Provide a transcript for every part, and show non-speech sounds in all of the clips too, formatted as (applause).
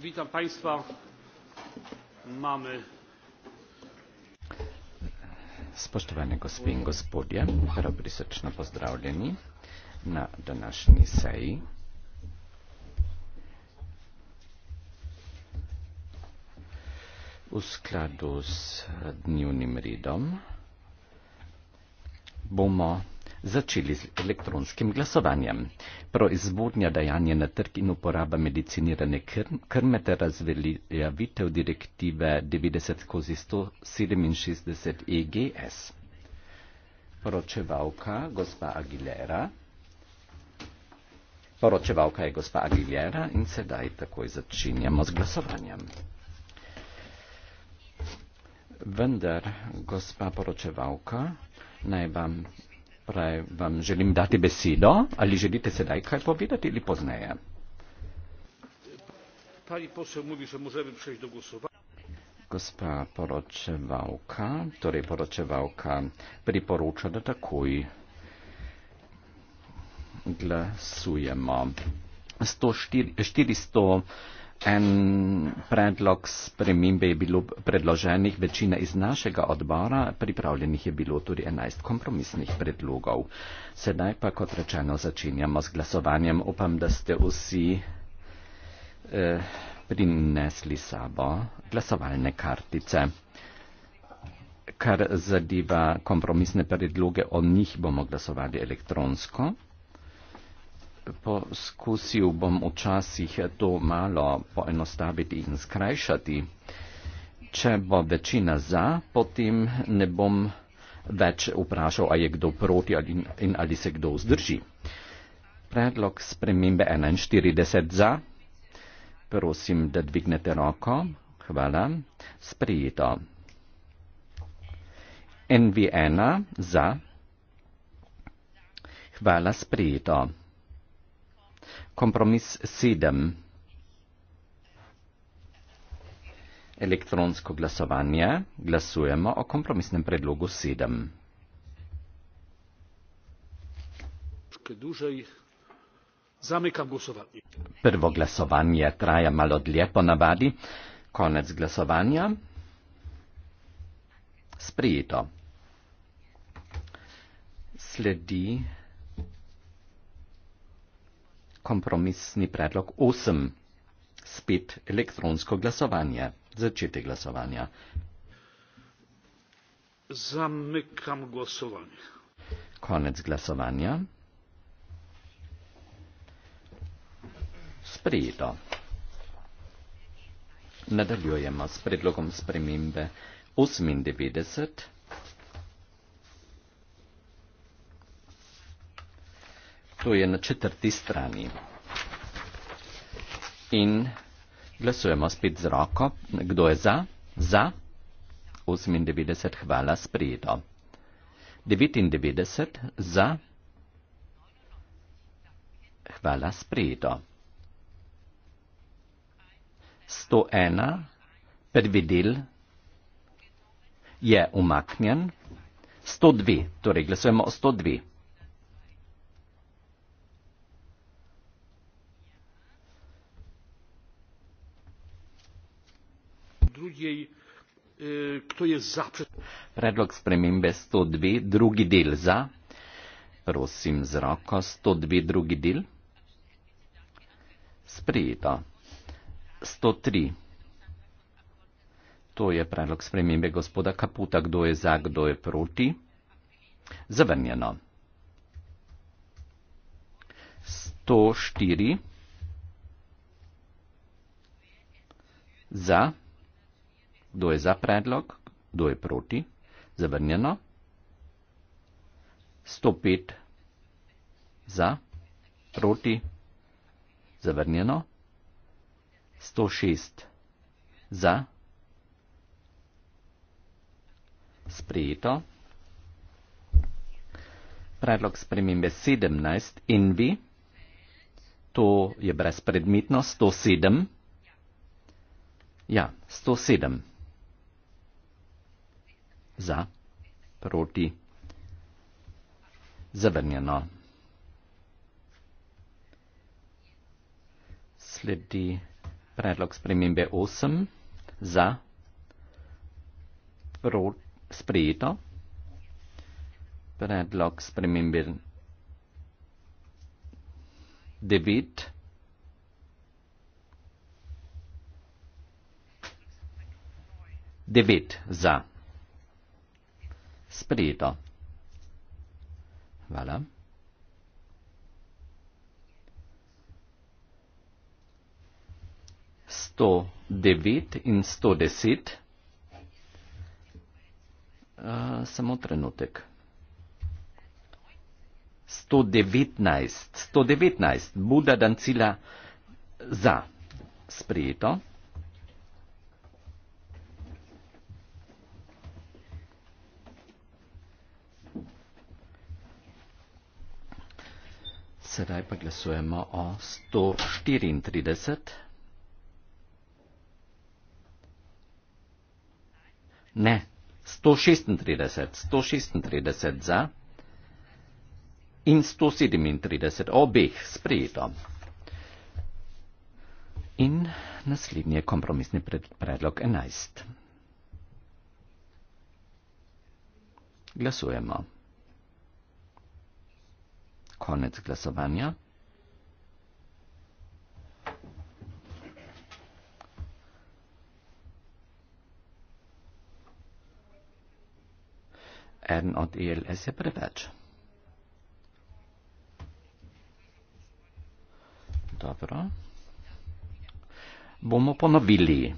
witam państwa mamy Spoštovani gospe in gospodje, prav prisrčno pozdravljeni na današnji seji. V skladu s dnevnim redom bomo začeli z elektronskim glasovanjem. Proizvodnja dajanja na trg in uporaba medicinirane kr krme ter razveljavitev direktive 90-167 EGS. Poročevalka gospa Aguilera. Poročevalka je gospa Aguilera in sedaj takoj začinjamo z glasovanjem. Vendar, gospa poročevalka, naj vam Prej vam želim dati besedo. Ali želite sedaj kaj povedati ali pozneje? Gospa poročevalka, torej poročevalka priporoča, da takoj glasujemo. 104, 400, En predlog spremembe je bilo predloženih, večina iz našega odbora, pripravljenih je bilo tudi 11 kompromisnih predlogov. Sedaj pa, kot rečeno, začenjamo z glasovanjem. Upam, da ste vsi eh, prinesli sabo glasovalne kartice. Kar zadeva kompromisne predloge, o njih bomo glasovali elektronsko poskusil bom včasih to malo poenostaviti in skrajšati. Če bo večina za, potem ne bom več vprašal, a je kdo proti ali, in ali se kdo vzdrži. Predlog spremembe 41 za. Prosim, da dvignete roko. Hvala. Sprejeto. NV1 za. Hvala, sprejeto kompromis sedem elektronsko glasovanje glasujemo o kompromisnem predlogu sedem prvo glasovanje traja malo dlje ponavadi konec glasovanja sprejeto sledi kompromisni predlog 8. Spet elektronsko glasovanje. Začetek glasovanja. Zamekam glasovanje. Konec glasovanja. Sprejeto. Nadaljujemo s predlogom spremembe 98. To je na četrti strani. In glasujemo spet z roko. Kdo je za? Za. 98, hvala, sprijeto. 99, za. Hvala, sprijeto. 101, prvi del je umaknjen. 102, torej glasujemo o 102. jej e, kto jest za. Predlog spremembe 102, drugi del za. Prosim z roko 102, drugi del. Sprejeto. 103. To je predlog spremembe gospoda Kaputa, kdo je za, kdo je proti. Zavrnjeno. 104. Za kdo je za predlog, kdo je proti, zavrnjeno, 105 za, proti, zavrnjeno, 106 za, sprejeto. Predlog spremembe 17 in vi, to je brezpredmetno 107. Ja, 107 za, proti, zavrnjeno. Sledi predlog spremembe 8 za, proti, sprejeto, predlog spremembe 9. Devet za sprejeto. Hvala. Sto devet in sto deset. Eh, samo trenutek. Sto devetnajst. Sto devetnajst. Buda Dancila za sprejeto. Sedaj pa glasujemo o 134. Ne, 136, 136 za in 137 obeh sprejeto. In naslednji je kompromisni predlog 11. Glasujemo. Koniec glasovanja. En od ILS e je preveč. Dobro. Bomo ponovili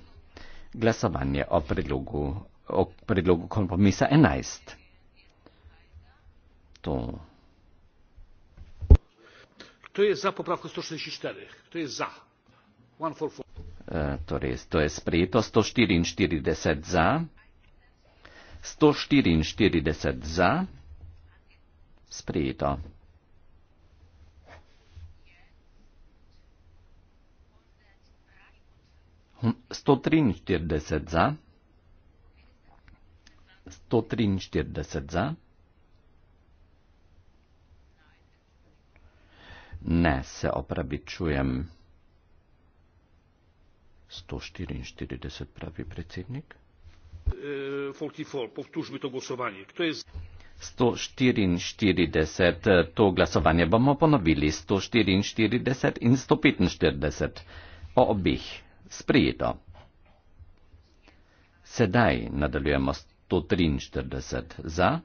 glasovanje o predlogu, o predlogu kompromisa 11. To kdo je za popravko sto šestdeset štiri kdo je za one four four e, torej to je sprejeto sto štiriinštirideset za sto štiriinštirideset za sprejeto hm, sto triinštirideset za sto triinštirideset za ne se opravičujem. 144 pravi predsednik. E, to glasovanje. Kto je z... 144 to glasovanje bomo ponovili. 144 in 145. O obih. Sprijeto. Sedaj nadaljujemo 143 za.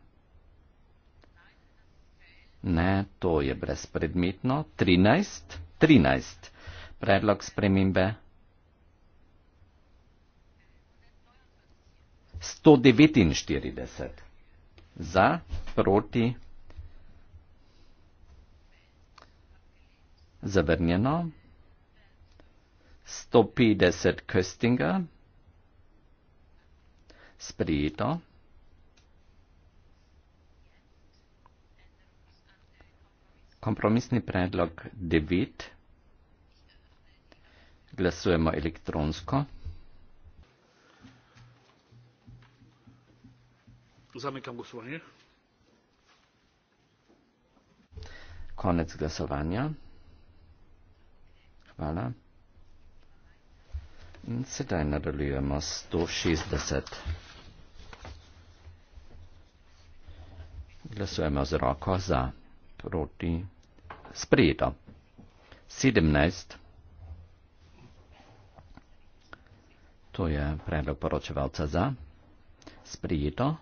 Ne, to je brezpredmetno. 13, 13. Predlog spremembe. 149 za, proti, zavrnjeno, 150 Köstinga, sprijeto. Kompromisni predlog 9. Glasujemo elektronsko. Zamekam glasovanje. Konec glasovanja. Hvala. In sedaj nadaljujemo 160. Glasujemo z roko za, proti sprejeta. 17. To je predlog poročevalca za. Sprejeto.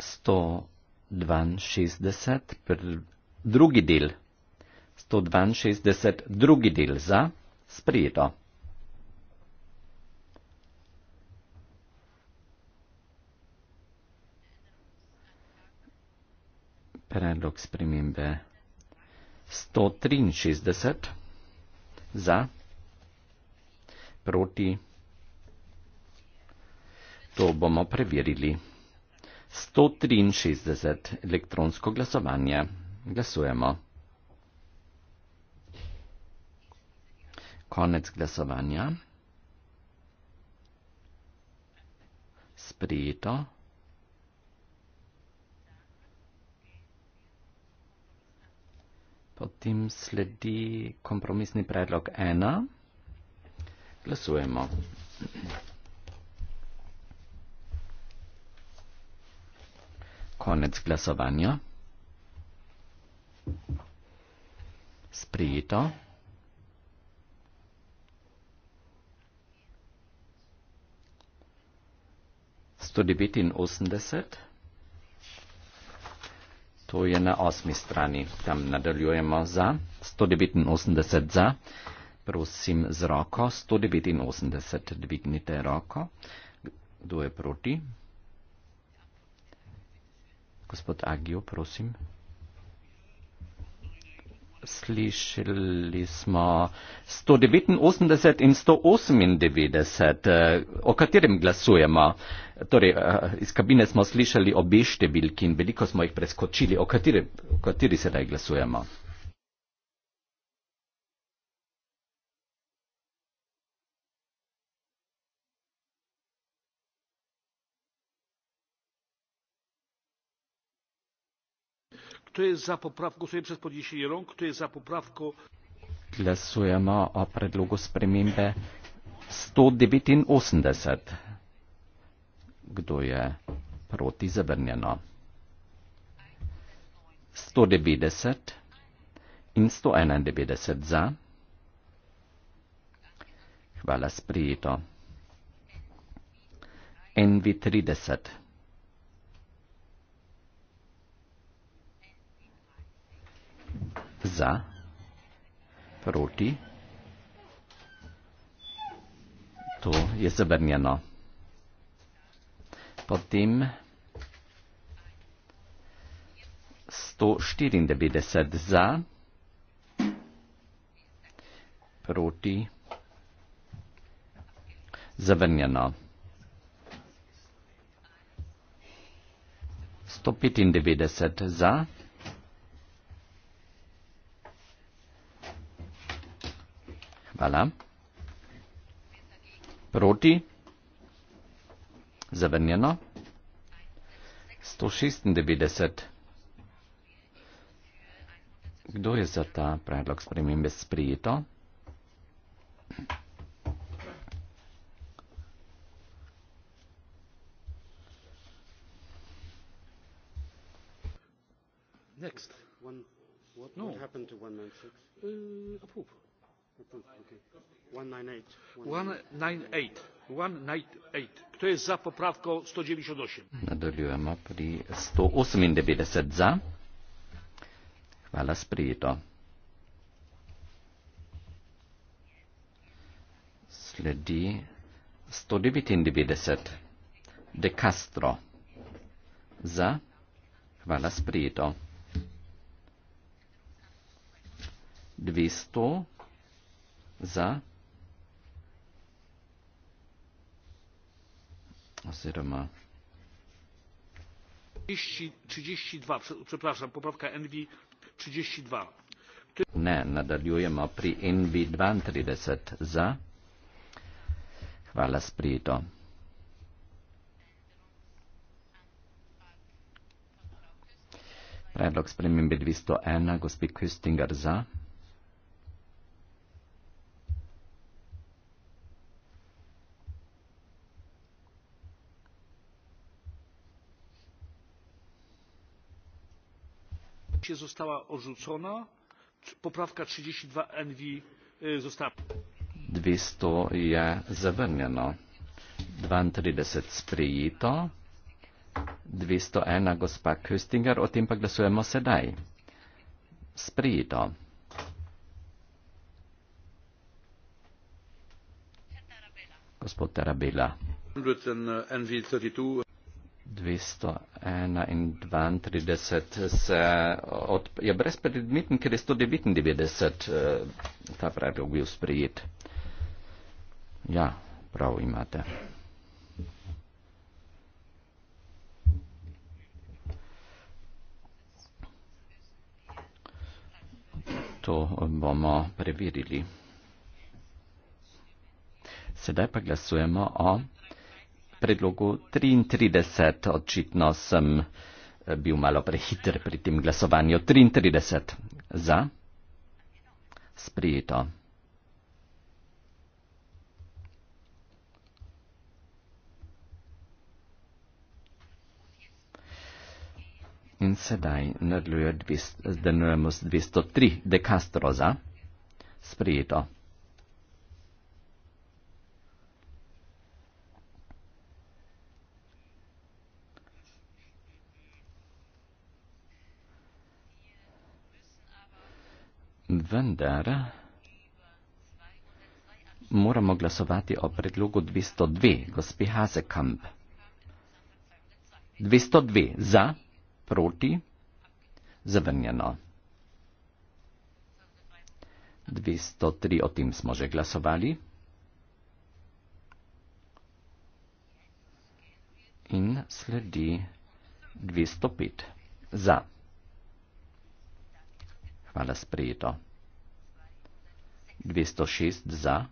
Sto dvanšestdeset, drugi del, sto dvanšestdeset, drugi del za, sprijeto. predlog spremembe 163 za, proti, to bomo preverili. 163 elektronsko glasovanje. Glasujemo. Konec glasovanja. Sprejeto. Potem sledi kompromisni predlog 1. Glasujemo. Konec glasovanja. Sprijeto. Sto devetinosemdeset. To je na osmi strani. Tam nadaljujemo za 189 za. Prosim z roko. 189 dvignite roko. Kdo je proti? Gospod Agijo, prosim slišali smo 189 in 198, eh, o katerem glasujemo. Torej, eh, iz kabine smo slišali obe številki in veliko smo jih preskočili. O kateri, o kateri sedaj glasujemo? kto jest za poprawką, głosuje przez podniesienie rąk, kto jest za poprawką. Głosujemy o predlogu zmiany 189. Kto jest proti zabrnieno? 190 i 191 za. Hvala sprijeto. NV 30. za, proti, to je zabrnjeno. Potem 194 za, proti, zabrnjeno. 195 za, proti, zabrnjeno. Hvala. Proti? Zavrnjeno. 196. Kdo je za ta predlog spremembe sprijeto? Next. One, what, no. what happened to 1.96? Uh, a poop kdo je za popravko sto devetdeset osem nadaljujemo pri sto osemindevetdeset za hvala sprejeto sledi sto devetindevetdeset de castro za hvala sprejeto dvesto za oziroma 32, przepraszam, poprawka NV 32. Ne, nadaljujemo pri NV 32 za. Hvala, sprijeto. Predlog spremembe 201, gospod Kristinger za. trzydzieści została odrzucona. Poprawka 32 NW została. 200 je zavrnjeno, 32 sprejeto, 201 gospa Köstinger, o tem pa glasujemo sedaj. Sprejeto. Gospod Tarabela. 231 se od, je brezpredmeten, ker je 199 eh, ta predlog bil sprejet. Ja, prav imate. To bomo preverili. Sedaj pa glasujemo o predlogu 33. Očitno sem eh, bil malo prehiter pri tem glasovanju. 33. Za. Sprijeto. In sedaj nadaljujemo z 203. De Castro za. Sprijeto. vendar moramo glasovati o predlogu 202, gospe Hazekamp. 202 za, proti, zavrnjeno. 203, o tem smo že glasovali. In sledi 205 za. Hvala sprejeto. 206 za.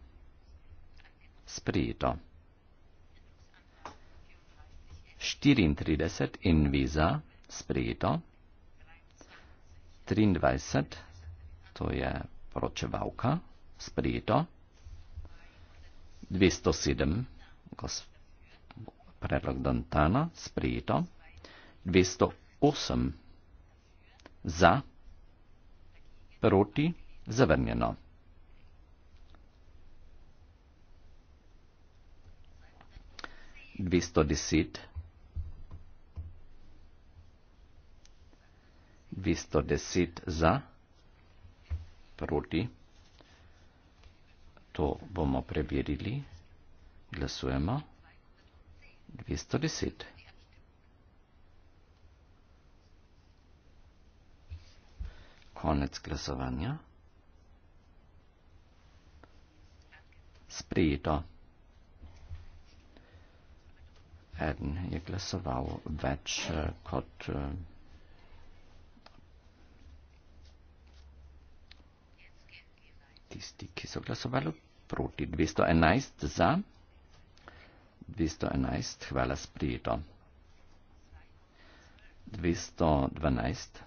Sprejeto. 34 in viza. Sprejeto. 23, to je poročevalka. Sprejeto. 207, predlog Dantana. Sprejeto. 208 za proti zavrnjeno. Dvesto deset, dvesto deset za, proti, to bomo preverili, glasujemo, dvesto deset. konec glasovanja. Sprejeto. Eden je glasoval več eh, kot eh, tisti, ki so glasovali proti. 211 za. 211, hvala, sprejeto. 212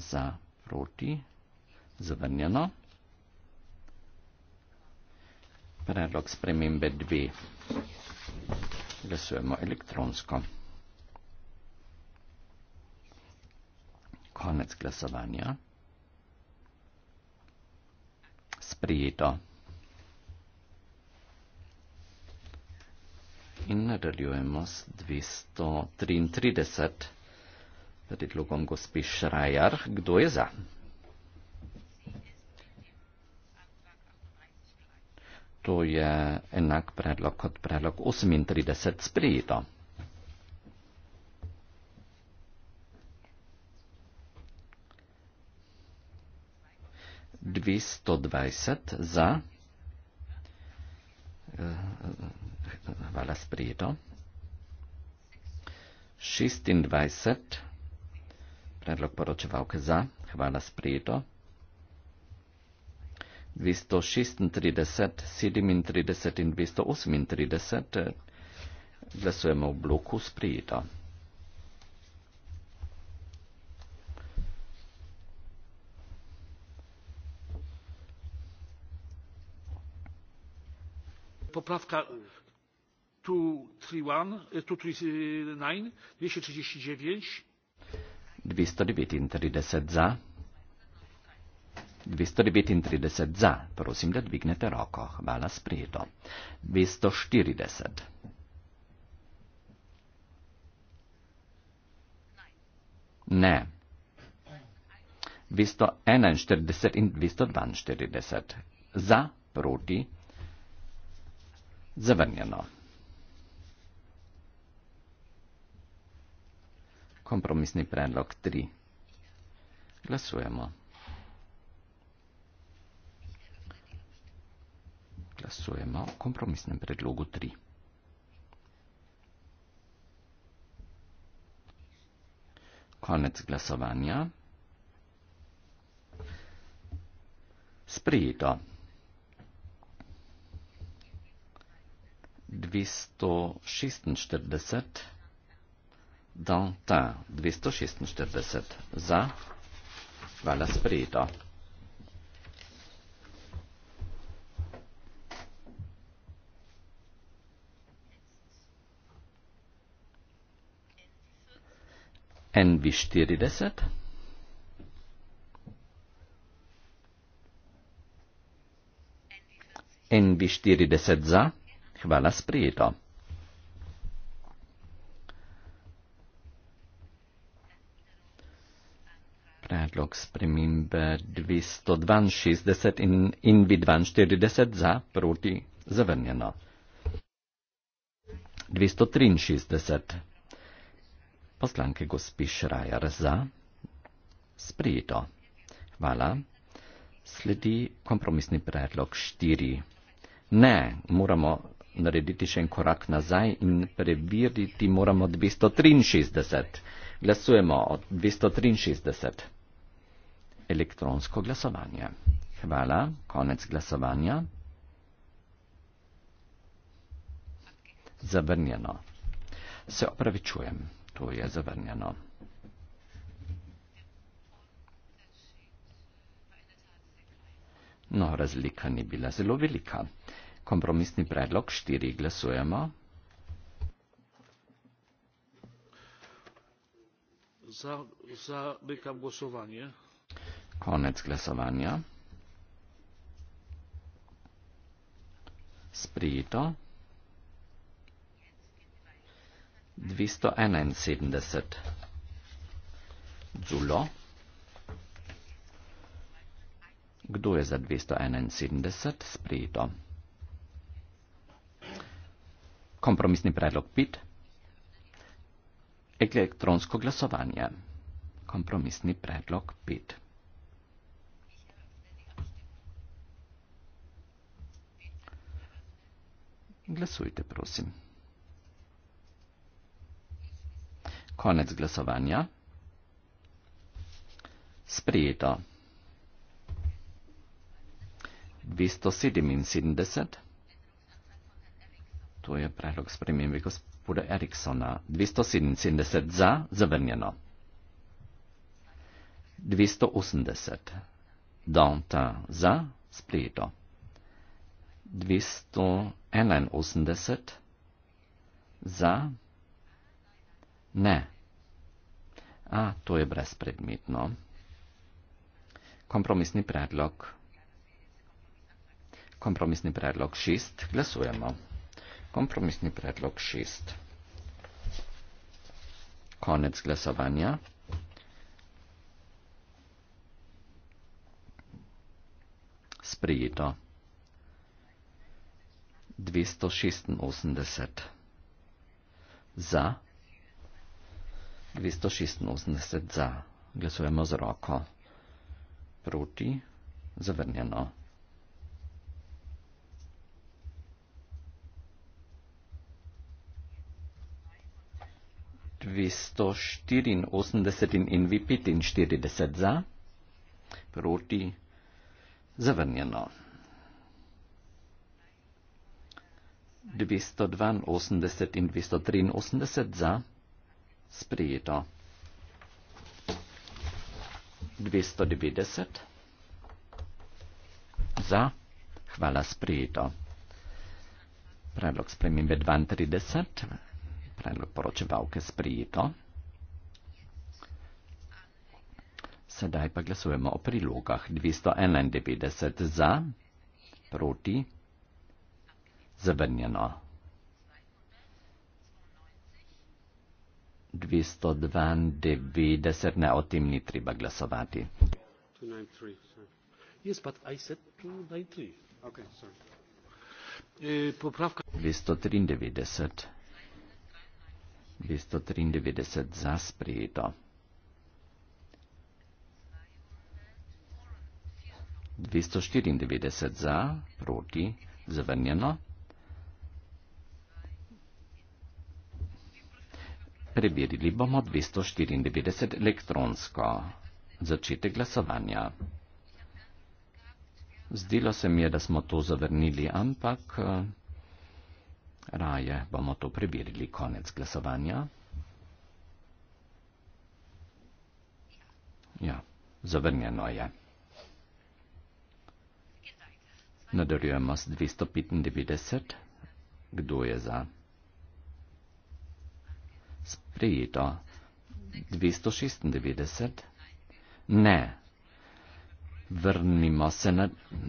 za, proti, zavrnjeno. Predlog spremembe 2. Glasujemo elektronsko. Konec glasovanja. Sprijeto. In nadaljujemo s 233 predlogom gospe Šrajar. Kdo je za? To je enak predlog kot predlog 38 sprejeto. Dvesto dvajset za. Eh, eh, eh, hvala, sprejeto. Šestindvajset. Predlog poročevalke za. Hvala sprejeto. 236, 37 in 238 eh, glasujemo v bloku sprejeto. Poplavka 231, 239, 239. 239 za. 239 za. Prosim, da dvignete roko. Hvala, sprejeto. 240. 9. Ne. 241 in 242. Za, proti, zavrnjeno. kompromisni predlog 3. Glasujemo. Glasujemo o kompromisnem predlogu 3. Konec glasovanja. Sprejeto. 246. Dantin, 246, za, hvala sprejeto. NV40. NV40 za, hvala sprejeto. predlog spremembe 262 in, in vi 42 za, proti, zavrnjeno. 263. Poslanke gospi Šrajer za. Sprejeto. Hvala. Sledi kompromisni predlog 4. Ne, moramo narediti še en korak nazaj in preveriti moramo 263. Glasujemo o 263 elektronsko glasovanje. Hvala, konec glasovanja. Zavrnjeno. Se opravičujem, to je zavrnjeno. No, razlika ni bila zelo velika. Kompromisni predlog štiri glasujemo. Za, za nekam glasovanje. Konec glasovanja. Sprijeto. 271. Zulo. Kdo je za 271? Sprijeto. Kompromisni predlog 5. Elektronsko glasovanje. Kompromisni predlog 5. Glasujte, prosim. Konec glasovanja. Sprijeto. 277. To je predlog spremembe gospoda Eriksona. 277 za, zavrnjeno. 280. Danta za, sprijeto. 281 za, ne. A, to je brezpredmetno. Kompromisni predlog. Kompromisni predlog 6. Glasujemo. Kompromisni predlog 6. Konec glasovanja. Sprejeto. 286. Za. 286 za. Glasujemo z roko. Proti. Zavrnjeno. Dvesto štiriinosemdeset in vi petinštirideset za, proti, zavrnjeno. 282 in 283 za. Sprijeto. 290 za. Hvala, sprijeto. Predlog spremembe 32. Predlog poročevalke sprijeto. Sedaj pa glasujemo o prilogah. 291 za, proti zavrnjeno. 292, ne, o tem ni treba glasovati. Yes, okay, e, popravka... 293. 293 za sprejeto. 294 za, proti, zavrnjeno. Preverili bomo 294 elektronsko. Začetek glasovanja. Zdelo se mi je, da smo to zavrnili, ampak raje bomo to preverili. Konec glasovanja. Ja, zavrnjeno je. Nadaljujemo s 295. Kdo je za? prijeto. 296? Ne. Vrnimo se na,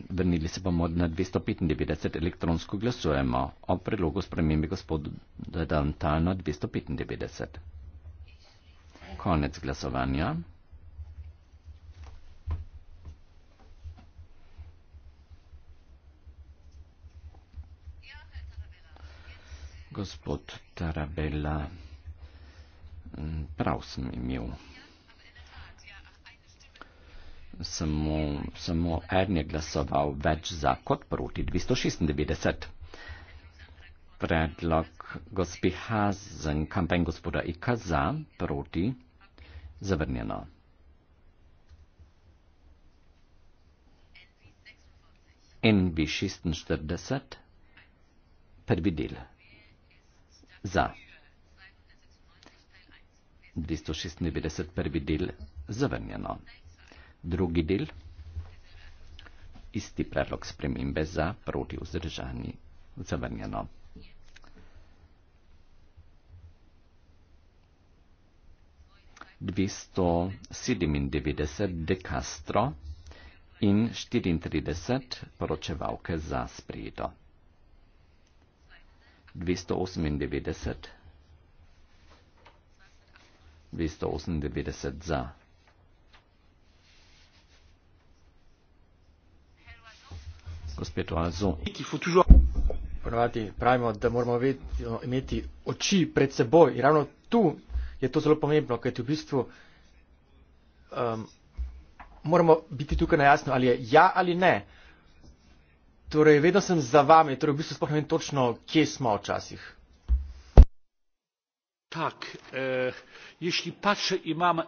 vrnili se bomo na 295, elektronsko glasujemo o predlogu spremembe gospodu Dantano 295. Konec glasovanja. Gospod Tarabella. Prav sem imel. Samo, samo en je glasoval več za kot proti 296. Predlog gospi Hazen, kampanj gospoda Ika za, proti, zavrnjeno. NB 46, prvi del, za. 296 prvi del zavrnjeno. Drugi del, isti predlog spremembe za proti vzdržani zavrnjeno. dvesto sedemindevetdeset de Castro in štiriintrideset poročevalke za sprejeto. dvesto osemindevetdeset 298 za. Gospod Toazo. Ponovadi pravimo, da moramo vedno imeti oči pred seboj in ravno tu je to zelo pomembno, ker v bistvu um, moramo biti tukaj na jasno, ali je ja ali ne. Torej, vedno sem za vami, torej v bistvu spohnem točno, kje smo včasih. Tak, e, jeśli patrzę i mam e,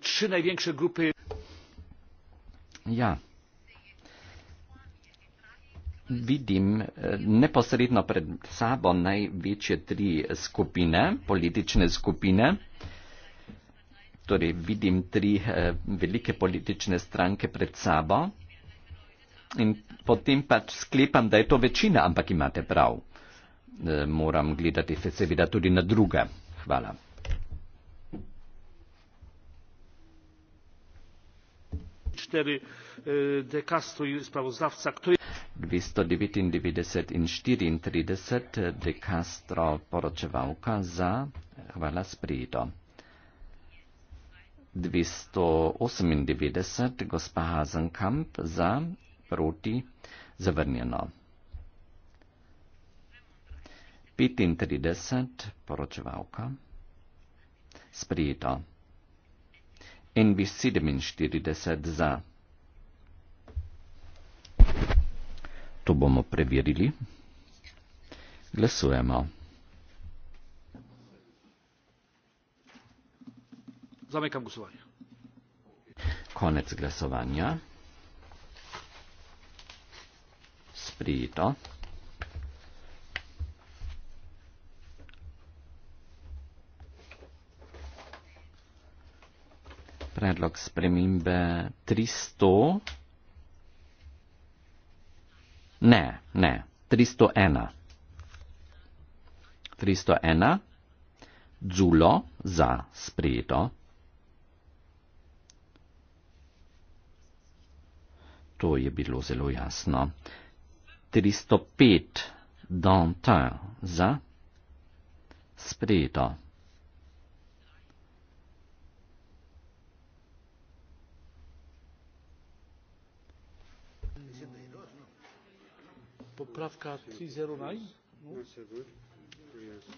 trzy największe grupy. Ja. Vidim e, neposredno pred sabo največje tri skupine, politične skupine. Torej vidim tri e, velike politične stranke pred sabo in potem pač sklepam, da je to večina, ampak imate prav. Eh, moram gledati se seveda tudi na druge. Hvala. Eh, dvesto devetindevetdeset in štiriintrideset eh, de Castro poročevalka za hvala sprejeto dvesto osemindevetdeset gospa Hazenkamp za proti zavrnjeno 35, poročevalka, sprijeto. NBC 47 za. To bomo preverili. Glasujemo. Zamekam glasovanje. Konec glasovanja. Sprijeto. predlog spremembe 300. Ne, ne, 301. 301. Zulo za sprejeto. To je bilo zelo jasno. 305. Dantin za sprejeto. poprawka 309.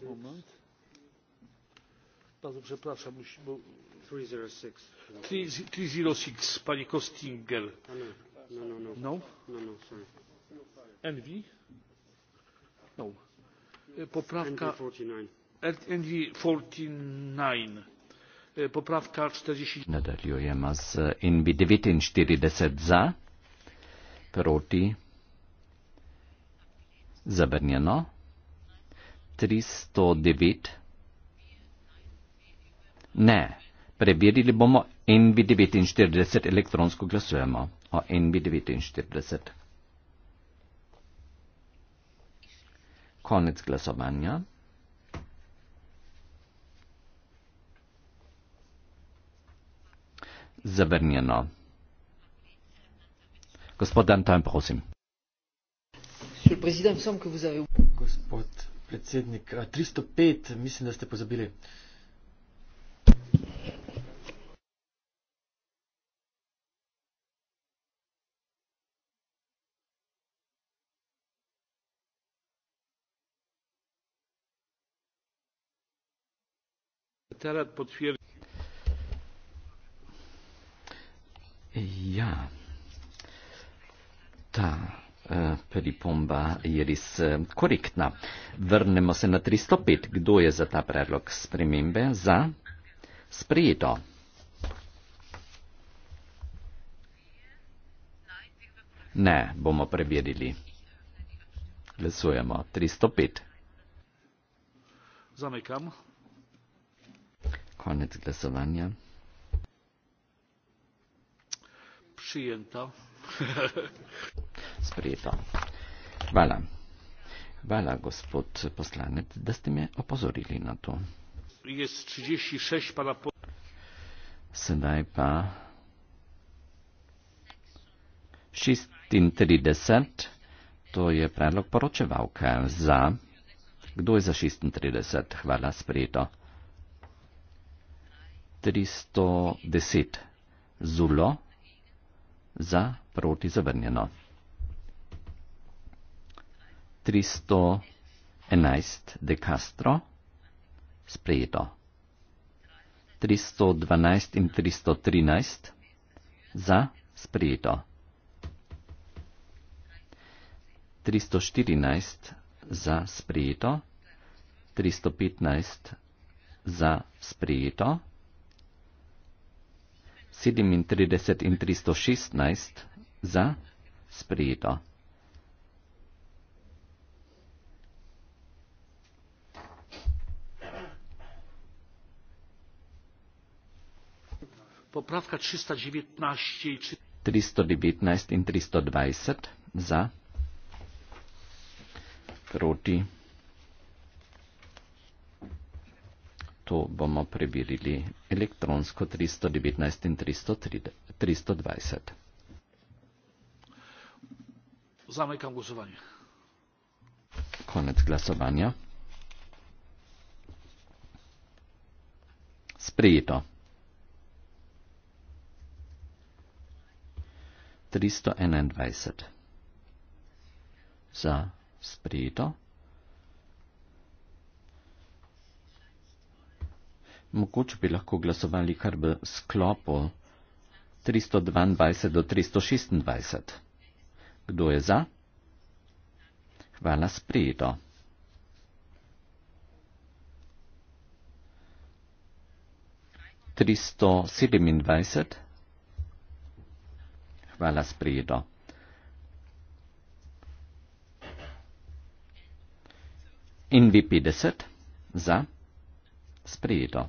Moment. Bardzo przepraszam, bo... 306. Panie Kostingel. No, no, no. No, no, no, sorry. Envy. No. E, poprawka... Envy 49. E, poprawka 40. Nadaljujemy z Invi 49 za, proti zabrnjeno, 309, ne, preverili bomo NB49, elektronsko glasujemo o NB49. Konec glasovanja. Zabrnjeno. Gospod Dantan, prosim. Monsieur le Président, il me semble que vous avez oublié. Ja, ta Eh, pripomba je res eh, korektna. Vrnemo se na 305. Kdo je za ta predlog spremembe? Za sprejeto. Ne, bomo preverili. Glasujemo. 305. Zamekam. Konec glasovanja. Prijenta. (laughs) Sprejeto. Hvala. Hvala, gospod poslanec, da ste me opozorili na to. Sedaj pa 36, to je predlog poročevalke za. Kdo je za 36? Hvala, sprejeto. 310, zulo za proti zavrnjeno. 311 De Castro sprejeto. 312 in 313 za sprejeto. 314 za sprejeto. 315 za sprejeto. 37 in 316 za sprejeto. Popravka 319 in 320 za, proti. To bomo preverili elektronsko 319 in 330, 320. Zamykam głosowanie. Koniec głosowania. Sprijeto. 321 za sprijeto. Mogoče bi lahko glasovali kar v sklopu 322 do 326. Kdo je za? Hvala, sprejeto. Tristo sedemindvajset. Hvala, sprejeto. In vi petdeset za sprejeto.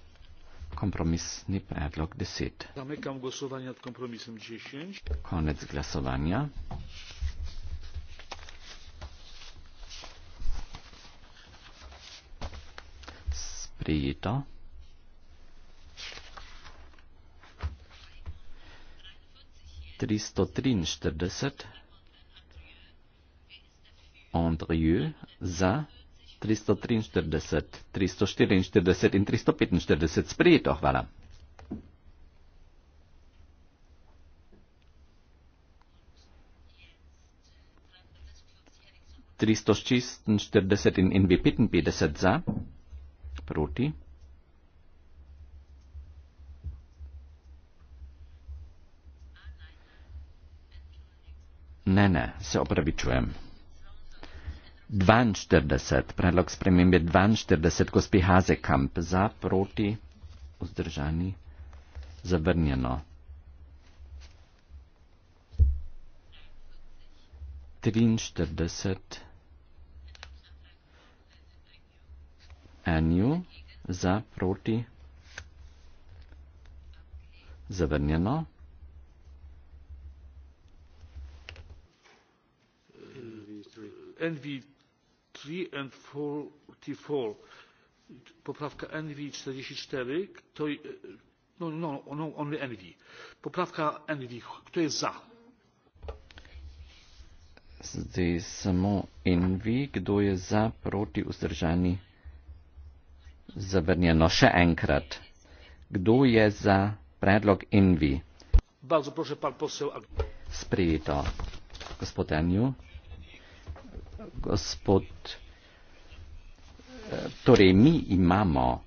kompromisny predlog 10. Zamykam głosowanie nad kompromisem 10. Koniec głosowania. Sprijito. Tristo trinštirideset. Andrieu za. 343, 344 in 345 sprejeto. Hvala. Tristo šestinštirideset in NV petinpetdeset za, proti. Ne, ne, se opravičujem. 42, predlog spremembe 42, gospi Hazekamp, za, proti, vzdržani, zavrnjeno. 43, enju, za, proti, zavrnjeno. NV 3 trzy and forty four poprawka envi czterdzieści cztery no, no, no, poprawka envi kto jest za? Zdaj samo envi, kdo je za, proti, vzdržani, zavrnjeno. Še enkrat, kdo je za predlog envi? Sprejeto, gospod Enju gospod. Eh, torej, mi imamo,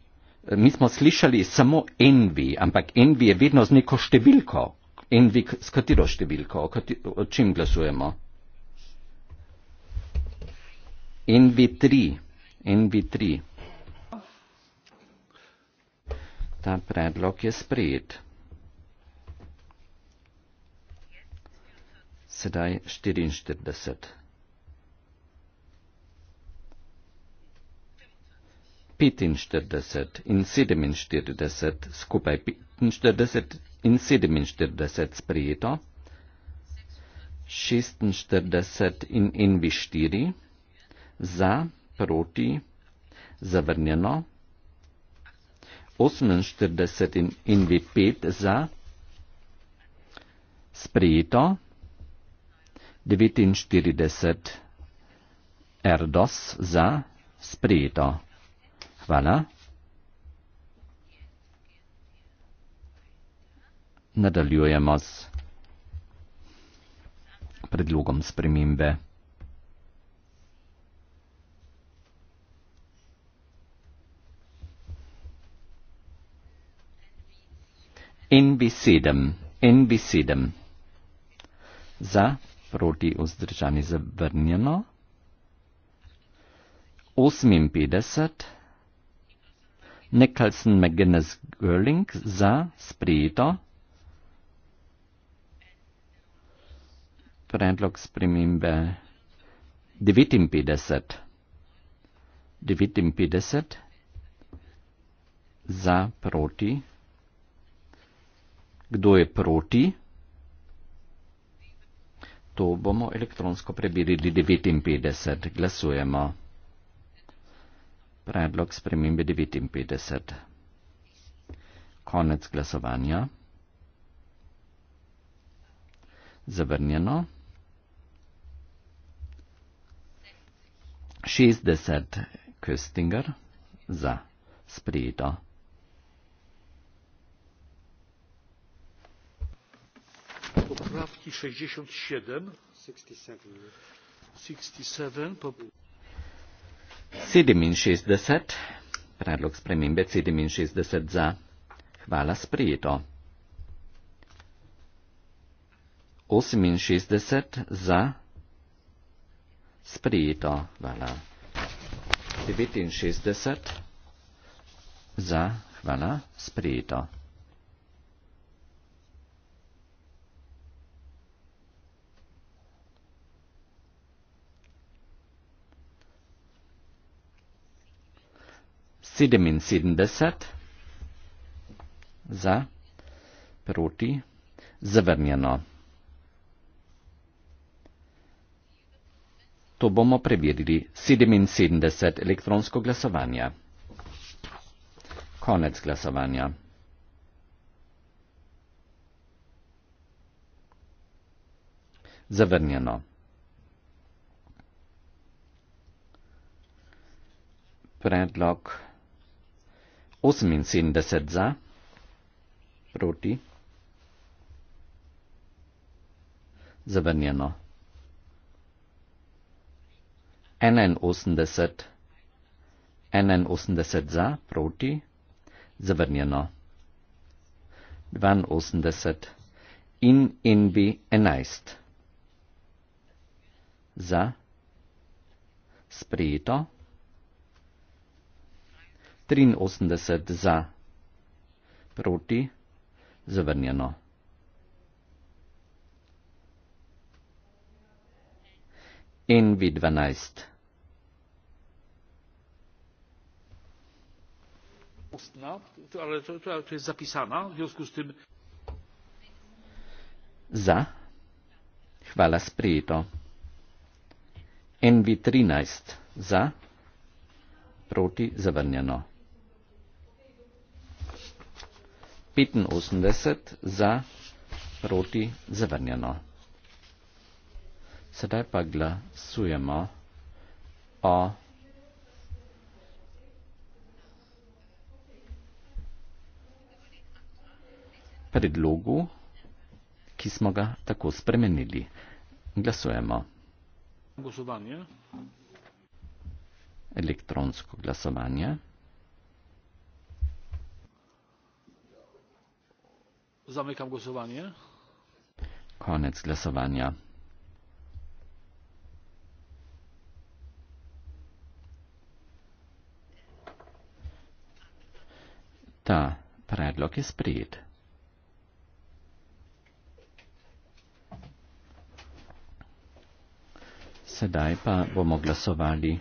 eh, mi smo slišali samo envi, ampak envi je vedno z neko številko. Envi, s katero številko, o, kati, o čem glasujemo? Envi 3, envi 3. Ta predlog je sprejet. Sedaj 44. 45 in 47, skupaj 45 in 47 sprijeto, 46 in envi 4, za, proti, zavrnjeno, 48 in envi 5, za, sprijeto, 49 erdos, za, sprijeto. Hvala. Nadaljujemo s predlogom spremembe. NB7, NB7. Za, proti, vzdržani, zavrnjeno. 58. Nicholson McGuinness Girling za sprejeto. Predlog spremembe 59. 59 za proti. Kdo je proti? To bomo elektronsko preverili 59. Glasujemo predlog spremembe 59. Konec glasovanja. Zavrnjeno. 60 Köstinger za sprejeto. Popravki 67. 67. 67. 67, predlog spremembe 67 za. Hvala sprejeto. 68 za. Sprejeto. Hvala. 69 za. Hvala sprejeto. 77 za, proti, zavrnjeno. To bomo preverili. 77 elektronsko glasovanje. Konec glasovanja. Zavrnjeno. Predlog 78 za, proti, zavrnjeno. 81, 81 za, proti, zavrnjeno. 82 in NB 11 za, sprejeto. 83 za, proti zavrnjeno. NV12. Ustna, ale to, to, to jest zapisana, w związku z tym. Za. Chwala sprito. NV13. Za. Proti zawarniano. 85 za, proti zavrnjeno. Sedaj pa glasujemo o predlogu, ki smo ga tako spremenili. Glasujemo. Glasovanje. Elektronsko glasovanje. Zamykam głosowanie. Koniec głosowania. Ta predlog je sprejet. Sedaj pa bomo glasovali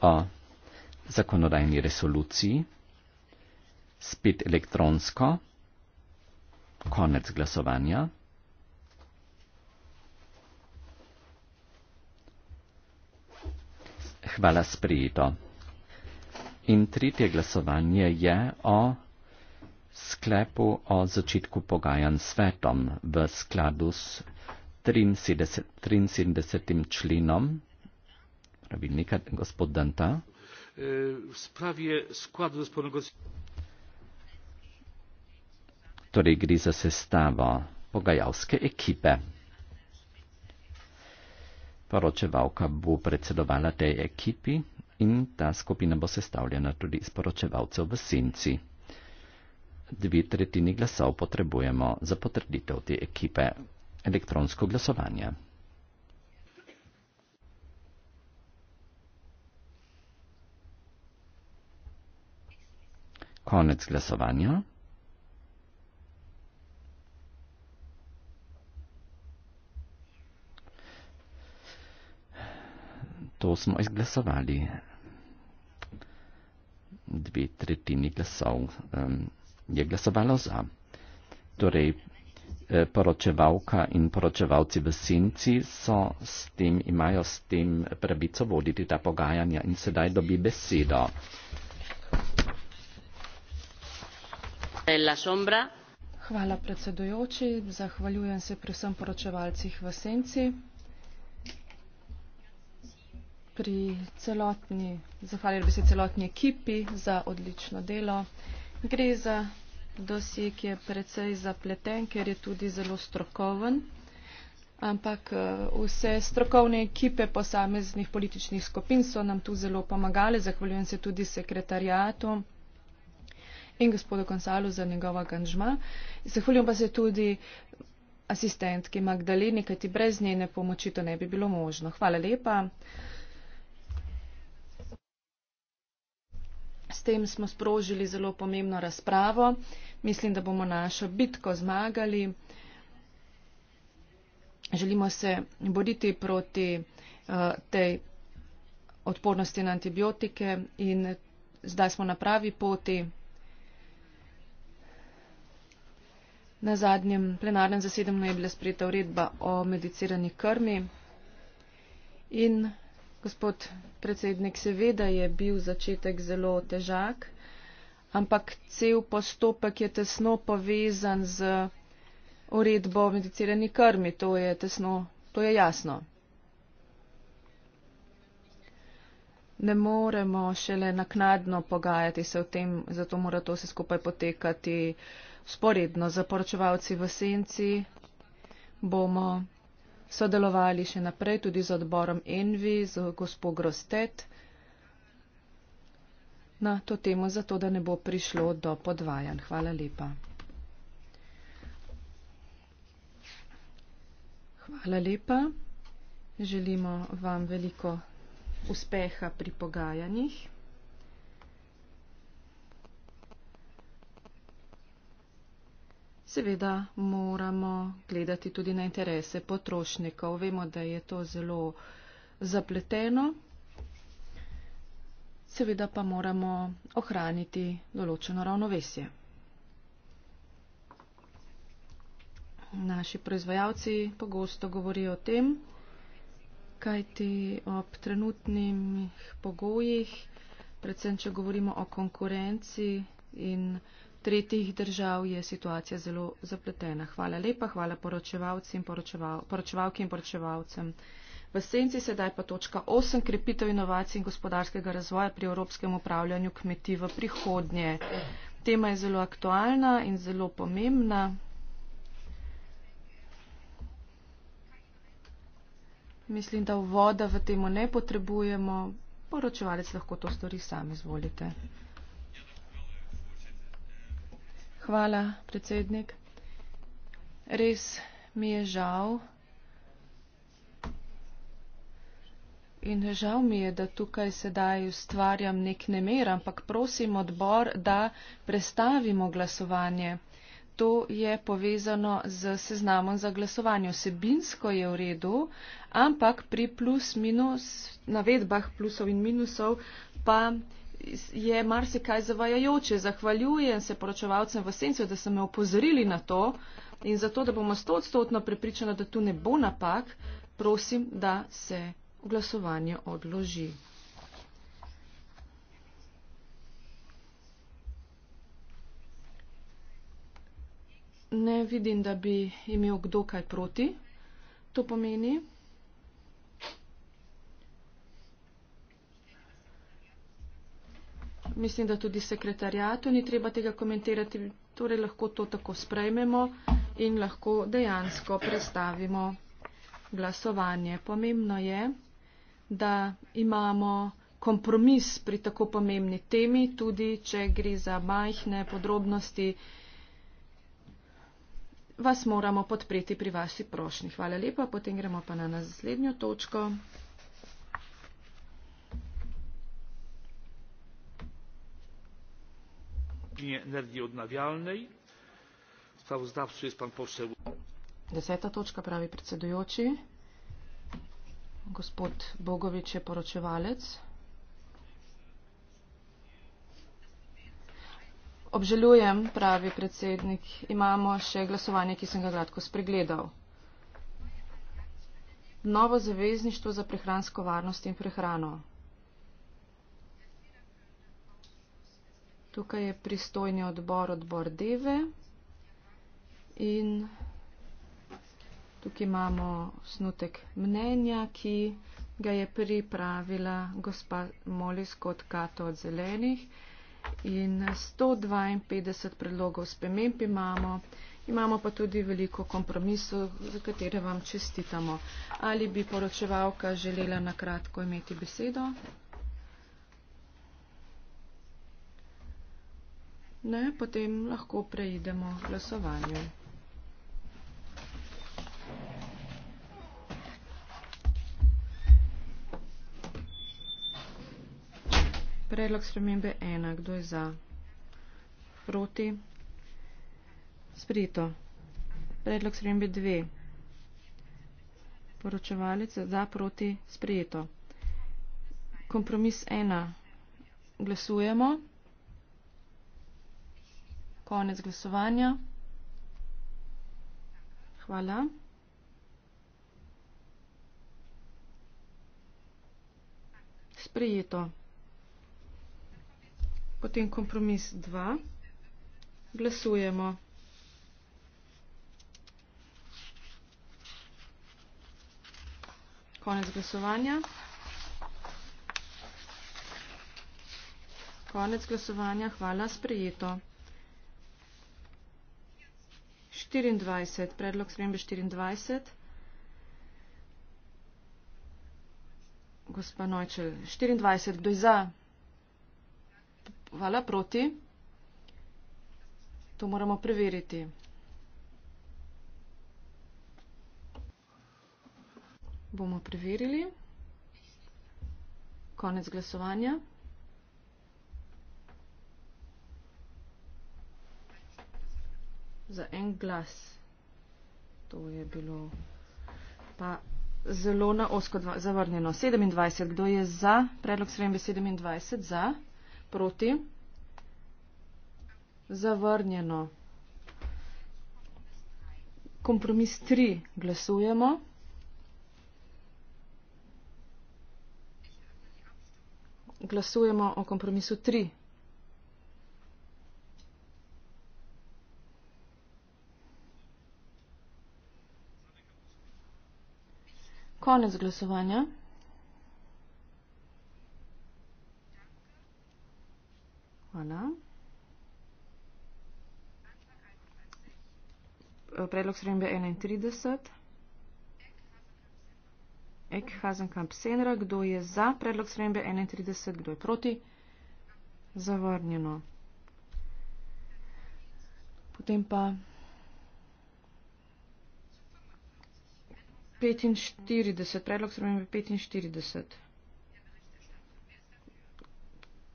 o zakonodajni resoluciji, spet elektronsko. Konec glasovanja. Hvala sprejeto. In tretje glasovanje je o sklepu o začetku pogajanj svetom v skladu s 73, 73. členom pravilnika gospod Danta. E, v spravi je skladu gospod Gospod torej gre za sestavo pogajalske ekipe. Poročevalka bo predsedovala tej ekipi in ta skupina bo sestavljena tudi iz poročevalcev v senci. Dve tretjini glasov potrebujemo za potrditev te ekipe elektronsko glasovanje. Konec glasovanja. to smo izglasovali. Dve tretjini glasov um, je glasovalo za. Torej, eh, poročevalka in poročevalci v senci so s tem, imajo s tem pravico voditi ta pogajanja in sedaj dobi besedo. Hvala predsedujoči, zahvaljujem se pri vsem poročevalcih v senci pri celotni, zahvalila bi se celotni ekipi za odlično delo. Gre za dosje, ki je precej zapleten, ker je tudi zelo strokoven, ampak eh, vse strokovne ekipe posameznih političnih skupin so nam tu zelo pomagale. Zahvaljujem se tudi sekretarijatu in gospodu Gonzalu za njegova ganžma. Zahvaljujem pa se tudi asistentki Magdaleni, kajti brez njene pomoči to ne bi bilo možno. Hvala lepa. S tem smo sprožili zelo pomembno razpravo. Mislim, da bomo našo bitko zmagali. Želimo se boriti proti uh, tej odpornosti na antibiotike in zdaj smo na pravi poti. Na zadnjem plenarnem zasedanju je bila sprejeta uredba o medicirani krmi in Gospod predsednik, seveda je bil začetek zelo težak, ampak cel postopek je tesno povezan z uredbo o medicirani krmi. To je tesno, to je jasno. Ne moremo šele naknadno pogajati se o tem, zato mora to se skupaj potekati sporedno. Za poročevalci v senci bomo sodelovali še naprej tudi z odborom Envi, z gospod Grostet na to temo, zato da ne bo prišlo do podvajanj. Hvala lepa. Hvala lepa. Želimo vam veliko uspeha pri pogajanjih. Seveda moramo gledati tudi na interese potrošnikov. Vemo, da je to zelo zapleteno. Seveda pa moramo ohraniti določeno ravnovesje. Naši proizvajalci pogosto govorijo o tem, kajti ob trenutnih pogojih, predvsem če govorimo o konkurenci in tretjih držav je situacija zelo zapletena. Hvala lepa, hvala poročevalcem, poročeval, poročevalki in poročevalcem. V senci sedaj pa točka 8, krepitev inovacij in gospodarskega razvoja pri evropskem upravljanju kmetij v prihodnje. Tema je zelo aktualna in zelo pomembna. Mislim, da voda v temu ne potrebujemo. Poročevalec lahko to stori sam, izvolite. Hvala, predsednik. Res mi je žal. In žal mi je, da tukaj sedaj ustvarjam nek nemer, ampak prosim odbor, da prestavimo glasovanje. To je povezano z seznamom za glasovanje. Vsebinsko je v redu, ampak pri plus minus, navedbah plusov in minusov pa je marsikaj zavajajoče. Zahvaljujem se poročevalcem v Sencu, da so me opozorili na to in zato, da bomo stotstotno prepričani, da tu ne bo napak, prosim, da se glasovanje odloži. Ne vidim, da bi imel kdo kaj proti. To pomeni, mislim, da tudi sekretarjatu ni treba tega komentirati, torej lahko to tako sprejmemo in lahko dejansko predstavimo glasovanje. Pomembno je, da imamo kompromis pri tako pomembni temi, tudi če gre za majhne podrobnosti, vas moramo podpreti pri vaši prošnji. Hvala lepa, potem gremo pa na naslednjo točko. dyscyplinie energii odnawialnej. Sprawozdawcą jest pan poseł. Deseta toczka, prawie precedujący. Gospod Bogowicz, poroczywalec. Obžalujem, pravi predsednik, imamo še glasovanje, ki sem ga kratko spregledal. Novo zavezništvo za prehransko varnost in prehrano. Tukaj je pristojni odbor, odbor Deve. In tukaj imamo snutek mnenja, ki ga je pripravila gospa Molis kot Kato od zelenih. In 152 predlogov sprememb imamo. Imamo pa tudi veliko kompromisov, za katere vam čestitamo. Ali bi poročevalka želela na kratko imeti besedo? Ne, potem lahko preidemo k glasovanju. Predlog spremembe ena. Kdo je za? Proti? Sprito. Predlog spremembe dve. Poročevalec za, proti, sprejeto. Kompromis ena. Glasujemo. Konec glasovanja. Hvala. Sprejeto. Potem kompromis 2. Glasujemo. Konec glasovanja. Konec glasovanja. Hvala. Sprejeto. 24, predlog spremembe 24. Gospa Nojčel, 24, kdo je za? Hvala, proti. To moramo preveriti. Bomo preverili. Konec glasovanja. za en glas. To je bilo pa zelo na osko zavrnjeno. 27. Kdo je za? Predlog srembe 27. Za? Proti? Zavrnjeno. Kompromis 3. Glasujemo. Glasujemo o kompromisu 3. Konec glasovanja. Hvala. Predlog srednje 31. Ek Hazenkamp Senra, kdo je za predlog srednje 31, kdo je proti? Zavrnjeno. Potem pa. 45, predlog spremembe 45.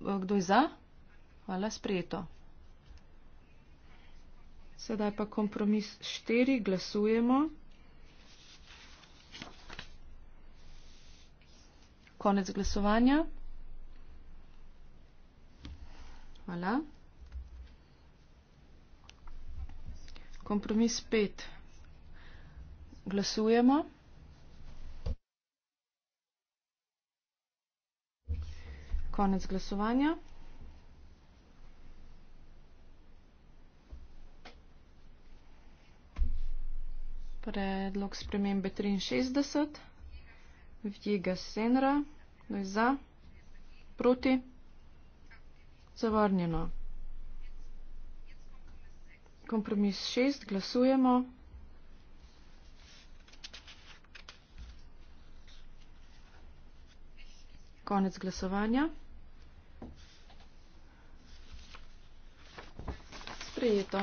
Eh, kdo je za? Hvala, sprejeto. Sedaj pa kompromis 4, glasujemo. Konec glasovanja. Hvala. Kompromis 5. Glasujemo. Konec glasovanja. Predlog spremembe 63. Vjega Senra. Za. Proti. Zavrnjeno. Kompromis 6. Glasujemo. Glasujemo. konec glasovanja. Sprejeto.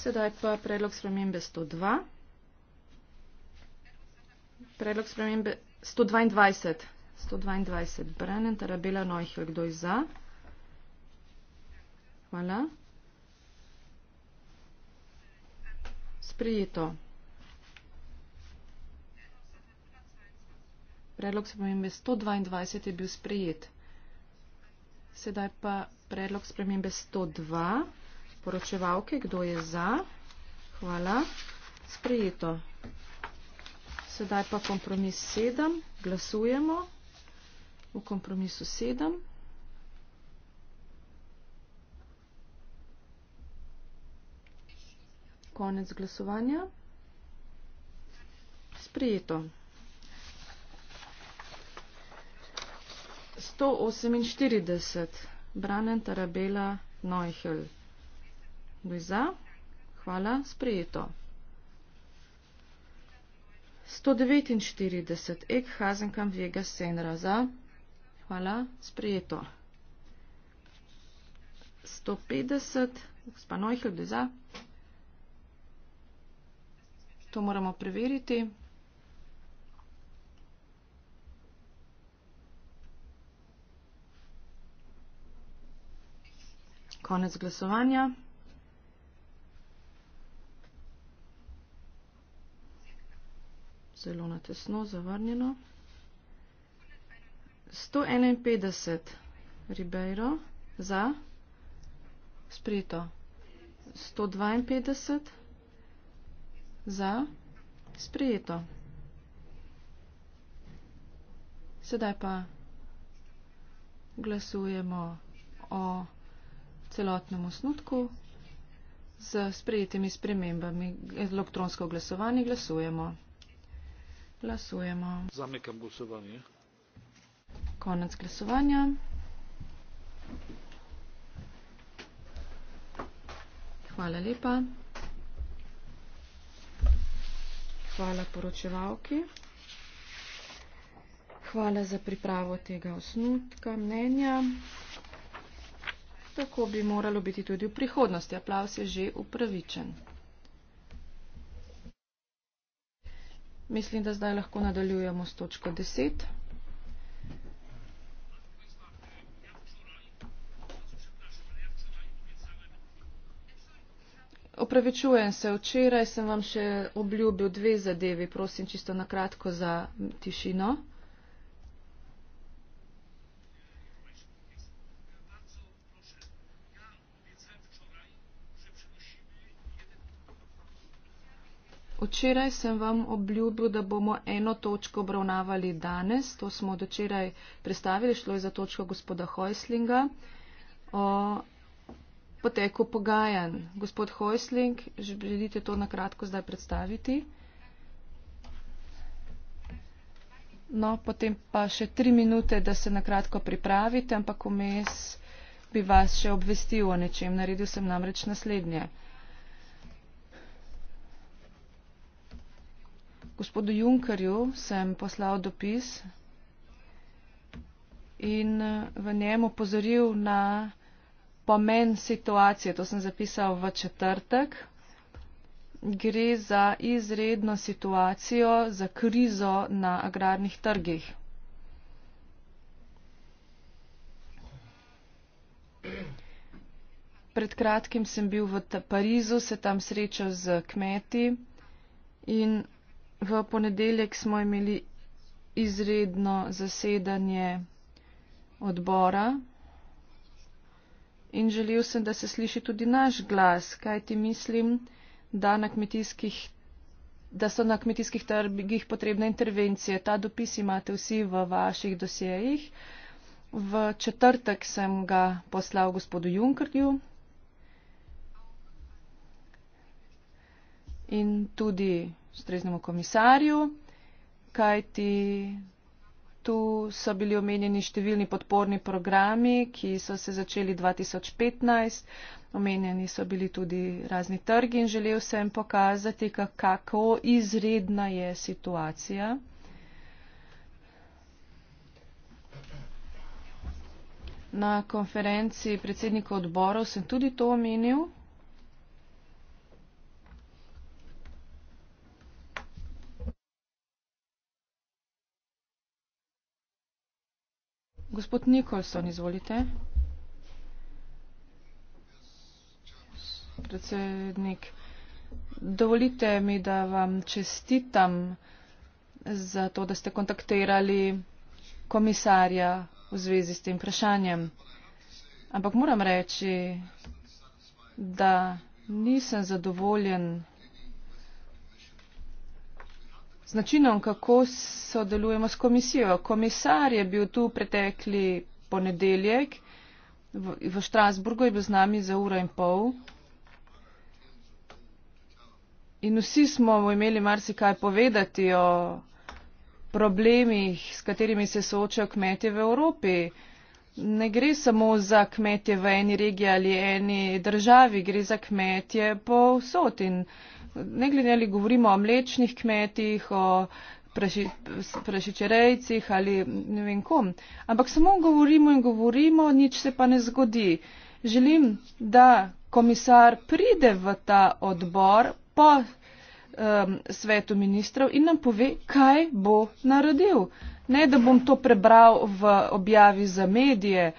Sedaj pa predlog spremembe 102. Predlog spremembe 122. 122. Brennen, Tarabela, Neuchel, kdo je za? Hvala. Sprejeto. Predlog spremembe 122 je bil sprejet. Sedaj pa predlog spremembe 102. Poročevalke, kdo je za? Hvala. Sprejeto. Sedaj pa kompromis 7. Glasujemo. V kompromisu 7. Konec glasovanja. Sprejeto. 148, Branen Tarabela Neuhel. Luiza, hvala, sprejeto. 149, Ek Hazenkam Vega Senra za. Hvala, sprejeto. 150, gospa Neuhel, Luiza. To moramo preveriti. konec glasovanja. Zelo natesno, zavrnjeno. 151 Ribeiro za, sprejeto. 152 za, sprejeto. Sedaj pa glasujemo o celotnemu snutku z sprejetimi spremembami elektronsko glasovanje. Glasujemo. Glasujemo. Zamekam glasovanje. Konec glasovanja. Hvala lepa. Hvala poročevalki. Hvala za pripravo tega osnutka mnenja. Tako bi moralo biti tudi v prihodnosti. Aplavz je že upravičen. Mislim, da zdaj lahko nadaljujemo s točko 10. Opravičujem se, včeraj sem vam še obljubil dve zadevi, prosim čisto na kratko za tišino. Včeraj sem vam obljubil, da bomo eno točko obravnavali danes. To smo od včeraj predstavili, šlo je za točko gospoda Hojslinga o poteku pogajanj. Gospod Hojsling, želite to na kratko zdaj predstaviti? No, potem pa še tri minute, da se na kratko pripravite, ampak vmes bi vas še obvestil o nečem. Naredil sem namreč naslednje. Gospodu Junkerju sem poslal dopis in eh, v njem opozoril na pomen situacije. To sem zapisal v četrtek. Gre za izredno situacijo, za krizo na agrarnih trgih. Pred kratkim sem bil v Parizu, se tam srečal z kmeti in v ponedeljek smo imeli izredno zasedanje odbora in želel sem, da se sliši tudi naš glas, kaj ti mislim, da, da so na kmetijskih trgih potrebne intervencije. Ta dopis imate vsi v vaših dosjejih. V četrtek sem ga poslal gospodu Junkerju in tudi ustreznemu komisarju, kajti tu so bili omenjeni številni podporni programi, ki so se začeli 2015. Omenjeni so bili tudi razni trgi in želel sem pokazati, kako izredna je situacija. Na konferenci predsednikov odborov sem tudi to omenil. Gospod Nikolson, izvolite. Predsednik, dovolite mi, da vam čestitam za to, da ste kontaktirali komisarja v zvezi s tem vprašanjem. Ampak moram reči, da nisem zadovoljen z načinom, kako sodelujemo s komisijo. Komisar je bil tu pretekli ponedeljek, v, v Štrasburgu je bil z nami za uro in pol. In vsi smo imeli marsikaj povedati o problemih, s katerimi se soočajo kmetje v Evropi. Ne gre samo za kmetje v eni regiji ali eni državi, gre za kmetje po vsotin ne glede ali govorimo o mlečnih kmetih, o praši, prašičerejcih ali ne vem kom, ampak samo govorimo in govorimo, nič se pa ne zgodi. Želim, da komisar pride v ta odbor po um, svetu ministrov in nam pove, kaj bo naredil. Ne, da bom to prebral v objavi za medije. Uh,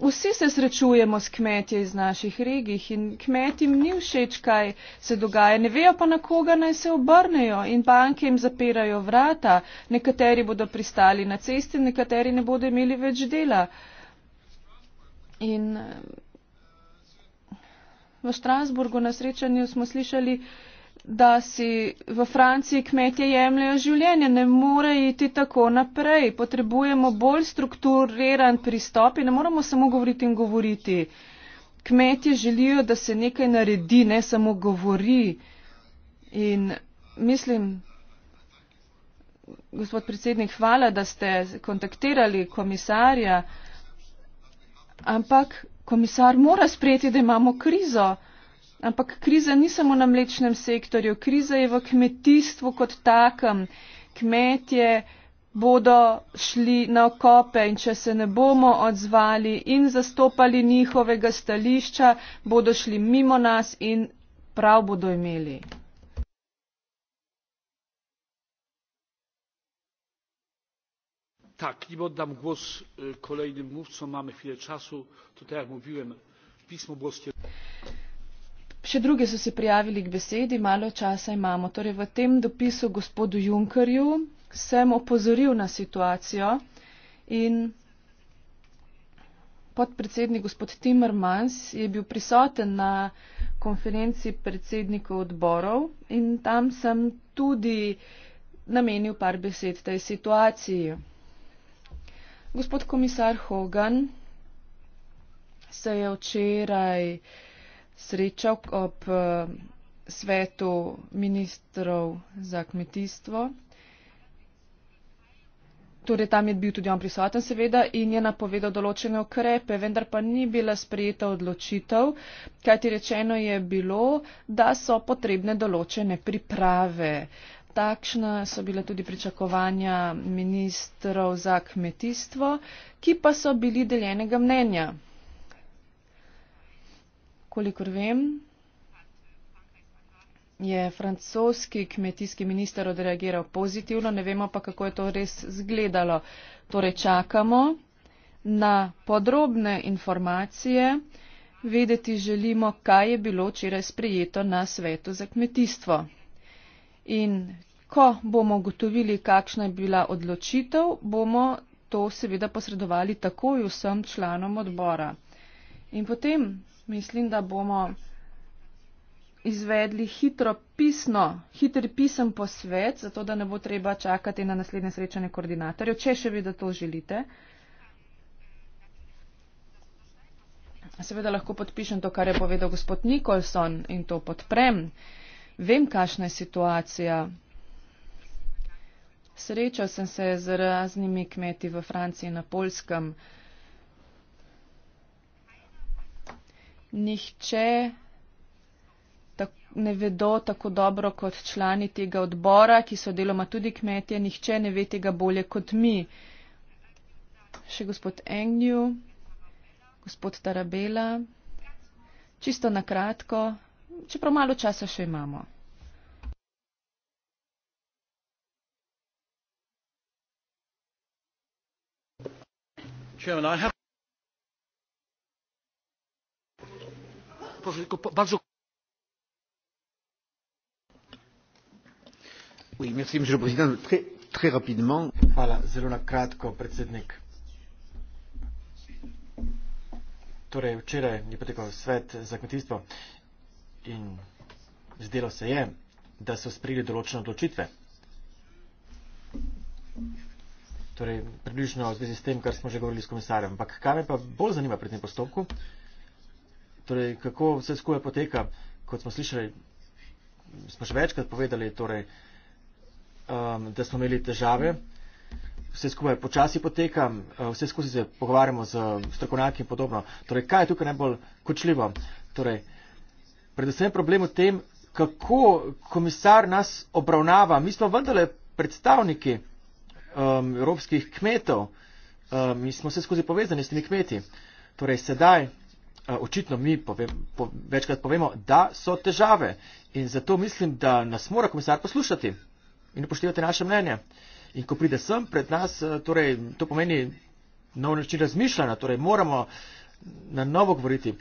Vsi se srečujemo s kmetje iz naših regij in kmetim ni všeč, kaj se dogaja, ne vejo pa na koga naj se obrnejo in banke jim zapirajo vrata, nekateri bodo pristali na cesti, nekateri ne bodo imeli več dela. In eh, v Štrasburgu na srečanju smo slišali, da si v Franciji kmetje jemljajo življenje. Ne more iti tako naprej. Potrebujemo bolj strukturiran pristop in ne moramo samo govoriti in govoriti. Kmetje želijo, da se nekaj naredi, ne samo govori. In mislim, gospod predsednik, hvala, da ste kontaktirali komisarja, ampak komisar mora sprejeti, da imamo krizo. Ampak kriza ni samo na mlečnem sektorju, kriza je v kmetijstvu kot takem. Kmetje bodo šli na okope in če se ne bomo odzvali in zastopali njihovega stališča, bodo šli mimo nas in prav bodo imeli. Tak, nie oddam głos e, kolejnym mówcom, mamy chwilę czasu. Tutaj, jak mówiłem, pismo boskie. Še drugi so se prijavili k besedi, malo časa imamo. Torej, v tem dopisu gospodu Junkerju sem opozoril na situacijo in podpredsednik gospod Timmermans je bil prisoten na konferenci predsednikov odborov in tam sem tudi namenil par besed tej situaciji. Gospod komisar Hogan se je včeraj srečal ob uh, svetu ministrov za kmetijstvo. Torej, tam je bil tudi on prisoten, seveda, in je napovedal določene ukrepe, vendar pa ni bila sprejeta odločitev, kajti rečeno je bilo, da so potrebne določene priprave. Takšna so bile tudi pričakovanja ministrov za kmetijstvo, ki pa so bili deljenega mnenja. Kolikor vem, je francoski kmetijski minister odreagiral pozitivno, ne vemo pa, kako je to res zgledalo. Torej čakamo na podrobne informacije, vedeti želimo, kaj je bilo včeraj sprejeto na svetu za kmetijstvo. In ko bomo ugotovili, kakšna je bila odločitev, bomo to seveda posredovali takoj vsem članom odbora. In potem mislim, da bomo izvedli hitro pisno, hitri pisem posvet, zato da ne bo treba čakati na naslednje srečanje koordinatorjev, če še vi da to želite. Seveda lahko podpišem to, kar je povedal gospod Nikolson in to podprem. Vem, kakšna je situacija. Srečal sem se z raznimi kmeti v Franciji in na Polskem. Uh, nihče ne vedo tako dobro kot člani tega odbora, ki so deloma tudi kmetje, nihče ne ve tega bolje kot mi. Še gospod Engnju, gospod Tarabela, čisto na kratko, čeprav malo časa še imamo. Chairman, I have bardzo. Oui, merci, Monsieur le Président. Très, très rapidement. Voilà, zelo na kratko, predsednik. Torej, včeraj je potekal svet za kmetijstvo in zdelo se je, da so sprejeli določene odločitve. Torej, približno v zvezi s tem, kar smo že govorili s komisarjem. Ampak kaj me pa bolj zanima pri tem postopku, Torej, kako vse skupaj poteka, kot smo slišali, smo že večkrat povedali, torej, um, da smo imeli težave, vse skupaj počasi poteka, uh, vse skupaj se pogovarjamo z strokovnjaki in podobno. Torej, kaj je tukaj najbolj kočljivo? Torej, predvsem je problem v tem, kako komisar nas obravnava. Mi smo vendarle predstavniki um, evropskih kmetov, um, mi smo vse skupaj povezani s temi kmeti. Torej, sedaj Eh, očitno mi pove, po, večkrat povemo, da so težave. In zato mislim, da nas mora komisar poslušati in upoštevati naše mnenje. In ko pride sem pred nas, eh, torej, to pomeni nov način razmišljanja, torej moramo na novo govoriti.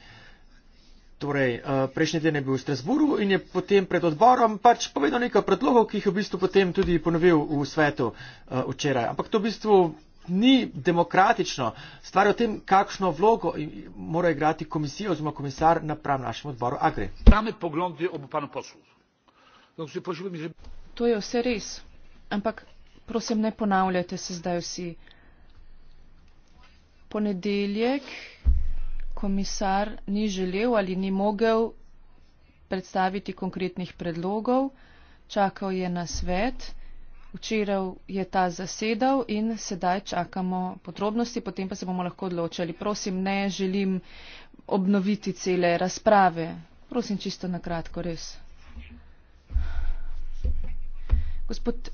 Torej, eh, prejšnji teden je bil v Strasburu in je potem pred odborom pač povedal nekaj predlogov, ki jih je v bistvu potem tudi ponovil v svetu včeraj. Ampak to v bistvu ni demokratično. Stvar je o tem, kakšno vlogo mora igrati komisija oziroma komisar na prav našem odboru Agri. To je vse res. Ampak prosim, ne ponavljajte se zdaj vsi. Ponedeljek komisar ni želel ali ni mogel predstaviti konkretnih predlogov. Čakal je na svet včeraj je ta zasedal in sedaj čakamo podrobnosti, potem pa se bomo lahko odločali. Prosim, ne želim obnoviti cele razprave. Prosim, čisto na kratko, res. Gospod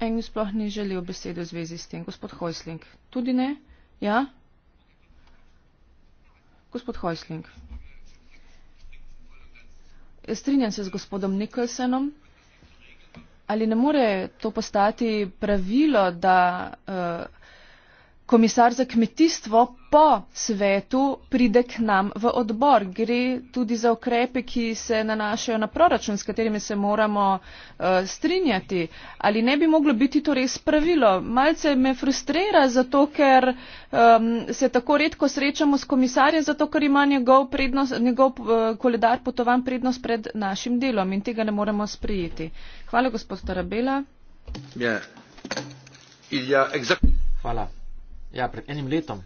Engel sploh ni želel besede v zvezi s tem. Gospod Hojsling, tudi ne? Ja? Gospod Hojsling. Strinjam se z gospodom Nikolsenom ali ne more to postati pravilo, da uh, komisar za kmetijstvo po svetu pride k nam v odbor. Gre tudi za ukrepe, ki se nanašajo na proračun, s katerimi se moramo uh, strinjati. Ali ne bi moglo biti to res pravilo? Malce me frustrira zato, ker um, se tako redko srečamo s komisarjem, zato ker ima njegov, prednost, njegov uh, koledar potovan prednost pred našim delom in tega ne moremo sprijeti. Hvala, gospod Tarabela. Ja. Yeah. Hvala. Ja, pred enim letom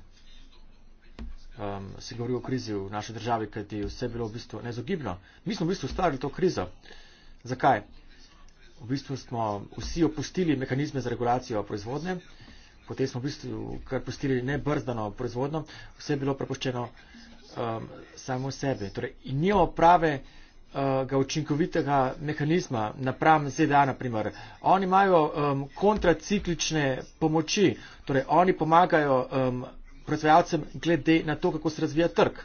um, se je govoril o krizi v naši državi, kajti vse je bilo v bistvu nezogibno. Mi smo v bistvu ustvarili to krizo. Zakaj? V bistvu smo vsi opustili mehanizme za regulacijo proizvodnje, potem smo v bistvu kar pustili nebrzdano proizvodnjo, vse je bilo prepuščeno um, samo sebi. Torej, in njo prave. Eh, ga učinkovitega mehanizma napram ZDA naprimer. Oni imajo um, kontraciklične pomoči, torej oni pomagajo um, proizvajalcem glede na to, kako se razvija trg.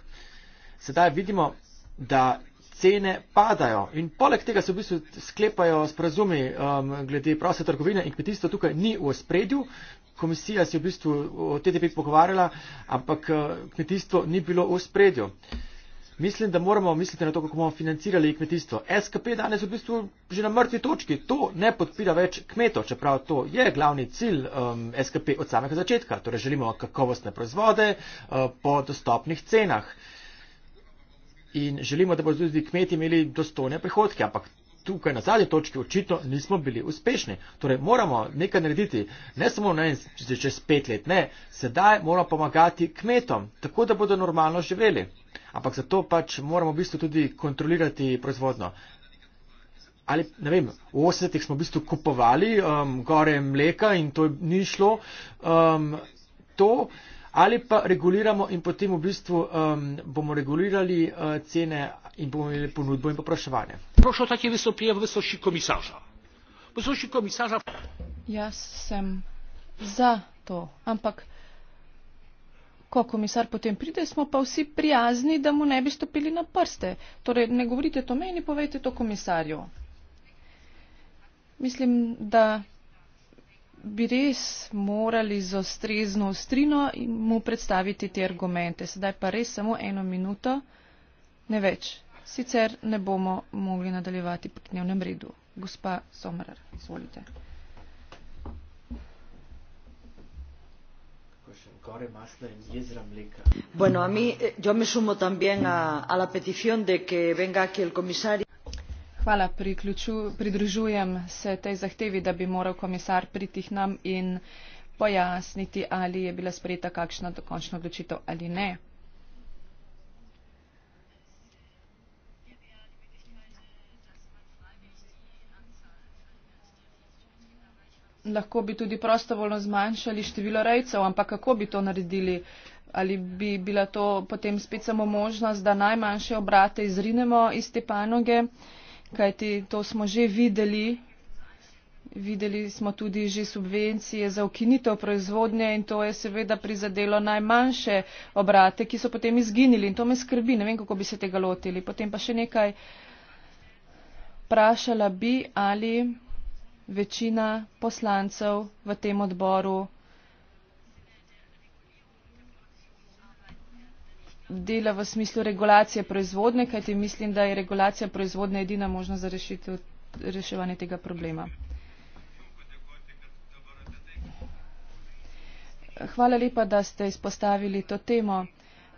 Sedaj vidimo, da cene padajo in poleg tega se v bistvu sklepajo sporazumi um, glede proste trgovine in kmetijstva tukaj ni v spredju. Komisija se je v bistvu o TTP pogovarjala, ampak eh, kmetijstvo ni bilo v spredju. Uh, Mislim, da moramo misliti na to, kako bomo financirali kmetijstvo. SKP danes v bistvu že na mrtvi točki. To ne podpira več kmetov, čeprav to je glavni cilj um, SKP od samega začetka. Torej želimo kakovostne proizvode uh, po dostopnih cenah. In želimo, da bodo tudi kmeti imeli dostojne prihodke, ampak tukaj na zadnji točki očitno nismo bili uspešni. Torej moramo nekaj narediti, ne samo ne, čez pet let, ne, sedaj moramo pomagati kmetom, tako da bodo normalno živeli ampak zato pač moramo v bistvu tudi kontrolirati proizvodno. Ali, ne vem, v 80-ih smo v bistvu kupovali um, gore mleka in to ni šlo. Um, to, ali pa reguliramo in potem v bistvu um, bomo regulirali uh, cene in bomo imeli ponudbo in popraševanje. Prošel tak je vysopijev vysoši komisarža. Vysoši komisarža. Jaz sem za to, ampak ko komisar potem pride, smo pa vsi prijazni, da mu ne bi stopili na prste. Torej, ne govorite to meni, povejte to komisarju. Mislim, da bi res morali z ustrezno ostrino mu predstaviti te argumente. Sedaj pa res samo eno minuto, ne več. Sicer ne bomo mogli nadaljevati pri dnevnem redu. Gospa Somrar, izvolite. Bueno, a mí eh, yo me sumo también a, a la petición de que venga aquí el comisario. Hvala, priključu, pridružujem se tej zahtevi, da bi moral komisar priti k nam in pojasniti, ali je bila sprejeta kakšna dokončna odločitev ali ne. lahko bi tudi prostovoljno zmanjšali število rejcev, ampak kako bi to naredili? Ali bi bila to potem spet samo možnost, da najmanjše obrate izrinemo iz te panoge, kajti to smo že videli. Videli smo tudi že subvencije za ukinitev proizvodnje in to je seveda prizadelo najmanjše obrate, ki so potem izginili in to me skrbi, ne vem, kako bi se tega lotili. Potem pa še nekaj vprašala bi, ali večina poslancev v tem odboru dela v smislu regulacije proizvodne, kajti mislim, da je regulacija proizvodne edina možnost za rešitev, reševanje tega problema. Hvala lepa, da ste izpostavili to temo.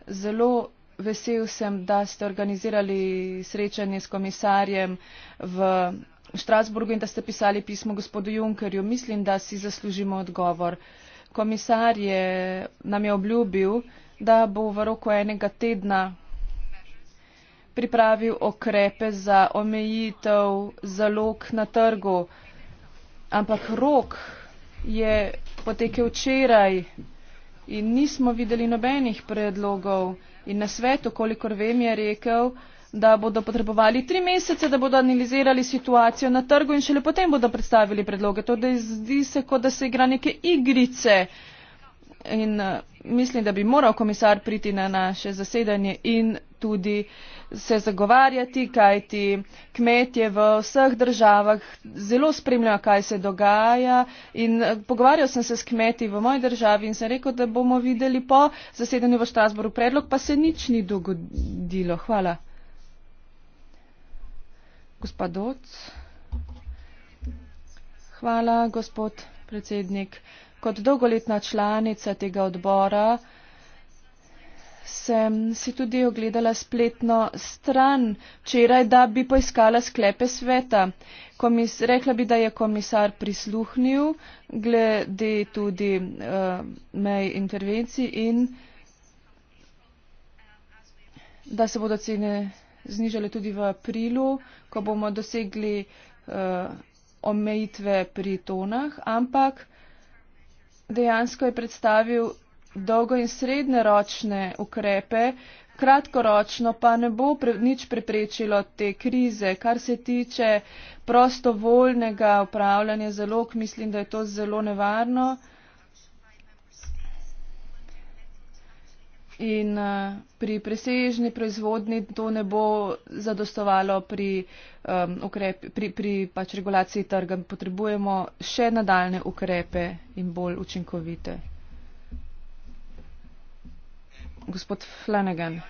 Zelo vesel sem, da ste organizirali srečanje s komisarjem v v strasburgu in da ste pisali pismo gospodu junkerju mislim da si zaslužimo odgovor komisar je nam je obljubil da bo v roku enega tedna pripravil okrepe za omejitev zalog na trgu ampak rok je potekel včeraj in nismo videli nobenih predlogov in na svetu kolikor vem je rekel da bodo potrebovali tri mesece, da bodo analizirali situacijo na trgu in šele potem bodo predstavili predloge. Torej, zdi se, kot da se igra neke igrice. In eh, mislim, da bi moral komisar priti na naše zasedanje in tudi se zagovarjati, kajti kmetje v vseh državah zelo spremljajo, kaj se dogaja. In eh, pogovarjal sem se s kmeti v moji državi in sem rekel, da bomo videli po zasedanju v Štrasboru predlog, pa se nič ni dogodilo. Hvala. Gospa Doc. Hvala, gospod predsednik. Kot dolgoletna članica tega odbora sem si tudi ogledala spletno stran včeraj, da bi poiskala sklepe sveta. Komis, rekla bi, da je komisar prisluhnil glede tudi uh, mej intervencij in da se bodo cene znižali tudi v aprilu, ko bomo dosegli uh, omejitve pri tonah, ampak dejansko je predstavil dolgo in srednje ročne ukrepe, kratkoročno pa ne bo pre, nič preprečilo te krize. Kar se tiče prostovoljnega upravljanja zalog, mislim, da je to zelo nevarno. in eh, pri presežni proizvodni to ne bo zadostovalo pri, um, ukrep, pri, pri pač regulaciji trga. Potrebujemo še nadaljne ukrepe in bolj učinkovite. Gospod Flanagan.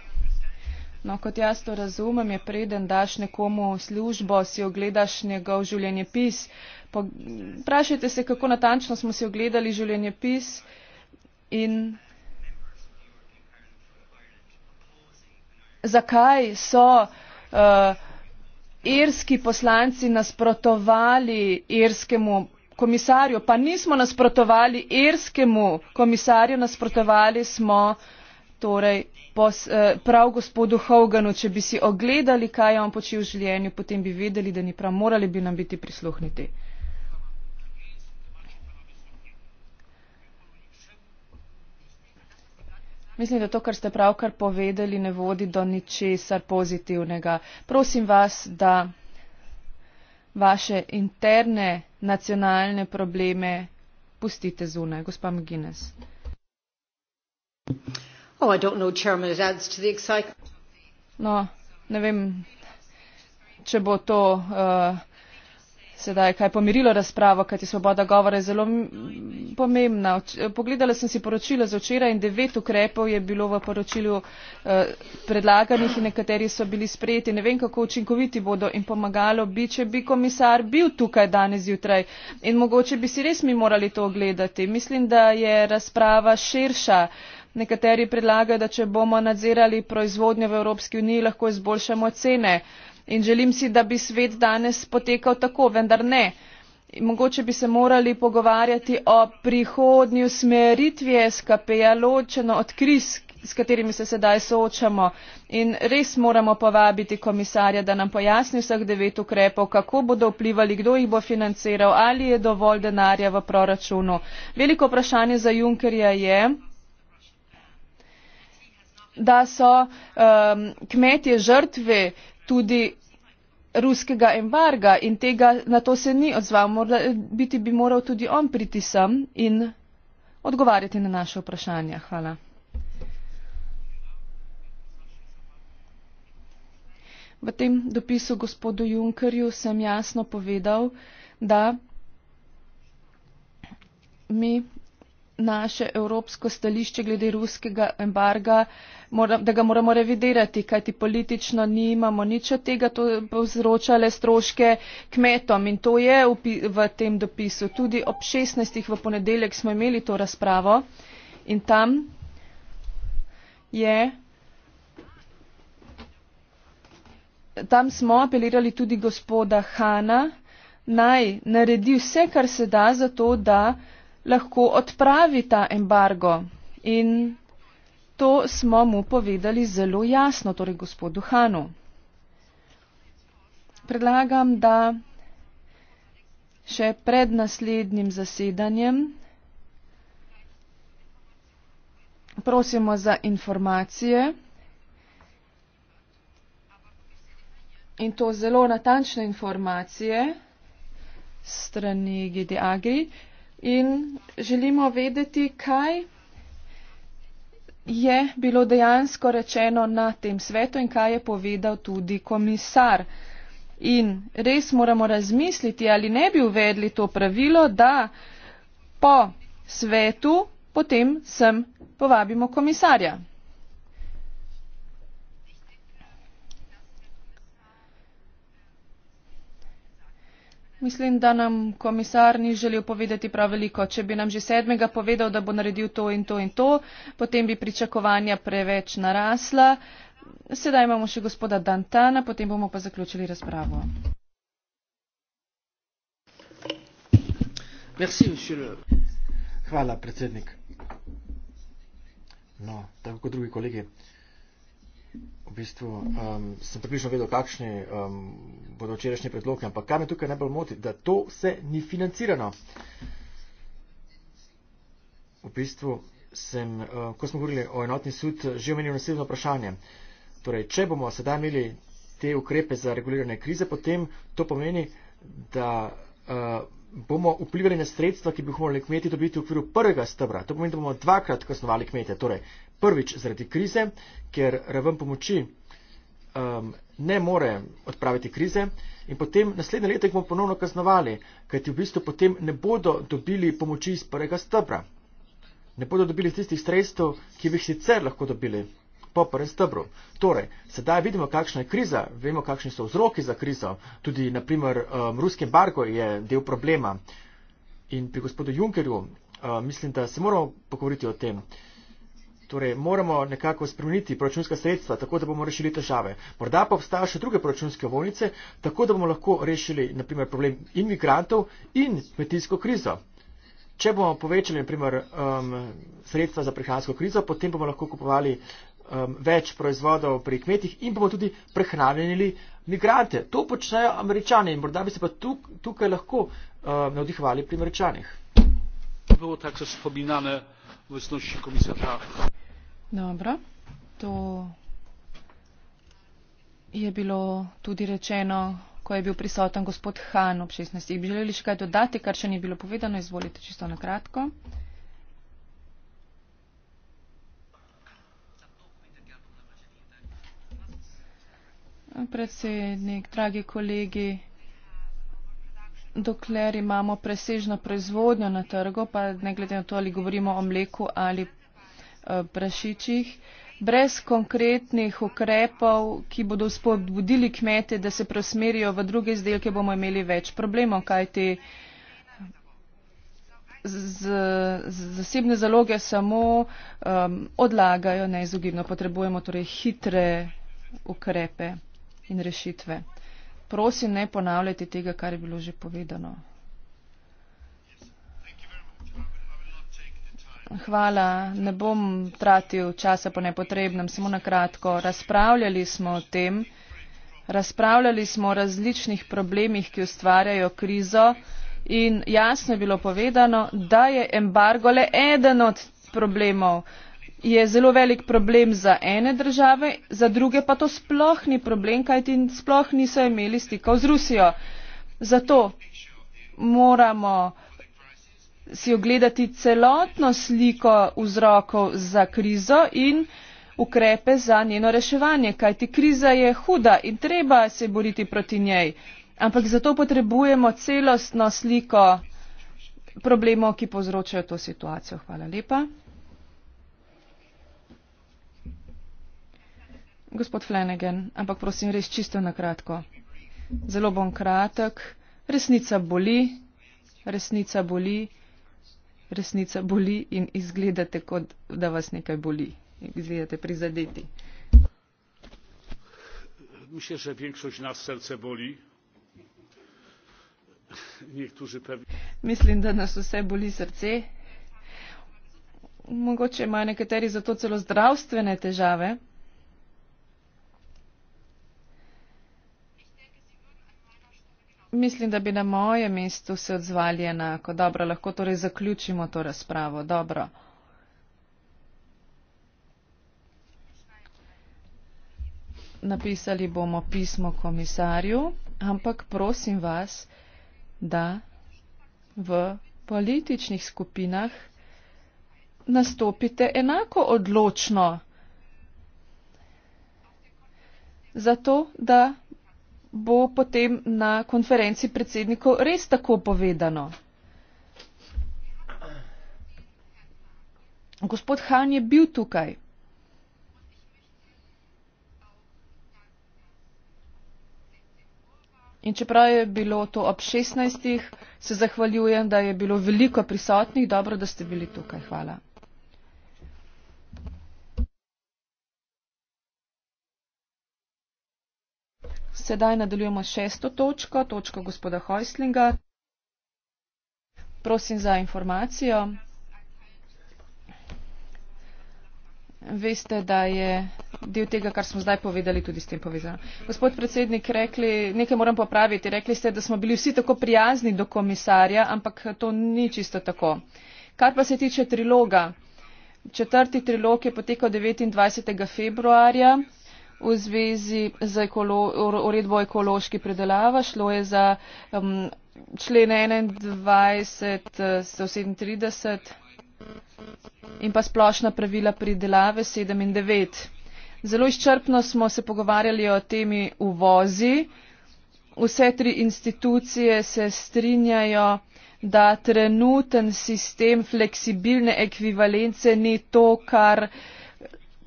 No, kot jaz to razumem, je preden daš nekomu službo, si ogledaš njegov življenjepis. Prašajte se, kako natančno smo si ogledali življenjepis in zakaj so uh, irski poslanci nasprotovali irskemu komisarju. Pa nismo nasprotovali irskemu komisarju, nasprotovali smo torej, pos, uh, prav gospodu Hoganu. Če bi si ogledali, kaj je on počel v življenju, potem bi vedeli, da ni prav. Morali bi nam biti prisluhniti. Mislim, da to, kar ste pravkar povedali, ne vodi do ničesar pozitivnega. Prosim vas, da vaše interne nacionalne probleme pustite zunaj. Gospa Mginez. Oh, no, ne vem, če bo to. Uh, sedaj kaj pomirilo razpravo, kajti svoboda govora je zelo pomembna. Pogledala sem si poročilo za včeraj in devet ukrepov je bilo v poročilu eh, predlaganih in nekateri so bili sprejeti. Ne vem, kako učinkoviti bodo in pomagalo bi, če bi komisar bil tukaj danes jutraj in mogoče bi si res mi morali to ogledati. Mislim, da je razprava širša. Nekateri predlagajo, da če bomo nadzirali proizvodnjo v Evropski uniji, lahko izboljšamo cene in želim si da bi svet danes potekal tako vendar ne mogoče bi se morali pogovarjati o prihodnji usmeritvi skp ja ločeno od kriz s katerimi se sedaj soočamo in res moramo povabiti komisarja da nam pojasni vseh devet ukrepov kako bodo vplivali kdo jih bo financiral ali je dovolj denarja v proračunu veliko vprašanje za junkerja je da so um, kmetje žrtve tudi ruskega embarga in tega na to se ni odzval. Morda, eh, biti bi moral tudi on priti sem in odgovarjati na naše vprašanja. Hvala. V tem dopisu gospodu Junkerju sem jasno povedal, da mi naše evropsko stališče glede ruskega embarga, da ga moramo revidirati, kajti politično nimamo nič od tega, to bo vzročale stroške kmetom in to je v, v tem dopisu. Tudi ob 16. v ponedeljek smo imeli to razpravo in tam je. Tam smo apelirali tudi gospoda Hana, naj naredi vse, kar se da za to, da lahko odpravi ta embargo. In to smo mu povedali zelo jasno, torej gospodu Hanu. Predlagam, da še pred naslednjim zasedanjem prosimo za informacije in to zelo natančne informacije strani GDAGRI, in želimo vedeti, kaj je bilo dejansko rečeno na tem svetu in kaj je povedal tudi komisar. In res moramo razmisliti, ali ne bi uvedli to pravilo, da po svetu potem sem povabimo komisarja. Mislim, da nam komisar ni želel povedati prav veliko. Če bi nam že sedmega povedal, da bo naredil to in to in to, potem bi pričakovanja preveč narasla. Sedaj imamo še gospoda Dantana, potem bomo pa zaključili razpravo. Merci, Hvala, predsednik. No, tako kot drugi kolegi v bistvu um, sem približno vedel, kakšni um, bodo včerajšnji predloge, ampak kar me tukaj najbolj moti, da to se ni financirano. V bistvu sem, uh, ko smo govorili o enotni sud, že omenil naslednje vprašanje. Torej, če bomo sedaj imeli te ukrepe za reguliranje krize, potem to pomeni, da uh, bomo vplivali na sredstva, ki bi jih morali kmeti dobiti v okviru prvega stebra. To pomeni, da bomo dvakrat kaznovali kmete. Torej, Prvič zaradi krize, ker raven pomoči um, ne more odpraviti krize in potem naslednje leto jih bomo ponovno kaznovali, kajti v bistvu potem ne bodo dobili pomoči iz prvega stebra. Ne bodo dobili tistih sredstev, ki bi jih sicer lahko dobili po prvem stebru. Torej, sedaj vidimo, kakšna je kriza, vemo, kakšni so vzroki za krizo. Tudi, naprimer, um, ruski embargo je del problema. In pri gospodu Junkerju uh, mislim, da se moramo pogovoriti o tem. Uh, Torej, moramo nekako spremeniti proračunska sredstva, tako da bomo rešili težave. Morda pa obstajajo še druge proračunske volnice, tako da bomo lahko rešili naprimer, problem imigrantov in kmetijsko krizo. Če bomo povečali naprimer, um, sredstva za prehransko krizo, potem bomo lahko kupovali um, več proizvodov pri kmetih in bomo tudi prehranili migrante. To počnejo američani in morda bi se pa tuk, tukaj lahko um, navdihvali pri američanih. Bilo tako spominane v osnovi komisarja. Dobro, to je bilo tudi rečeno, ko je bil prisoten gospod Han ob 16. Bi želeli še kaj dodati, kar še ni bilo povedano, izvolite čisto na kratko. Predsednik, dragi kolegi, dokler imamo presežno proizvodnjo na trgu, pa ne glede na to, ali govorimo o mleku ali eh, prašičih, brez konkretnih ukrepov, ki bodo spodbudili kmete, da se prosmerijo v druge izdelke, bomo imeli več problemov, kajti zasebne zaloge samo um, odlagajo neizogibno. Potrebujemo torej hitre ukrepe in rešitve prosim, ne ponavljajte tega, kar je bilo že povedano. Hvala, ne bom tratil časa po nepotrebnem, samo na kratko. Razpravljali smo o tem, razpravljali smo o različnih problemih, ki ustvarjajo krizo in jasno je bilo povedano, da je embargo le eden od problemov je zelo velik problem za ene države za druge pa to sploh ni problem kajti sploh niso imeli stikov z rusijo zato moramo si ogledati celotno sliko vzrokov za krizo in ukrepe za njeno reševanje kajti kriza je huda in treba se boriti proti njej ampak zato potrebujemo celostno sliko problemov ki povzročajo to situacijo hvala lepa Gospod Flanagan, ampak prosim res čisto na kratko. Zelo bom kratek. Resnica boli, resnica boli, resnica boli in izgledate, kot da vas nekaj boli. Izgledate prizadeti. Mislim, da večšoč nas srce boli. Pravi... Mislim, da nas vse boli srce. Mogoče imajo nekateri zato celo zdravstvene težave. Mislim, da bi na mojem mestu se odzvali enako. Dobro, lahko torej zaključimo to razpravo. Dobro. Napisali bomo pismo komisarju, ampak prosim vas, da v političnih skupinah nastopite enako odločno. Zato, da bo potem na konferenci predsednikov res tako povedano. Gospod Han je bil tukaj. In čeprav je bilo to ob 16, se zahvaljujem, da je bilo veliko prisotnih. Dobro, da ste bili tukaj. Hvala. Sedaj nadaljujemo šesto točko, točko gospoda Hojslinga. Prosim za informacijo. Veste, da je del tega, kar smo zdaj povedali, tudi s tem povezano. Gospod predsednik, rekli, nekaj moram popraviti. Rekli ste, da smo bili vsi tako prijazni do komisarja, ampak to ni čisto tako. Kar pa se tiče triloga. Četrti trilog je potekal 29. februarja v zvezi z uredbo ekolo, ekološki predelava. Šlo je za um, člen 21, 37 eh, in pa splošna pravila pridelave 7 in 9. Zelo izčrpno smo se pogovarjali o temi uvozi. Vse tri institucije se strinjajo, da trenuten sistem fleksibilne ekvivalence ni to, kar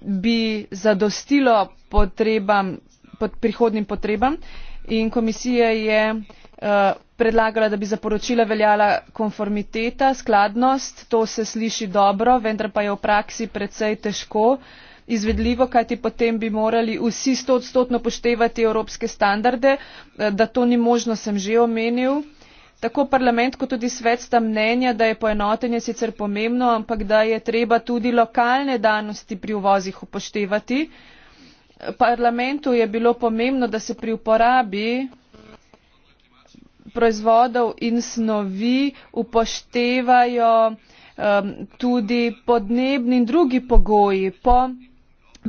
bi zadostilo prihodnjim potrebam in komisija je eh, predlagala da bi za poročila veljala konformiteta skladnost to se sliši dobro vendar pa je v praksi precej težko izvedljivo kajti potem bi morali vsi stoodstotno upoštevati evropske standarde eh, da to ni možno sem že omenil Tako parlament kot tudi svet sta mnenja, da je poenotenje sicer pomembno, ampak da je treba tudi lokalne danosti pri uvozih upoštevati. Parlamentu je bilo pomembno, da se pri uporabi proizvodov in snovi upoštevajo um, tudi podnebni in drugi pogoji po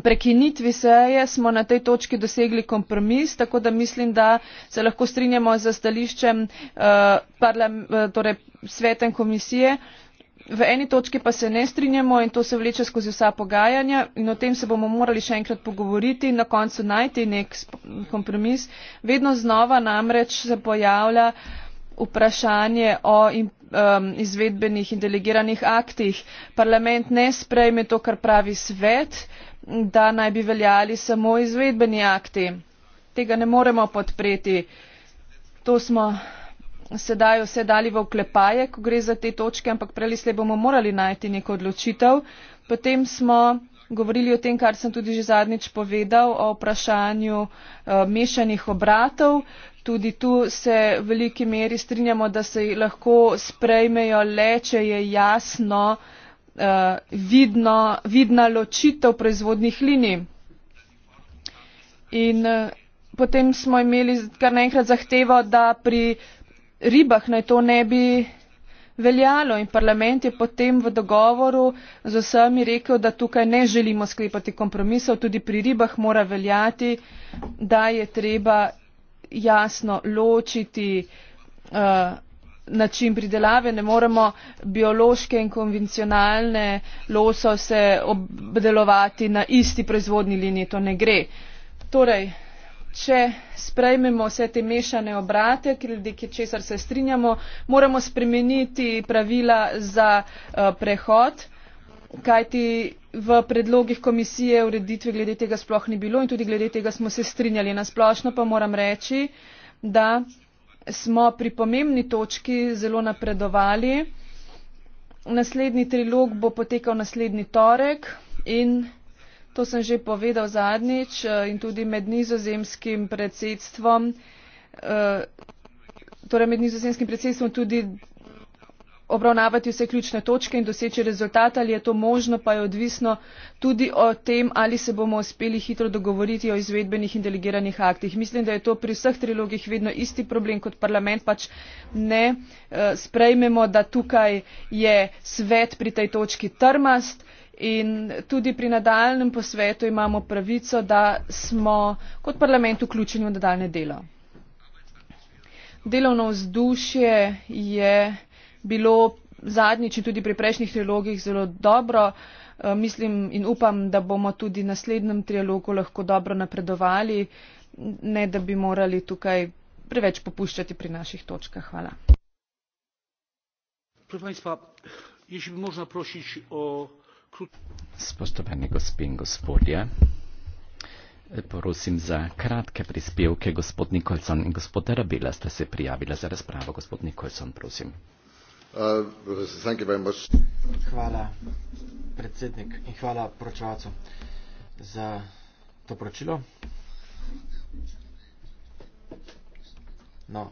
prekinitvi seje smo na tej točki dosegli kompromis, tako da mislim, da se lahko strinjamo za stališčem eh, eh, torej svetem komisije. V eni točki pa se ne strinjamo in to se vleče skozi vsa pogajanja in o tem se bomo morali še enkrat pogovoriti in na koncu najti nek kompromis. Vedno znova namreč se pojavlja vprašanje o izvedbenih in delegiranih aktih. Parlament ne sprejme to, kar pravi svet da naj bi veljali samo izvedbeni akti. Tega ne moremo podpreti. To smo sedaj vse dali v oklepaje, ko gre za te točke, ampak prelislej bomo morali najti neko odločitev. Potem smo govorili o tem, kar sem tudi že zadnjič povedal, o vprašanju uh, mešanih obratov. Tudi tu se v veliki meri strinjamo, da se lahko sprejmejo le, če je jasno, uh, uh, vidno, vidna ločitev proizvodnih linij. In uh, potem smo imeli kar naenkrat zahtevo, da pri ribah naj to ne bi veljalo in parlament je potem v dogovoru z vsemi rekel, da tukaj ne želimo sklepati kompromisov, tudi pri ribah mora veljati, da je treba jasno ločiti uh, način pridelave, ne moremo biološke in konvencionalne losose obdelovati na isti proizvodni liniji, to ne gre. Torej, če sprejmemo vse te mešane obrate, ki česar se strinjamo, moramo spremeniti pravila za uh, prehod, kajti v predlogih komisije ureditve glede tega sploh ni bilo in tudi glede tega smo se strinjali. Na splošno pa moram reči, da smo pri pomembni točki zelo napredovali. Naslednji trilog bo potekal naslednji torek in to sem že povedal zadnjič eh, in tudi med nizozemskim predsedstvom, eh, torej med nizozemskim predsedstvom tudi obravnavati vse ključne točke in doseči rezultat, ali je to možno, pa je odvisno tudi o tem, ali se bomo uspeli hitro dogovoriti o izvedbenih in delegiranih aktih. Mislim, da je to pri vseh trilogih vedno isti problem, kot parlament pač ne eh, sprejmemo, da tukaj je svet pri tej točki trmast. In tudi pri nadaljem posvetu imamo pravico, da smo kot parlament vključeni v nadaljne delo. Delovno vzdušje je bilo zadnjič in tudi pri prejšnjih trilogih zelo dobro. Eh, mislim in upam, da bomo tudi v naslednjem trilogu lahko dobro napredovali, ne da bi morali tukaj preveč popuščati pri naših točkah. Hvala. Spoštovani gospod in gospodje, e, prosim za kratke prispevke. Gospod Nikolson in gospod Rabila sta se prijavila za razpravo. Gospod Nikolson, prosim. Uh, hvala predsednik in hvala poročevalcu za to poročilo no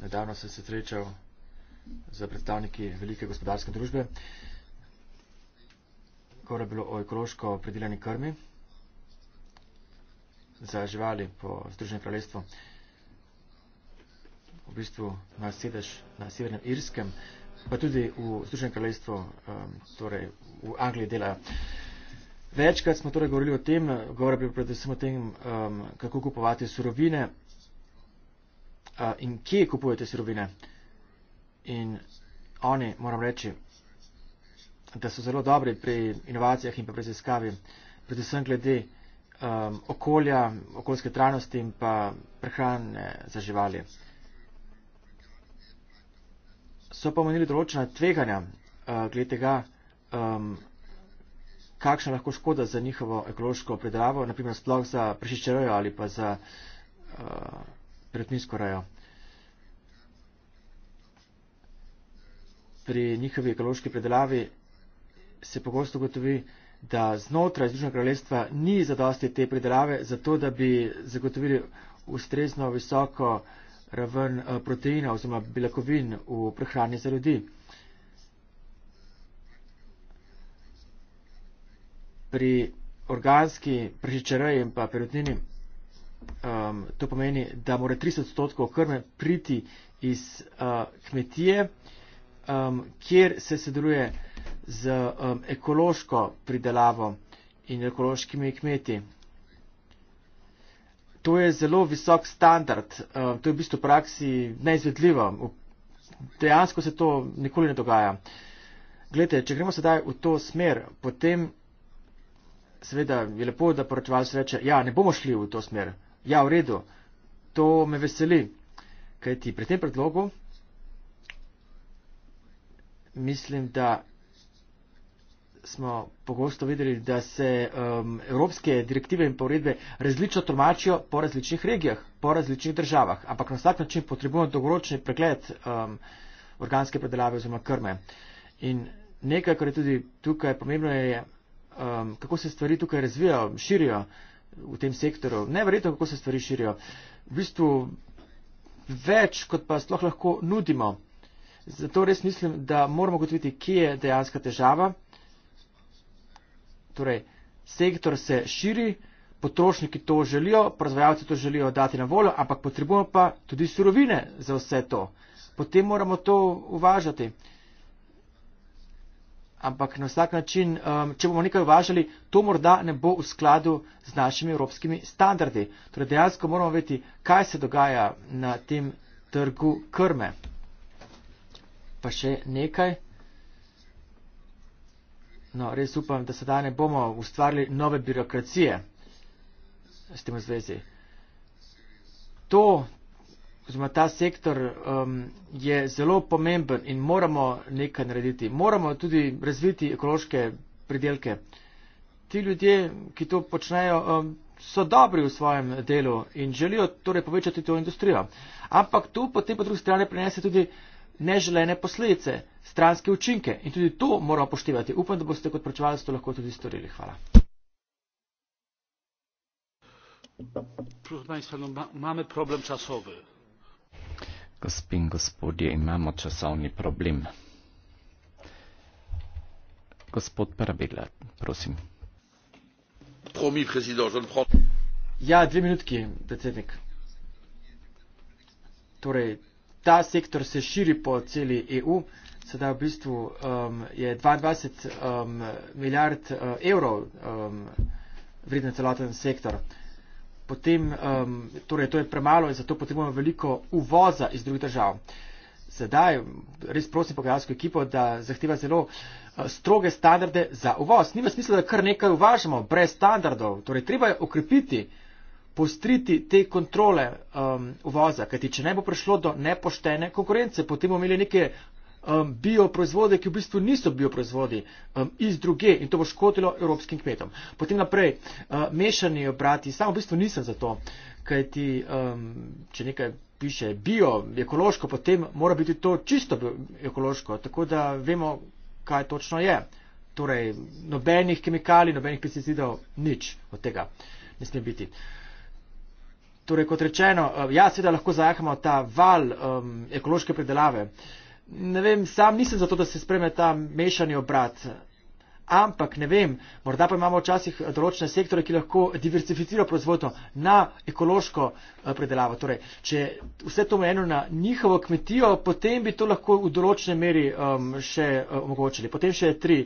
nedavno sem se srečal z predstavniki velike gospodarske družbe ko je bilo o ekološko pridelani krmi za živali po združenem kraljestvu in v bistvu na sedež na Severnem Irskem, pa tudi v Združenem kraljestvu, um, torej v Angliji dela. Večkrat smo torej govorili o tem, govora bi predvsem o tem, um, kako kupovati surovine uh, in kje kupujete surovine. In oni, moram reči, da so zelo dobri pri inovacijah in pa pri raziskavi, predvsem glede um, okolja, okoljske trajnosti in pa prehrane za živali so pa menili določena tveganja uh, glede tega, um, kakšna lahko škoda za njihovo ekološko predravo, naprimer sploh za prešičerojo ali pa za uh, eh, pretnisko rojo. Pri njihovi ekološki predelavi se pogosto gotovi, da znotraj Združenega kraljestva ni zadosti te predelave, zato da bi zagotovili ustrezno visoko uh, raven eh, proteina oziroma beljakovin v prehrani za ljudi. Pri organski prežičereji in pa perutnini um, to pomeni, da mora 30 odstotkov krme priti iz uh, kmetije, um, kjer se sodeluje z um, ekološko pridelavo in ekološkimi kmeti. To je zelo visok standard, eh, to je v bistvu v praksi neizvedljivo. Dejansko se to nikoli ne dogaja. Glede, če gremo sedaj v to smer, potem seveda je lepo, da poročevalce reče, ja, ne bomo šli v to smer. Ja, v redu, to me veseli, kajti pri tem predlogu mislim, da smo pogosto videli, da se um, evropske direktive in poredbe različno tolmačijo po različnih regijah, po različnih državah, ampak na vsak način potrebujemo dolgoročni pregled um, organske predelave oziroma krme. In nekaj, kar je tudi tukaj pomembno, je, um, kako se stvari tukaj razvijajo, širijo v tem sektoru. Neverjetno, kako se stvari širijo. V bistvu več, kot pa sploh lahko nudimo. Zato res mislim, da moramo gotoviti, kje je dejanska težava Torej, sektor se širi, potrošniki to želijo, proizvajalci to želijo dati na voljo, ampak potrebujemo pa tudi surovine za vse to. Potem moramo to uvažati. Ampak na vsak način, um, če bomo nekaj uvažali, to morda ne bo v skladu z našimi evropskimi standardi. Torej dejansko moramo vedeti, kaj se dogaja na tem trgu krme. Pa še nekaj. No, res upam, da sedaj ne bomo ustvarili nove birokracije s tem v zvezi. To, oziroma ta sektor um, je zelo pomemben in moramo nekaj narediti. Moramo tudi razviti ekološke pridelke. Ti ljudje, ki to počnejo, um, so dobri v svojem delu in želijo torej povečati to industrijo. Ampak to potem po drugi strani prinese tudi neželene posledice, stranske učinke in tudi to moramo poštevati. Upam, da boste kot pročevalec to lahko tudi storili. Hvala. Imamo no, problem časovni. Gospin, gospodje, imamo časovni problem. Gospod Parabela, prosim. Promi, predsednik, že odprl. Ja, dve minutki, predsednik. Torej, ta sektor se širi po celi EU. Sedaj v bistvu um, je 22 um, milijard uh, evrov um, vreden celoten sektor. Potem, um, torej, to je premalo in zato potrebujemo veliko uvoza iz drugih držav. Sedaj res prosim pogajalsko ekipo, da zahteva zelo uh, stroge standarde za uvoz. Nima smisla, da kar nekaj uvažamo brez standardov. Torej, treba je okrepiti uh, postriti te kontrole um, uvoza, kajti če ne bo prišlo do nepoštene konkurence, potem bomo imeli neke um, bioproizvode, ki v bistvu niso bioproizvodi um, iz druge in to bo škodilo evropskim kmetom. Potem naprej, uh, mešani obrati, sam v bistvu nisem za to, kajti um, če nekaj piše bio, ekološko, potem mora biti to čisto ekološko, tako da vemo, kaj točno je. Torej, nobenih kemikalij, nobenih pesticidov, nič od tega ne sme biti. Uh, Torej, kot rečeno, eh, ja, seveda lahko zajahamo ta val um, ekološke predelave. Ne vem, sam nisem za to, da se spreme ta mešani obrat. Ampak ne vem, morda pa imamo včasih določene sektore, ki lahko diversificirajo proizvodno na ekološko eh, predelavo. Torej, če vse to omejeno na njihovo kmetijo, potem bi to lahko v določene meri um, še eh, omogočili. Potem še tri.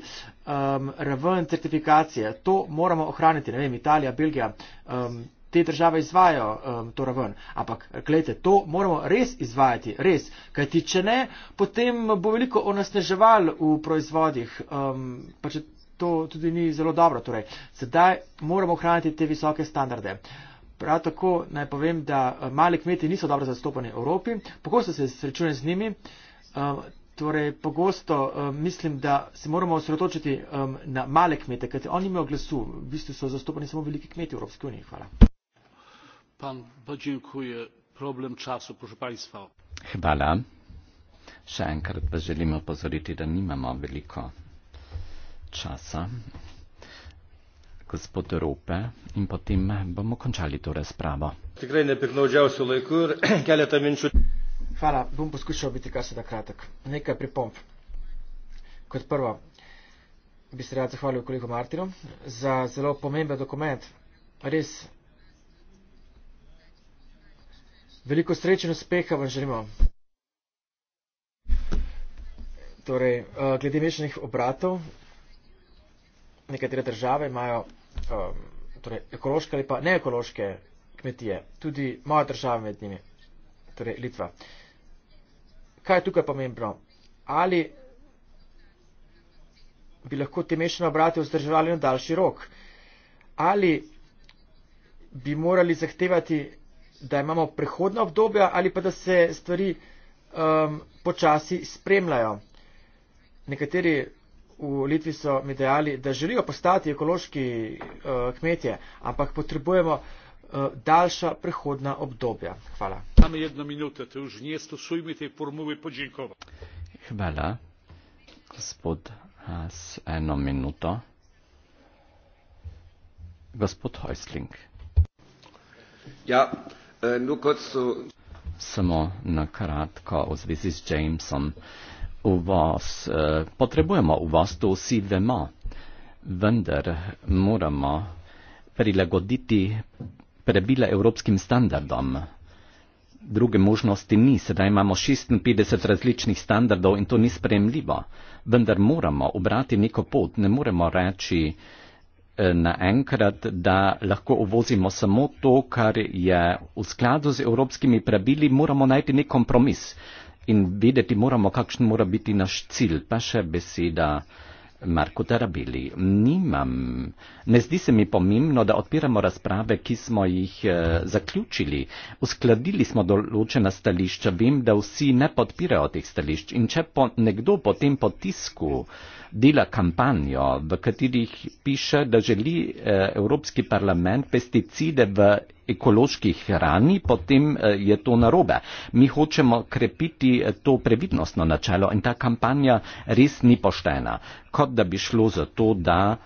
Um, raven certifikacije. To moramo ohraniti. Ne vem, Italija, Belgija. Um, te države izvajajo um, to raven. Ampak, gledajte, to moramo res izvajati, res. Kaj ti, če ne, potem bo veliko onesneževal v proizvodih. Um, pa če to tudi ni zelo dobro, torej, sedaj moramo ohraniti te visoke standarde. Prav tako naj povem, da uh, mali kmeti niso dobro zastopani v Evropi. Pogosto se srečujem z njimi. Um, torej, pogosto um, mislim, da se moramo osredotočiti um, na male kmete, kajti oni imajo glasu. V bistvu so zastopani samo veliki kmeti v Evropski uniji. Hvala. Hvala. Še enkrat pa želim opozoriti, da nimamo veliko časa. Gospod Rope in potem bomo končali to razpravo. (clears throat) Hvala, bom poskušal biti kar se da kratek. Nekaj pripomp. Kot prvo, bi se rad zahvalil kolegu Martinu za zelo pomemben dokument. Res Veliko sreče in uspeha vam želimo. Torej, eh, glede mešanih obratov, nekatere države imajo eh, torej, ekološke ali pa neekološke kmetije, tudi moja država med njimi, torej Litva. Kaj je tukaj pomembno? Ali bi lahko te mešane obrate vzdrževali na daljši rok? Ali bi morali zahtevati da imamo prehodna obdobja ali pa da se stvari um, počasi spremljajo. Nekateri v Litvi so mi dejali, da želijo postati ekološki uh, kmetje, ampak potrebujemo uh, daljša prehodna obdobja. Hvala. Samo eno minuto, to už nje stosujmo te formule podžinkova. Hvala, gospod Has, eno minuto. Gospod Häusling. Ja, Eh, nu, so... Samo na kratko v zvezi z Jamesom. Uvoz, eh, potrebujemo uvoz, to vsi vemo, vendar moramo prilagoditi prebile evropskim standardom. Druge možnosti ni, sedaj imamo 56 različnih standardov in to ni spremljivo. Vendar moramo obrati neko pot, ne moremo reči, naenkrat, da lahko uvozimo samo to, kar je v skladu z evropskimi pravili, moramo najti nek kompromis in videti moramo, kakšen mora biti naš cilj. Pa še beseda Marko Tarabili. Nimam, ne zdi se mi pomembno, da odpiramo razprave, ki smo jih eh, zaključili. Uskladili smo določena stališča, vem, da vsi ne podpirajo teh stališč in če po, nekdo po tem potisku eh, dela kampanjo, v katerih piše, da želi eh, Evropski parlament pesticide v ekološki hrani, potem eh, je to narobe. Mi hočemo krepiti eh, to previdnostno načelo in ta kampanja res ni poštena, kot da bi šlo za to, da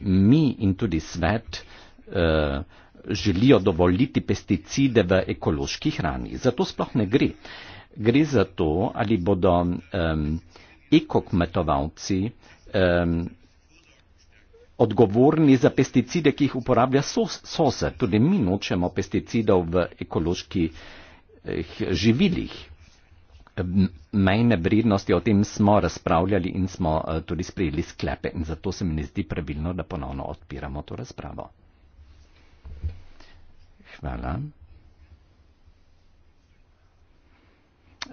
mi in tudi svet želijo dovoliti pesticide v ekološki hrani. Zato sploh ne gre. Gre za to, ali bodo um, eko kmetovalci um, odgovorni za pesticide, ki jih uporablja sosed. Tudi mi nočemo pesticidov v ekoloških eh, živilih. Mejne vrednosti o tem smo razpravljali in smo eh, tudi sprejeli sklepe in zato se mi ne zdi pravilno, da ponovno odpiramo to razpravo. Hvala.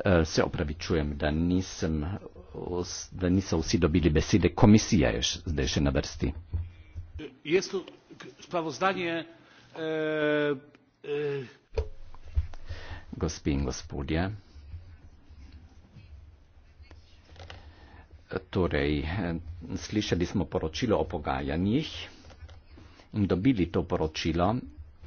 Eh, se opravičujem, da nisem da niso vsi dobili besede komisija je zdaj še na vrsti jaz tu spravozdanje e, e. gospe in gospodje torej slišali smo poročilo o pogajanjih in dobili to poročilo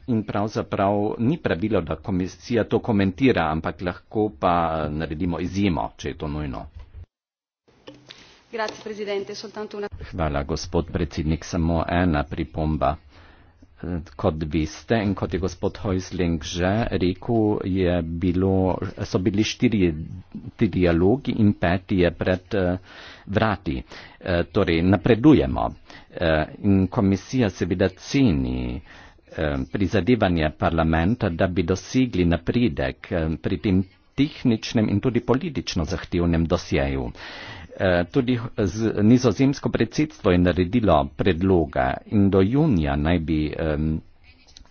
in pravzaprav ni pravilo da komisija to komentira ampak lahko pa naredimo izjemo če je to nujno Hvala, gospod predsednik. Samo ena pripomba. Kot veste in kot je gospod Hojsling že rekel, bilo, so bili štiri dialogi in peti je pred eh, vrati. Eh, torej, napredujemo. Eh, in komisija seveda ceni prizadevanje parlamenta, da bi dosegli napredek pri tem tehničnem in tudi politično zahtevnem dosjeju. Eh, tudi nizozemsko predsedstvo je naredilo predloga in do junija naj bi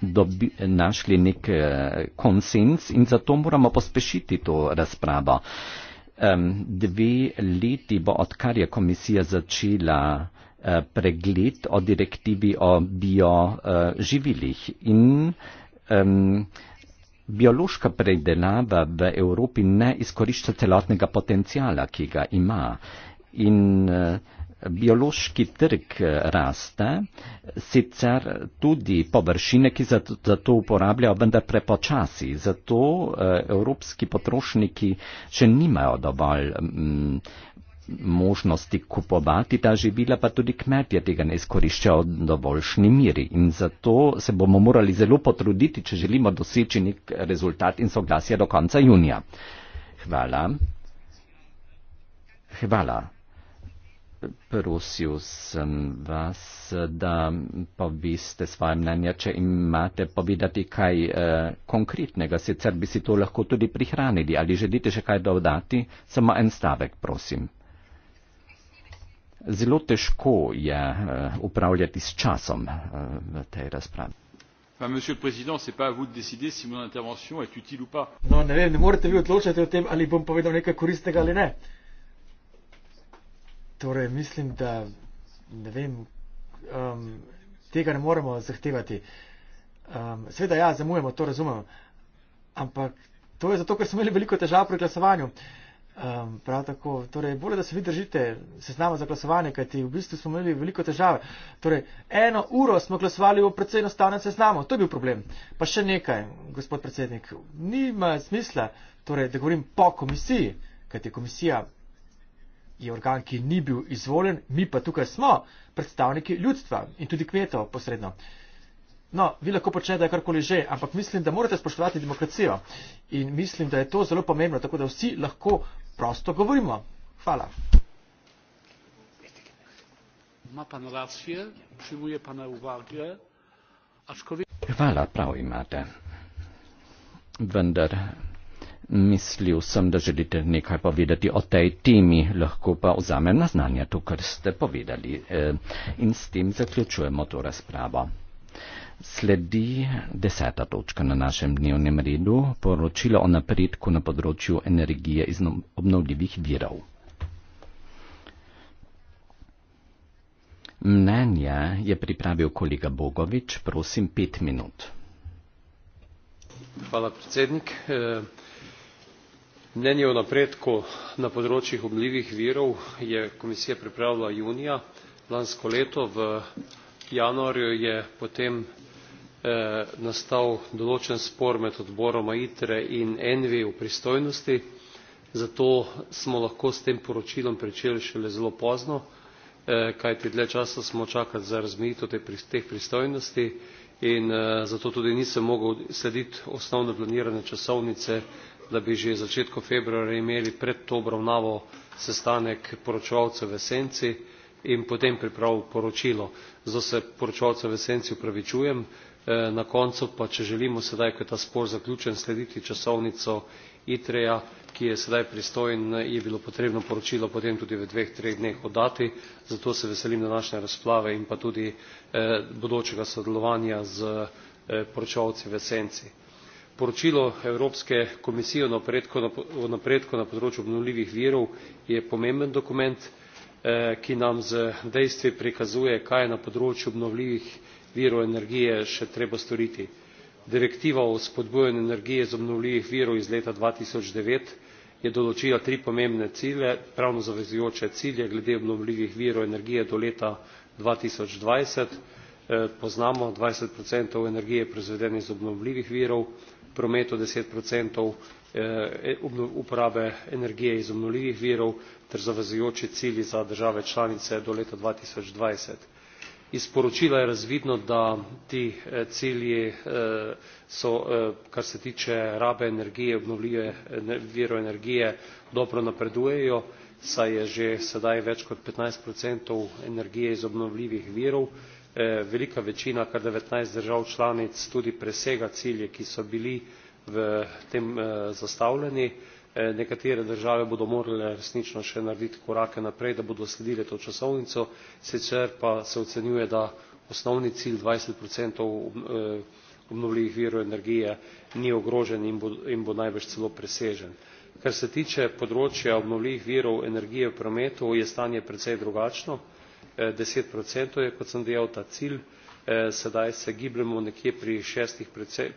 dobi, našli nek eh, konsens in zato moramo pospešiti to razpravo. Dve leti bo, odkar je komisija začela eh, pregled o direktivi o bioživilih in um, Biološka predelava v Evropi ne izkorišča celotnega potencijala, ki ga ima. In eh, biološki trg eh, raste, sicer tudi površine, ki za to uporabljajo, vendar prepočasi. Zato eh, evropski potrošniki še nimajo dovolj mm, možnosti kupovati ta živila, pa tudi kmetje tega ne izkoriščajo v dovoljšni miri. In zato se bomo morali zelo potruditi, če želimo doseči nek rezultat in soglasje do konca junija. Hvala. Hvala. Prosil sem vas, da poveste svoje mnenje, če imate povedati kaj eh, konkretnega, sicer bi si to lahko tudi prihranili. Ali želite še kaj dodati? Samo en stavek, prosim zelo težko je eh, upravljati s časom eh, v tej razpravi. No, ne vem, ne morete vi odločati o tem, ali bom povedal nekaj koristnega ali ne. Torej, mislim, da ne vem, um, tega ne moremo zahtevati. Um, Seveda, ja, zamujamo, to razumem. Ampak to je zato, ker smo imeli veliko težav pri glasovanju. Uh, Um, prav tako, torej, bolje, da se vi držite seznama za glasovanje, kajti v bistvu smo imeli veliko težave. Torej, eno uro smo glasovali v predvsej enostavnem seznamu, to je bil problem. Pa še nekaj, gospod predsednik, nima smisla, torej, da govorim po komisiji, kajti komisija je organ, ki ni bil izvoljen, mi pa tukaj smo predstavniki ljudstva in tudi kmetov posredno. No, vi lahko počnete karkoli že, ampak mislim, da morate spoštovati demokracijo in mislim, da je to zelo pomembno, tako da vsi lahko prosto govorimo. Hvala. Ma pan rację, przyjmuje pana uwagę, aczkolwiek... Chwala, prav imate. Vendar mislil sem, da želite nekaj povedati o tej temi, lahko pa vzamem na znanje to, kar ste povedali. Eh, in s tem zaključujemo to razpravo. Sledi deseta točka na našem dnevnem redu, poročilo o napredku na področju energije iz no-, obnovljivih virov. Mnenje je pripravil kolega Bogovič, prosim, pet minut. Hvala, predsednik. E, mnenje o napredku na področjih obnovljivih virov je komisija pripravila junija lansko leto v januarju je potem eh, nastal določen spor med odboroma itre in envi o pristojnosti zato smo lahko s tem poročilom pričeli šele zelo pozno eh, kajti dlje časa smo čakali za razmejitev teh pristojnosti in eh, zato tudi nisem mogel slediti osnovne planirane časovnice da bi že začetku februarja imeli pred to obravnavo sestanek poročevalcev v senci in potem pripravil poročilo. zato se poročevalcu v senci opravičujem e, na koncu pa če želimo sedaj ko je ta spor zaključen slediti časovnico itre ja ki je sedaj pristojen je bilo potrebno poročilo potem tudi v dveh treh dneh oddati zato se veselim današnje razprave in pa tudi e, bodočega sodelovanja s e, poročevalci v senci. poročilo evropske komisije o napredku na področju obnovljivih virov je pomemben dokument Eh, ki nam z dejstvi prikazuje kaj je na področju obnovljivih virov energije še treba storiti. direktiva o spodbujanju energije iz obnovljivih virov iz leta dva tisoč devet je določila tri pomembne cilje pravno zavezujoče cilje glede obnovljivih virov energije do leta dva tisoč dvajset eh, poznamo dvajset energije proizvedene iz obnovljivih virov v prometu deset Eh, e, uporabe energije iz obnovljivih virov ter zavezujoči cilji za države članice do leta. dva tisoč dvajset iz poročila je razvidno da ti eh, cilji eh, so kar se tiče rabe energije obnovljive virov energije dobro napredujejo saj je že sedaj več kot petnajst energije iz obnovljivih virov velika večina kar devetnajst držav članic tudi presega cilje ki so bili v tem eh, zastavljeni eh, nekatere države bodo morale resnično še narediti korake naprej da bodo sledile to časovnico sicer pa se ocenjuje da osnovni cilj dvajset eh, obnovljivih virov energije ni ogrožen in bo najbrž celo presežen. kar se tiče področja obnovljivih virov energije v prometu je stanje precej drugačno deset je kot sem dejal ta cilj Eh, sedaj se gibljemo nekje pri šestih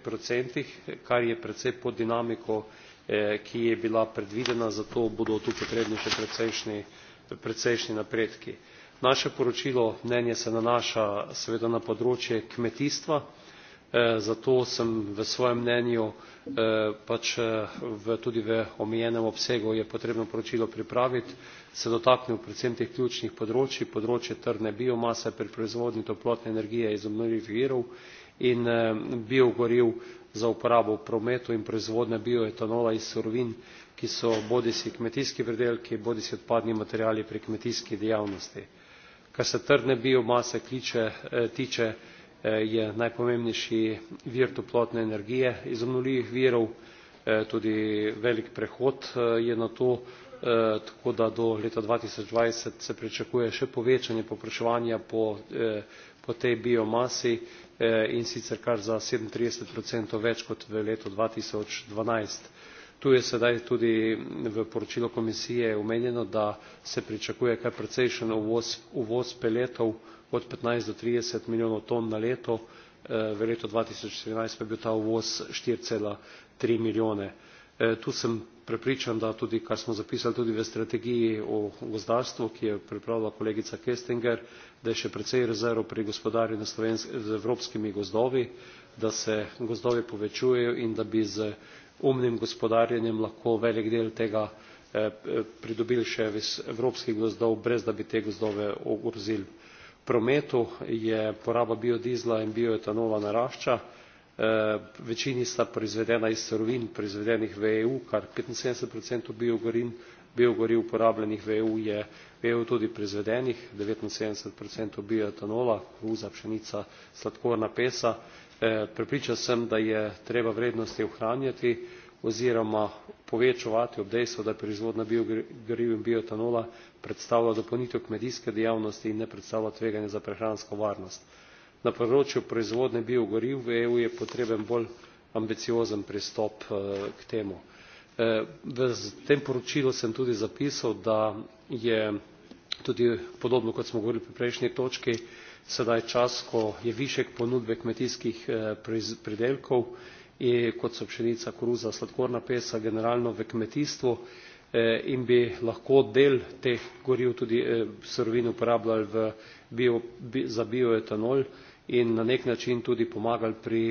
procentih kar je precej pod dinamiko eh, ki je bila predvidena zato bodo tu potrebni še precejšnji, precejšnji napredki. naše poročilo mnenje se nanaša seveda na področje kmetijstva Eh, zato sem v svojem mnenju eh, pač eh, tudi v omejenem obsegu je potrebno poročilo pripraviti se dotaknil predvsem teh ključnih področij področje trdne biomase pri proizvodnji toplotne energije iz obnovljivih virov in biogoriv za uporabo v prometu in proizvodnja bioetanola iz surovin ki so bodisi kmetijski pridelki bodisi odpadni materiali pri kmetijski dejavnosti. kar se trdne biomase tiče Eh, je najpomembnejši vir toplotne energije iz obnovljivih virov eh, tudi velik prehod eh, je na to tako da do leta dva tisoč dvajset se pričakuje še povečanje povpraševanja po, po tej biomasi in sicer kar za sedemintrideset več kot v letu dva tisoč dvanajst tu je sedaj tudi v poročilu komisije omenjeno da se pričakuje kar precejšen uvoz, uvoz peletov od petnajst do trideset milijonov ton na leto eh, v letu dva tisoč sedemnajst pa je bil ta uvoz štiri tri milijone eh, tu sem prepričan da tudi kar smo zapisali tudi v strategiji o gozdarstvu ki jo je pripravila kolegica kstinger da je še precej rezerv pri gospodarjenju z evropskimi gozdovi da se gozdovi povečujejo in da bi z umnim gospodarjenjem lahko velik del tega eh, pridobili še iz evropskih gozdov brez da bi te gozdove ogrozili prometu je poraba biodizela in bioetanola narašča eh, večini sta proizvedena iz surovin proizvedenih v eu kar petinsedemdeset biogorin biogoriv uporabljenih v eu je v eu tudi proizvedenih devetinsedemdeset bioetanola ruza pšenica sladkorna pesa eh, prepričan sem da je treba vrednosti ohranjati oziroma povečevati ob dejstvu da proizvodnja biogoriv in bioetanola predstavlja dopolnitev kmetijske dejavnosti in ne predstavlja tveganja za prehransko varnost. na področju proizvodnje biogoriv v eu je potreben bolj ambiciozen pristop eh, k temu. Eh, v tem poročilu sem tudi zapisal da je tudi podobno kot smo govorili pri prejšnji točki sedaj čas ko je višek ponudbe kmetijskih eh, pridelkov E, kot so pšenica koruza sladkorna peska generalno v kmetijstvu e, in bi lahko del teh goriv tudi e, surovin uporabljali v bio, za bioetanol in na nek način tudi pomagali pri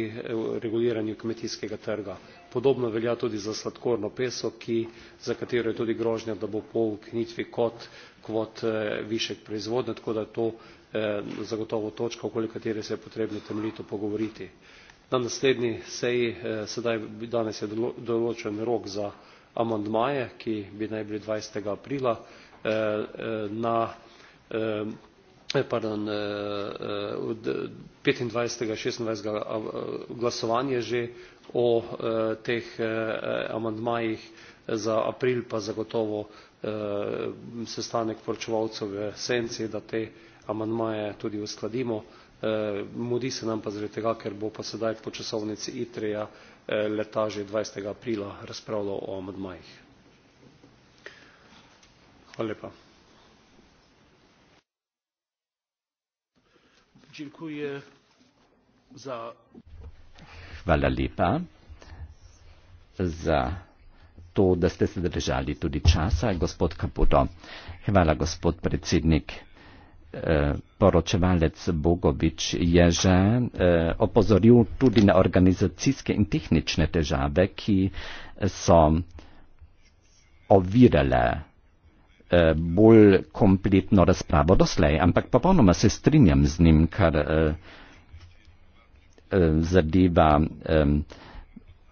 reguliranju kmetijskega trga. Podobno velja tudi za sladkorno peso, ki, za katero je tudi grožnja, da bo po ukinitvi kot kvot višek proizvodnje, tako da je to zagotovo točka, okoli katere se je potrebno temeljito pogovoriti na naslednji seji eh, sedaj danes je določen rok za amandmaje ki bi naj bili dvajset aprila eh, eh, na pardon od petindvajset šestindvajset glasovanje že o teh amandmajih za april pa zagotovo sestanek poročevalcev v senci da te amandmaje tudi uskladimo Eh, mudi se nam pa zaradi tega ker bo pa sedaj po časovnici itreja eh, le ta že dvajset aprila razpravljal o amandmajih Hvala lepa za to, da ste se držali tudi časa, gospod Kaputo. Hvala, gospod predsednik. Eh, poročevalec Bogovič je že eh, opozoril tudi na organizacijske in tehnične težave, ki so ovirale eh, bolj kompletno razpravo doslej, ampak popolnoma se strinjam z njim, kar zadeva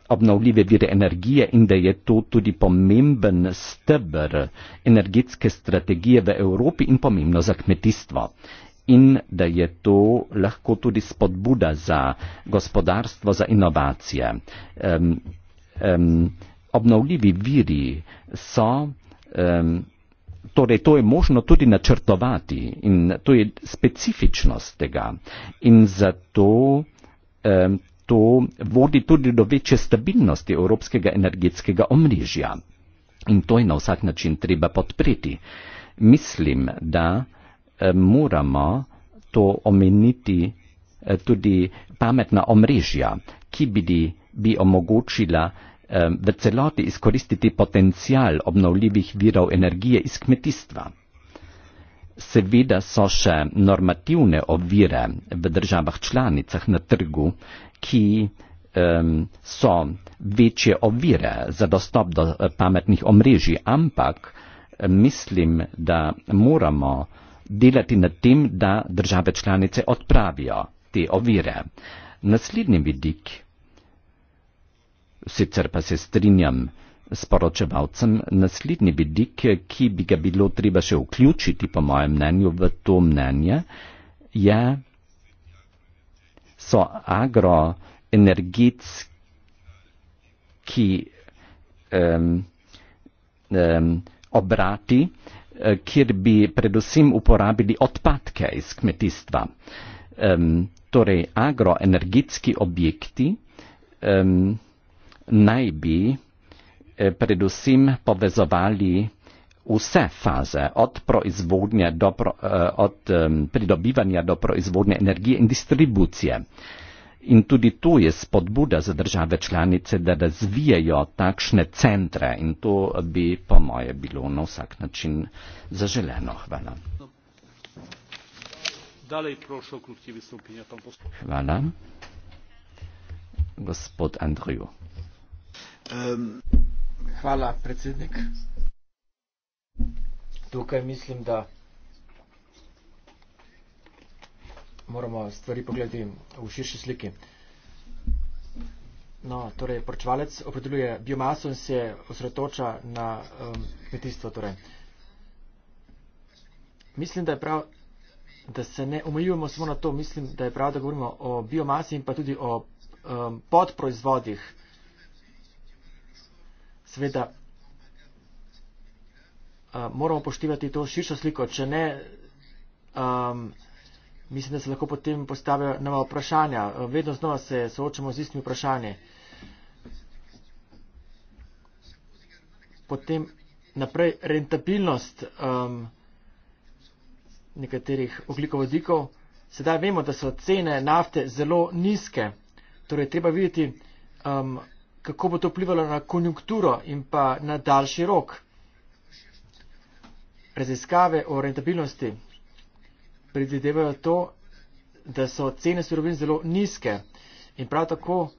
obnovljive vire energije in da je to tudi pomemben stebr energetske strategije v Evropi in pomembno za kmetijstvo. In da je to lahko tudi spodbuda za gospodarstvo, za inovacije. Um, um, obnovljivi viri so, um, torej to je možno tudi načrtovati in to je specifičnost tega. In zato um, to vodi tudi do večje stabilnosti evropskega energetskega omrežja. In to je na vsak način treba podpreti. Mislim, da eh, moramo to omeniti eh, tudi pametna omrežja, ki bi, bi omogočila eh, v celoti izkoristiti potencial obnovljivih virov energije iz kmetijstva. Seveda so še normativne ovire v državah članicah na trgu, ki um, so večje ovire za dostop do eh, pametnih omrežij, ampak eh, mislim, da moramo delati na tem, da države članice odpravijo te ovire. Naslednji vidik, sicer pa se strinjam, sporočevalcem naslednji vidik, ki bi ga bilo treba še vključiti, po mojem mnenju, v to mnenje, je, so agroenergetski um, um, obrati, eh, kjer bi predvsem uporabili odpadke iz kmetijstva. Um, torej, agroenergetski objekti um, naj bi Eh, predvsem povezovali vse faze od, pro, eh, od pridobivanja do proizvodnje energije in distribucije. In tudi tu je spodbuda za države članice, da razvijajo takšne centre in to bi, po moje, bilo na vsak način zaželeno. Hvala. Hvala. Gospod Andriju. Um. Hvala, predsednik. Tukaj mislim, da moramo stvari pogledati v širši sliki. No, torej, porčvalec opredeljuje biomaso in se osredotoča na um, kmetijstvo. Torej. Mislim, da je prav, da se ne omejujemo samo na to, mislim, da je prav, da govorimo o biomasi in pa tudi o um, podproizvodih seveda uh, moramo poštivati to širšo sliko, če ne, um, mislim, da se lahko potem postavijo nova vprašanja. Uh, vedno znova se soočamo z istimi vprašanji. Potem naprej rentabilnost um, nekaterih oglikovodikov. Sedaj vemo, da so cene nafte zelo nizke. Torej, treba videti, um, kako bo to vplivalo na konjunkturo in pa na daljši rok. Raziskave o rentabilnosti predvidevajo to, da so cene surovin zelo nizke in prav tako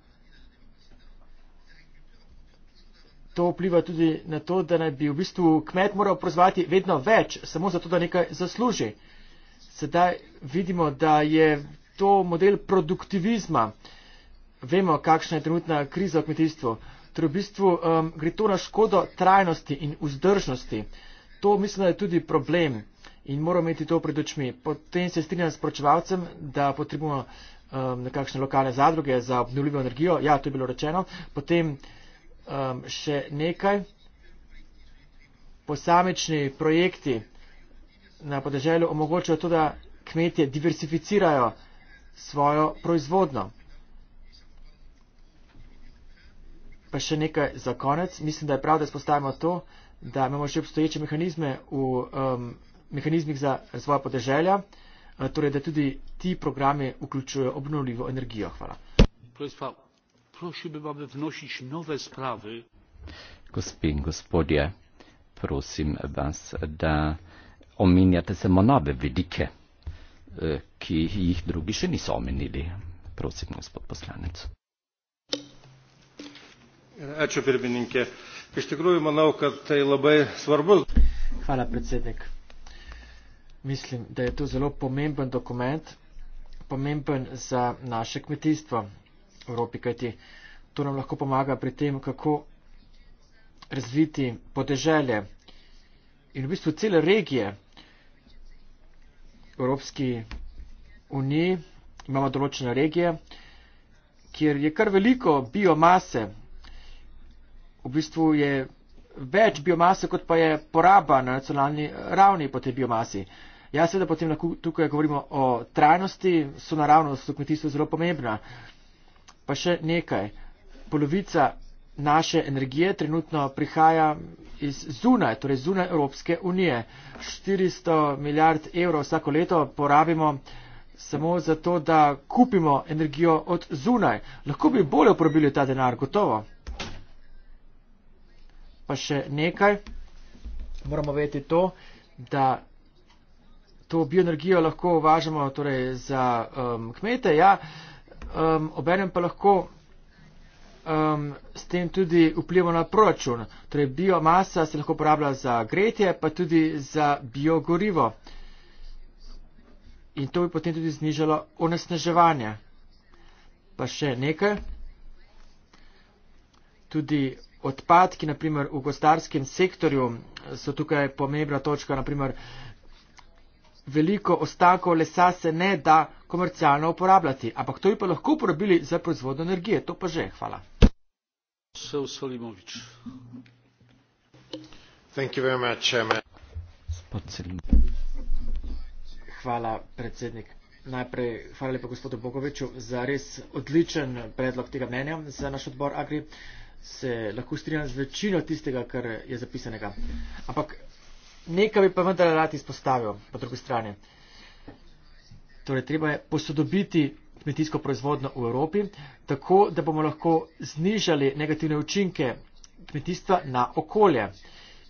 to vpliva tudi na to, da naj bi v bistvu kmet moral proizvati vedno več, samo zato, da nekaj zasluži. Sedaj vidimo, da je to model produktivizma vemo, kakšna je trenutna kriza v kmetijstvu. Ter torej, v bistvu um, gre to na škodo trajnosti in vzdržnosti. To mislim, da je tudi problem in moramo imeti to pred očmi. Potem se strinjam s pročevalcem, da potrebujemo um, nekakšne lokalne zadruge za obnovljivo energijo. Ja, to je bilo rečeno. Potem um, še nekaj. Posamični projekti na podeželju omogočajo to, da kmetje diversificirajo svojo proizvodno. Pa še nekaj za konec. Mislim, da je prav, da spostavimo to, da imamo še obstoječe mehanizme v um, mehanizmih za razvoj podeželja, uh, torej da tudi ti programe vključujejo obnovljivo energijo. Hvala. Prospa, prosil bi vam, da vnošiš nove sprave. Gospe in gospodje, prosim vas, da omenjate samo nove vidike, eh, ki jih drugi še niso omenili. Prosim, gospod poslanec iš tikrųjų manau, kad tai labai svarbus. Hvala, predsednik. Mislim, da je to zelo pomemben dokument, pomemben za naše kmetijstvo v Evropi, kajti to nam lahko pomaga pri tem, kako razviti podeželje in v bistvu cele regije Evropski uniji. Imamo določene regije, kjer je kar veliko biomase v bistvu je več biomase, kot pa je poraba na nacionalni ravni po tej biomasi. Ja, seveda potem lahko tukaj govorimo o trajnosti, so naravno, so kmetijstvo zelo pomembna. Pa še nekaj. Polovica naše energije trenutno prihaja iz zunaj, torej zunaj Evropske unije. 400 milijard evrov vsako leto porabimo samo zato, da kupimo energijo od zunaj. Lahko bi bolje uporabili ta denar, gotovo. Pa še nekaj, moramo vedeti to, da to bioenergijo lahko uvažamo torej, za um, kmete, ja, um, obenem pa lahko um, s tem tudi vplivamo na proračun. Torej, biomasa se lahko uporablja za gretje, pa tudi za biogorivo. In to bi potem tudi znižalo onesnaževanje. Pa še nekaj. Tudi odpadki, naprimer v gostarskem sektorju so tukaj pomembna točka, naprimer veliko ostankov lesa se ne da komercialno uporabljati, ampak to bi pa lahko uporabili za proizvodno energije, to pa že, hvala. Hvala, predsednik. Najprej hvala lepa gospodu Bogoviču za res odličen predlog tega mnenja za naš odbor Agri. Uh, se lahko strinjam z večino tistega, kar je zapisanega. Ampak nekaj bi pa vendar rad izpostavil po drugi strani. Torej, treba je posodobiti kmetijsko proizvodno v Evropi, tako da bomo lahko znižali negativne učinke kmetijstva na okolje.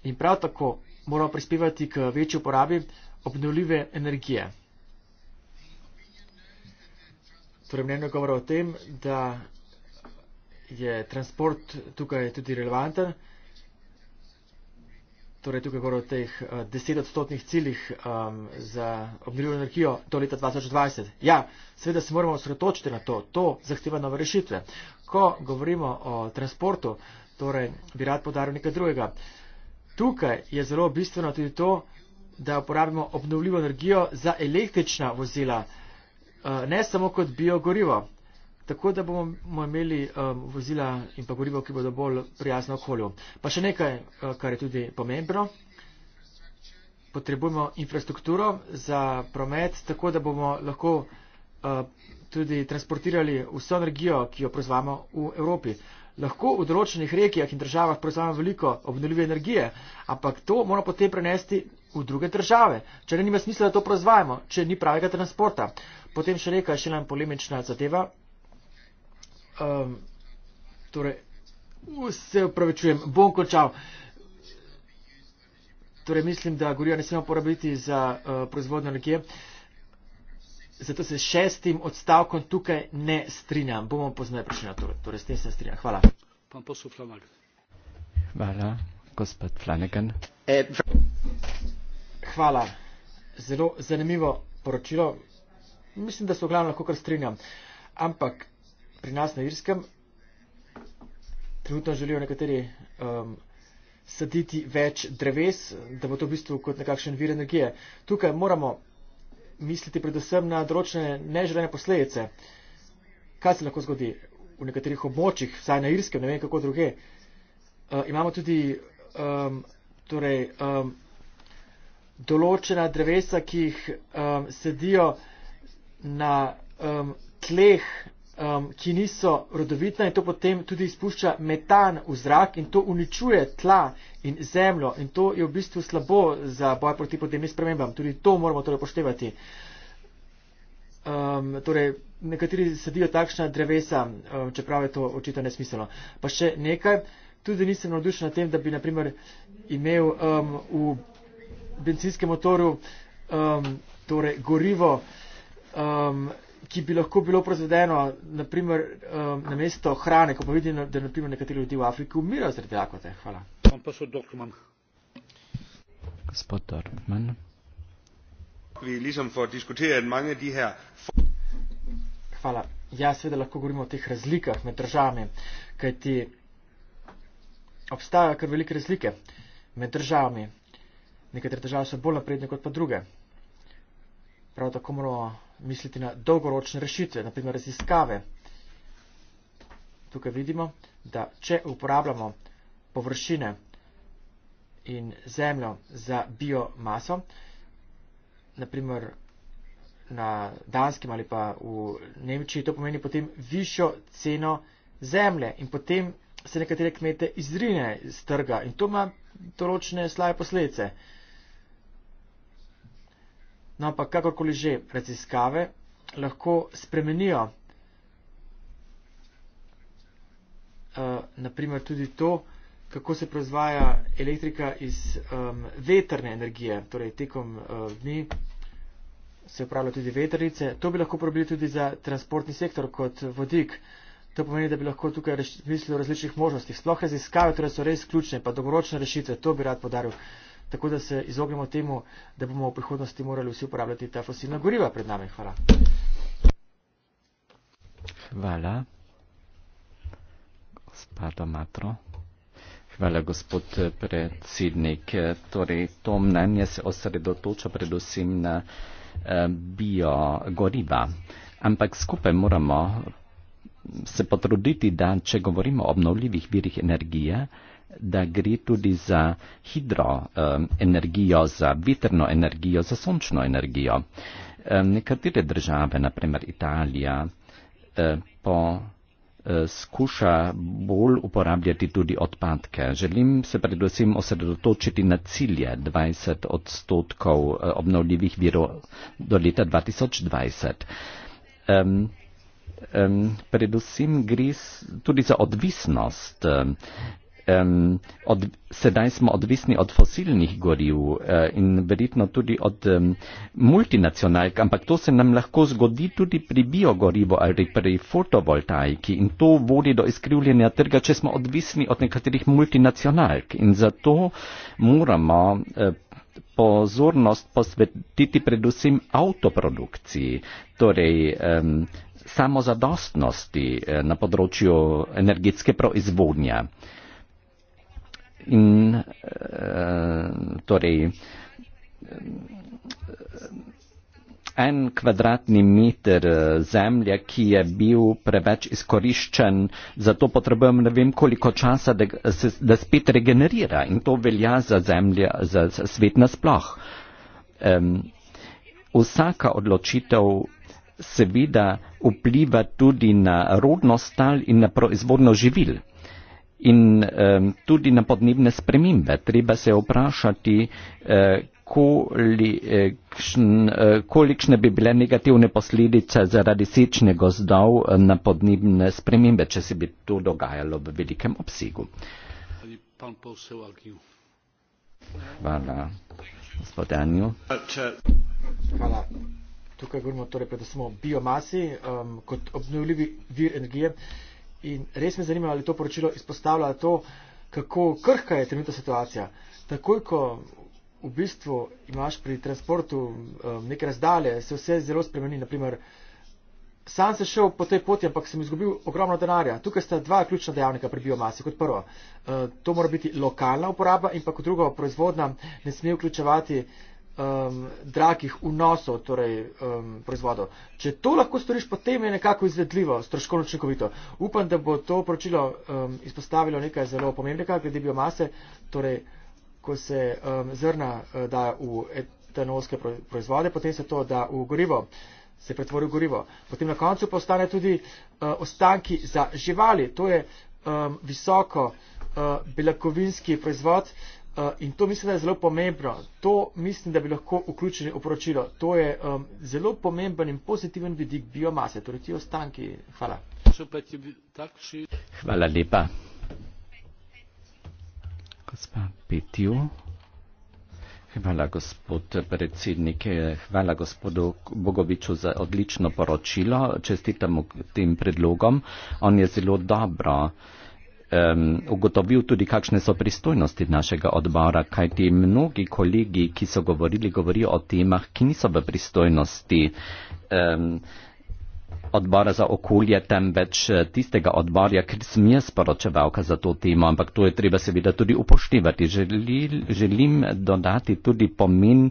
In prav tako moramo prispevati k večji uporabi obnovljive energije. Torej, mnenje govora o tem, da je transport tukaj tudi relevanten. Torej tukaj govorimo o teh eh, deset odstotnih ciljih um, za obnovljivo energijo do leta 2020. Ja, seveda se moramo osredotočiti na to. To zahteva nove rešitve. Ko govorimo o transportu, torej bi rad podaril nekaj drugega. Tukaj je zelo bistveno tudi to, da uporabimo obnovljivo energijo za električna vozila, eh, ne samo kot biogorivo tako da bomo imeli uh, vozila in pa gorivo, ki bodo bolj prijazno okolju. Pa še nekaj, uh, kar je tudi pomembno. Potrebujemo infrastrukturo za promet, tako da bomo lahko uh, tudi transportirali vso energijo, ki jo proizvamo v Evropi. Lahko v določenih regijah in državah proizvamo veliko obnovljive energije, ampak to moramo potem prenesti v druge države, če ne nima smisla, da to proizvajamo, če ni pravega transporta. Potem še nekaj, še ena polemična zadeva, um, torej, vse upravičujem, bom končal. Torej, mislim, da gorijo ne smemo porabiti za uh, eh, proizvodno energije. Zato se šestim odstavkom tukaj ne strinjam. Bomo poznali prišli na to. Torej, s tem se strinjam. Hvala. Hvala, gospod Flanagan. E, Hvala. Zelo zanimivo poročilo. Mislim, da se v glavnem lahko kar strinjam. Ampak pri nas na Irskem trenutno želijo nekateri um, saditi več dreves, da bo to v bistvu kot nekakšen vir energije. Tukaj moramo misliti predvsem na določene neželene posledice. Kaj se lahko zgodi v nekaterih območjih, saj na Irskem, ne vem kako druge. Uh, imamo tudi um, torej, um, določena drevesa, ki jih um, sedijo na um, tleh um, ki niso rodovitna in to potem tudi izpušča metan v zrak in to uničuje tla in zemljo in to je v bistvu slabo za boj proti podnebnim spremembam. Tudi to moramo torej poštevati. Um, torej, nekateri sedijo takšna drevesa, um, čeprav je to očitno nesmiselno. Pa še nekaj, tudi nisem navdušen na tem, da bi naprimer imel um, v bencinskem motoru um, torej, gorivo, um, ki bi lahko bilo proizvedeno naprimer, um, na mesto hrane, ko pa vidimo, da naprimer, nekateri ljudje v Afriki umirajo zaradi rakote. Hvala. Gospod Dorfman. Er Hvala. Ja, seveda lahko govorimo o teh razlikah med državami, kajti obstajajo kar velike razlike med državami. Nekatere države so bolj napredne kot pa druge. Prav tako moramo misliti na dolgoročne rešitve, naprimer raziskave. Tukaj vidimo, da če uporabljamo površine in zemljo za biomaso, naprimer na Danskem ali pa v Nemčiji, to pomeni potem višjo ceno zemlje in potem se nekatere kmete izrine z trga in to ima določene slabe posledice. No, ampak kakorkoli že, raziskave lahko spremenijo. Uh, eh, naprimer tudi to, kako se proizvaja elektrika iz um, vetrne energije, torej tekom uh, dni se upravljajo tudi vetrnice. To bi lahko uporabili tudi za transportni sektor kot vodik. To pomeni, da bi lahko tukaj mislili o različnih možnostih. Sploh raziskave, torej so res ključne, pa dolgoročne rešitve, to bi rad podaril. Uh, tako da se izognemo temu, da bomo v prihodnosti morali vsi uporabljati ta fosilna goriva pred nami. Hvala. Hvala, gospod Matro. Hvala, gospod predsednik. Torej, to mnenje se osredotoča predvsem na eh, biogoriva. Ampak skupaj moramo se potruditi, da če govorimo o obnovljivih virih energije, da gre tudi za hidroenergijo, um, za vetrno energijo, za sončno energijo. Um, nekatere države, naprimer Italija, um, po uh, skuša bolj uporabljati tudi odpadke. Želim se predvsem osredotočiti na cilje 20 odstotkov uh, obnovljivih virov do leta 2020. Um, um, predvsem gre tudi za odvisnost. Um, um, od, sedaj smo odvisni od fosilnih goriv uh, in verjetno tudi od um, multinacionalk, ampak to se nam lahko zgodi tudi pri biogorivu ali pri fotovoltaiki in to vodi do izkrivljenja trga, če smo odvisni od nekaterih multinacionalk in zato moramo. Uh, pozornost posvetiti predvsem avtoprodukciji, torej um, samozadostnosti eh, na področju energetske proizvodnje in eh, torej en kvadratni meter eh, zemlje, ki je bil preveč izkoriščen, zato potrebujem ne vem koliko časa, da, se, da spet regenerira in to velja za zemlje, za svet nasploh. Um, vsaka odločitev seveda vpliva tudi na rodnost tal in na proizvodno živil. In um, tudi na podnebne spremembe treba se vprašati, eh, kolikšn, eh, eh, kolikšne bi bile negativne posledice zaradi sečne gozdov na podnebne spremembe, če se bi to dogajalo v velikem obsegu. Hvala, gospod Anjo. Hvala. Tukaj govorimo torej predvsem o biomasi um, kot obnovljivi vir energije. Uh, In res me zanima, ali to poročilo izpostavlja to, kako krhka je trenutna situacija. Takoj, ko v bistvu imaš pri transportu um, neke razdalje, se vse zelo spremeni. Naprimer, sam sem šel po tej poti, ampak sem izgubil ogromno denarja. Tukaj sta dva ključna dejavnika pri biomasi. Kot prvo, uh, to mora biti lokalna uporaba in pa kot drugo, proizvodna ne sme vključevati um, dragih vnosov, torej um, proizvodov. Če to lahko storiš, potem je nekako izvedljivo, stroškovno učinkovito. Upam, da bo to poročilo um, izpostavilo nekaj zelo pomembnega glede biomase, torej, ko se um, zrna uh, da v etanolske proizvode, potem se to da v gorivo, se pretvori v gorivo. Potem na koncu pa ostane tudi uh, ostanki za živali, to je um, visoko uh, belakovinski proizvod. Eh, in to mislim, da je zelo pomembno. To mislim, da bi lahko vključili v poročilo. To je um, zelo pomemben in pozitiven vidik biomase, torej ti ostanki. Hvala. Hvala lepa. Gospa Petju. Hvala, gospod predsednik. Hvala, gospodu Bogoviču, za odlično poročilo. Čestitam tem predlogom. On je zelo dobro um, ugotovil tudi, kakšne so pristojnosti našega odbora, kajti mnogi kolegi, ki so govorili, govorijo o temah, ki niso v pristojnosti. Um, odbora za okolje, temveč eh, tistega odbora, ker sem jaz poročevalka za to temo, ampak to je treba seveda tudi upoštevati. Želi, želim dodati tudi pomen um,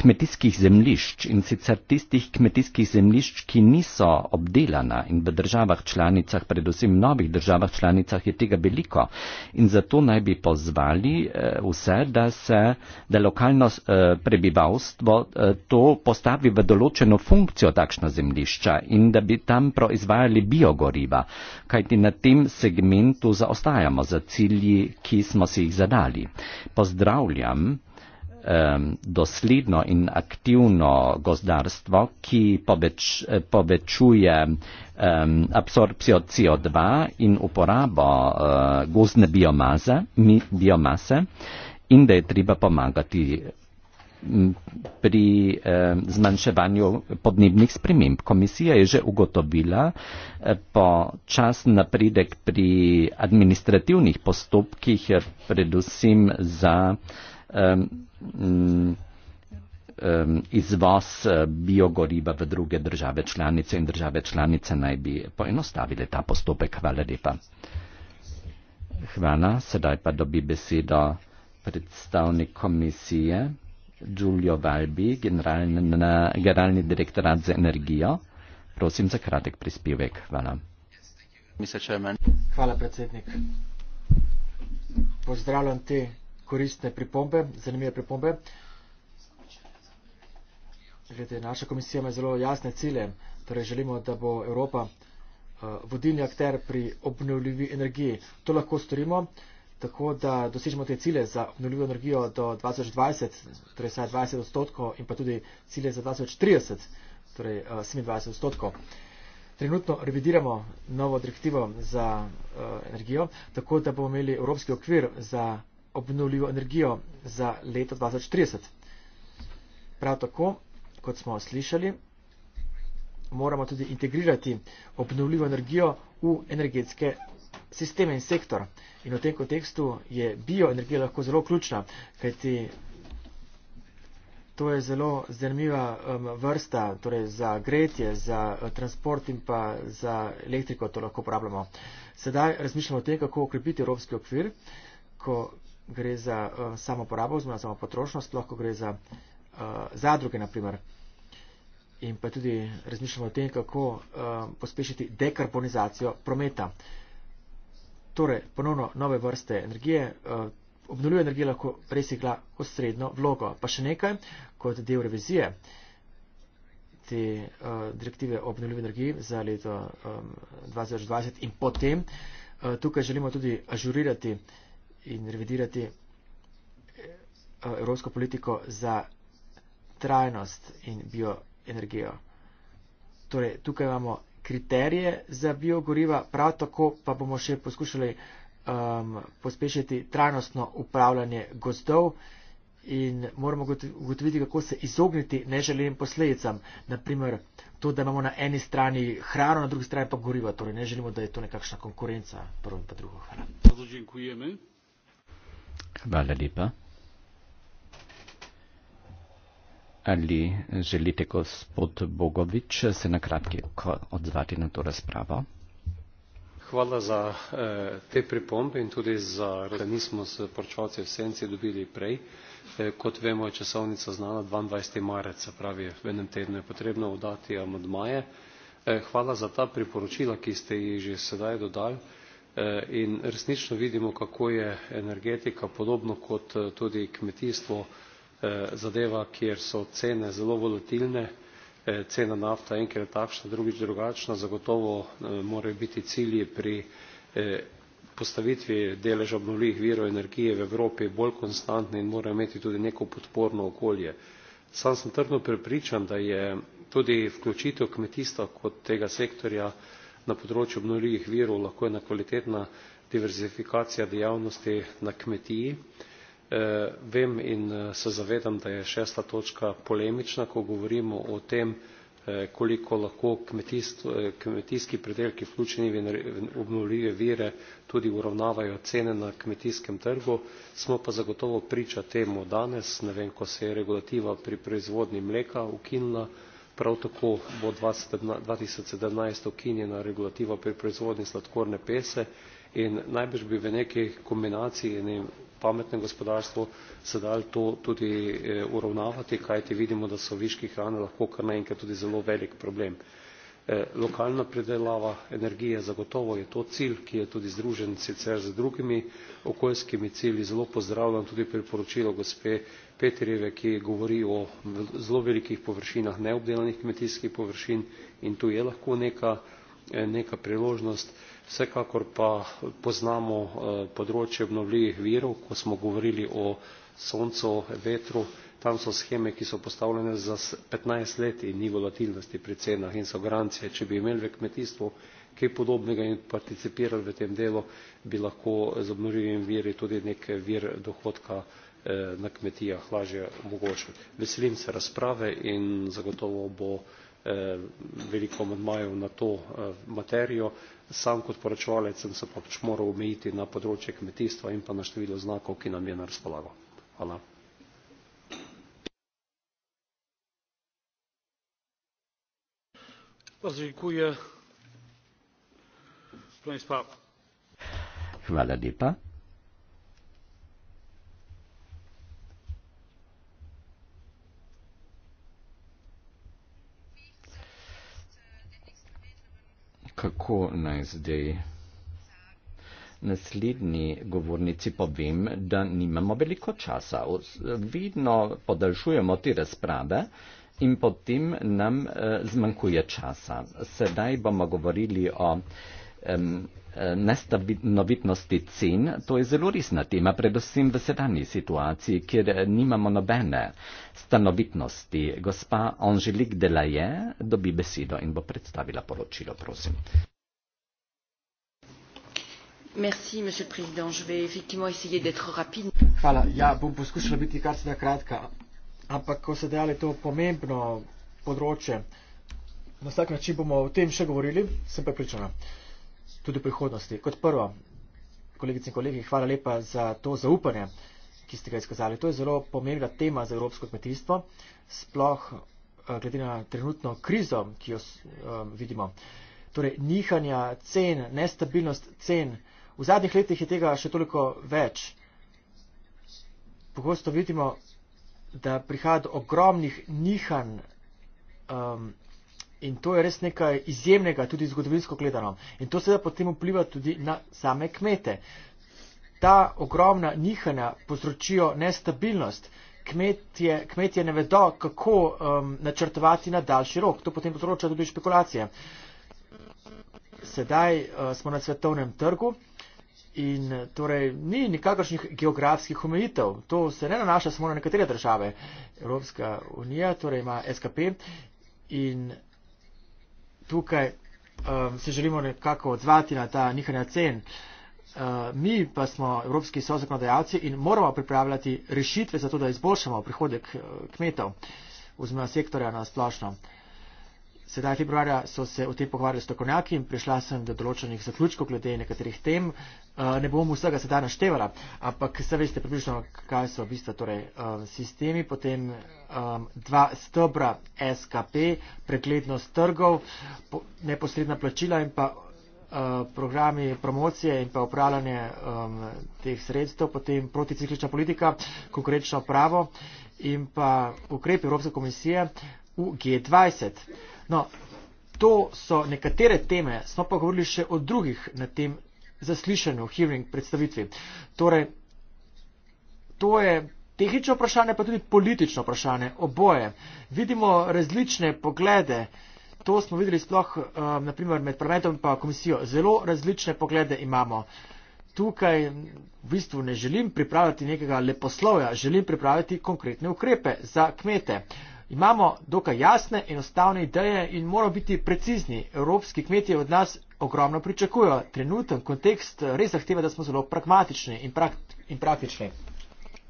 kmetijskih zemlišč in sicer tistih kmetijskih zemlišč, ki niso obdelana in v državah članicah, predvsem v novih državah članicah je tega veliko. In zato naj bi pozvali uh, vse, da se da lokalno uh, prebivalstvo uh, to postavi v določeno funkcijo takšna zemlišča in da bi tam proizvajali biogoriva, kajti na tem segmentu zaostajamo za cilji, ki smo si jih zadali. Pozdravljam dosledno in aktivno gozdarstvo, ki poveč, povečuje um, absorpcijo CO2 in uporabo uh, gozdne biomaze, mi, biomase in da je treba pomagati pri eh, zmanjševanju podnebnih sprememb. Komisija je že ugotovila eh, po čas napredek pri administrativnih postopkih, eh, predvsem za eh, eh, izvoz biogoriva v druge države članice in države članice naj bi poenostavile ta postopek. Hvala lepa. Hvala. Sedaj pa dobi besedo predstavnik komisije. Giulio Valbi, generalni direktorat za energijo. Prosim za kratek prispevek. Hvala. Hvala, predsednik. Pozdravljam te koristne pripombe, zanimive pripombe. Glede, naša komisija ima zelo jasne cilje, torej želimo, da bo Evropa uh, vodilni akter pri obnovljivi energiji. To lahko storimo, uh, tako da dosežemo te cilje za obnovljivo energijo do 2020, torej saj 20 odstotkov in pa tudi cilje za 2030, torej 27 eh, odstotkov. Trenutno revidiramo novo direktivo za uh, energijo, tako da bomo imeli evropski okvir za obnovljivo energijo za leto 2030. Prav tako, kot smo slišali, moramo tudi integrirati obnovljivo energijo v energetske sistem in sektor. In v tem kontekstu je bioenergija lahko zelo ključna, kajti to je zelo zanimiva um, vrsta torej za gretje, za uh, transport in pa za elektriko, to lahko uporabljamo. Sedaj razmišljamo o tem, kako ukrepiti evropski okvir, ko gre za uh, samo porabo oziroma samo potrošnost, lahko gre za uh, zadruge, naprimer. In pa tudi razmišljamo o tem, kako uh, pospešiti dekarbonizacijo prometa. Uh, torej ponovno nove vrste energije, eh, obnovljiva energija lahko res igra osrednjo vlogo. Pa še nekaj, kot del revizije te eh, direktive o obnovljivi energiji za leto 2020 eh, in potem tukaj želimo tudi ažurirati in revidirati evropsko politiko za trajnost in bioenergijo. Torej, tukaj imamo kriterije za biogoriva, prav tako pa bomo še poskušali um, pospešiti trajnostno upravljanje gozdov in moramo ugotoviti, kako se izogniti neželenim posledicam. Naprimer, to, da imamo na eni strani hrano, na drugi strani pa goriva. Torej, ne želimo, da je to nekakšna konkurenca prvo in pa drugo hrano. Hvala lepa. ali želite gospod Bogovič se na kratko odzvati na to razpravo? Hvala za eh, te pripombe in tudi za, da nismo s poročevalci v senci dobili prej. Eh, kot vemo, je časovnica znana 22. marec, pravi, v enem tednu je potrebno oddati amadmaje. Eh, hvala za ta priporočila, ki ste jih že sedaj dodali. Eh, in resnično vidimo, kako je energetika podobno kot eh, tudi kmetijstvo eh, Eh, zadeva kjer so cene zelo volatilne eh, cena nafta enkrat takšna drugič drugačna zagotovo eh, morajo biti cilji pri postavitvi deleža obnovljivih virov energije v Evropi bolj konstantni in morajo imeti tudi neko podporno okolje. Sam sem trdno prepričan, da je tudi vključitev kmetijstva kot tega sektorja na področju obnovljivih virov lahko ena kvalitetna diverzifikacija dejavnosti na kmetiji. Eh, vem in eh, se zavedam da je šesta točka polemična ko govorimo o tem eh, koliko lahko kmetijski predelki vključeni v obnovljive vire tudi uravnavajo cene na kmetijskem trgu smo pa zagotovo priča temu danes ne vem ko se je regulativa pri proizvodnji mleka ukinila prav tako bo dva tisoč sedemnajst ukinjena regulativa pri proizvodnji sladkorne pese in najbrž bi v neki kombinaciji in pametnem gospodarstvu se dal to tudi eh, uravnavati kajti vidimo da so viški hrane lahko kar naenkrat tudi zelo velik problem. Eh, lokalna pridelava energije zagotovo je to cilj, ki je tudi združen sicer z drugimi okoljskimi cilji. Zelo pozdravljam tudi priporočilo gospe Petrijeve, ki govori o zelo velikih površinah neobdelanih kmetijskih površin in tu je lahko neka, eh, neka priložnost vsekakor pa eh, poznamo eh, področje obnovljivih virov, ko smo govorili o soncu, vetru, tam so scheme, ki so postavljene za 15 let in ni volatilnosti pri cenah in so garancije. Če bi imeli v kmetijstvu kaj podobnega in participirali v tem delu, bi lahko z obnovljivimi viri tudi nek vir dohodka eh, na kmetijah lažje omogočili. Veselim se razprave in zagotovo bo veliko amandmajev na to materijo sam kot poročevalec sem se pač moral omejiti na področje kmetijstva in pa na število znakov, ki nam je na razpolago. Hvala. Hvala lepa. kako naj zdaj. Naslednji govornici povem, da nimamo veliko časa. Vedno podaljšujemo te razprave in potem nam eh, zmanjkuje časa. Sedaj bomo govorili o. Um, nestabilnosti cen, to je zelo resna tema, predvsem v sedanji situaciji, kjer nimamo nobene stanovitnosti. Gospa Anželik Delaje dobi besedo in bo predstavila poročilo, prosim. Merci, Hvala. Ja, bom poskušala biti kar seveda kratka, ampak ko se dejali to pomembno področje, na vsak način bomo o tem še govorili, sem pa pričana. Uh, tudi v prihodnosti. Kot prvo, kolegice in kolegi, hvala lepa za to zaupanje, ki ste ga izkazali. To je zelo pomembna tema za evropsko kmetijstvo, sploh eh, glede na trenutno krizo, ki jo um, vidimo. Torej, nihanja cen, nestabilnost cen. V zadnjih letih je tega še toliko več. Pogosto vidimo, da prihaja do ogromnih nihanj um, In to je res nekaj izjemnega, tudi zgodovinsko gledano. In to seveda potem vpliva tudi na same kmete. Ta ogromna nihanja povzročijo nestabilnost. Kmetje, kmetje ne vedo, kako um, načrtovati na daljši rok. To potem povzroča tudi špekulacije. Sedaj uh, smo na svetovnem trgu in torej ni nikakršnih geografskih omejitev. To se ne nanaša samo na nekatere države. Evropska unija torej ima SKP in tukaj um, se želimo nekako odzvati na ta nihanja cen. Uh, mi pa smo evropski sozakonodajalci in moramo pripravljati rešitve za to, da izboljšamo prihodek uh, kmetov oziroma sektorja na splošno. Sedaj februarja so se o tem pogovarjali strokovnjaki in prišla sem do določenih zaključkov glede nekaterih tem. Eh, ne bom vsega sedaj naštevala, ampak se veste približno, kaj so v bistvu torej, eh, sistemi, potem dva stebra SKP, preglednost trgov, neposredna plačila in pa eh, programi promocije in pa upravljanje um, teh sredstev, potem proticiklična politika, konkurenčno pravo in pa ukrepi Evropske komisije v G20. No, to so nekatere teme, smo pa govorili še o drugih na tem zaslišanju, hearing, predstavitvi. Torej, to je tehnično vprašanje, pa tudi politično vprašanje, oboje. Vidimo različne poglede, to smo videli sploh eh, naprimer med parlamentom in pa komisijo, zelo različne poglede imamo. Tukaj v bistvu ne želim pripravljati nekega leposlovja, želim pripravljati konkretne ukrepe za kmete. Imamo dokaj jasne in ostavne ideje in moramo biti precizni. Evropski kmetje od nas ogromno pričakujejo. Trenuten kontekst eh, res zahteva, da smo zelo pragmatični in, prak, in praktični.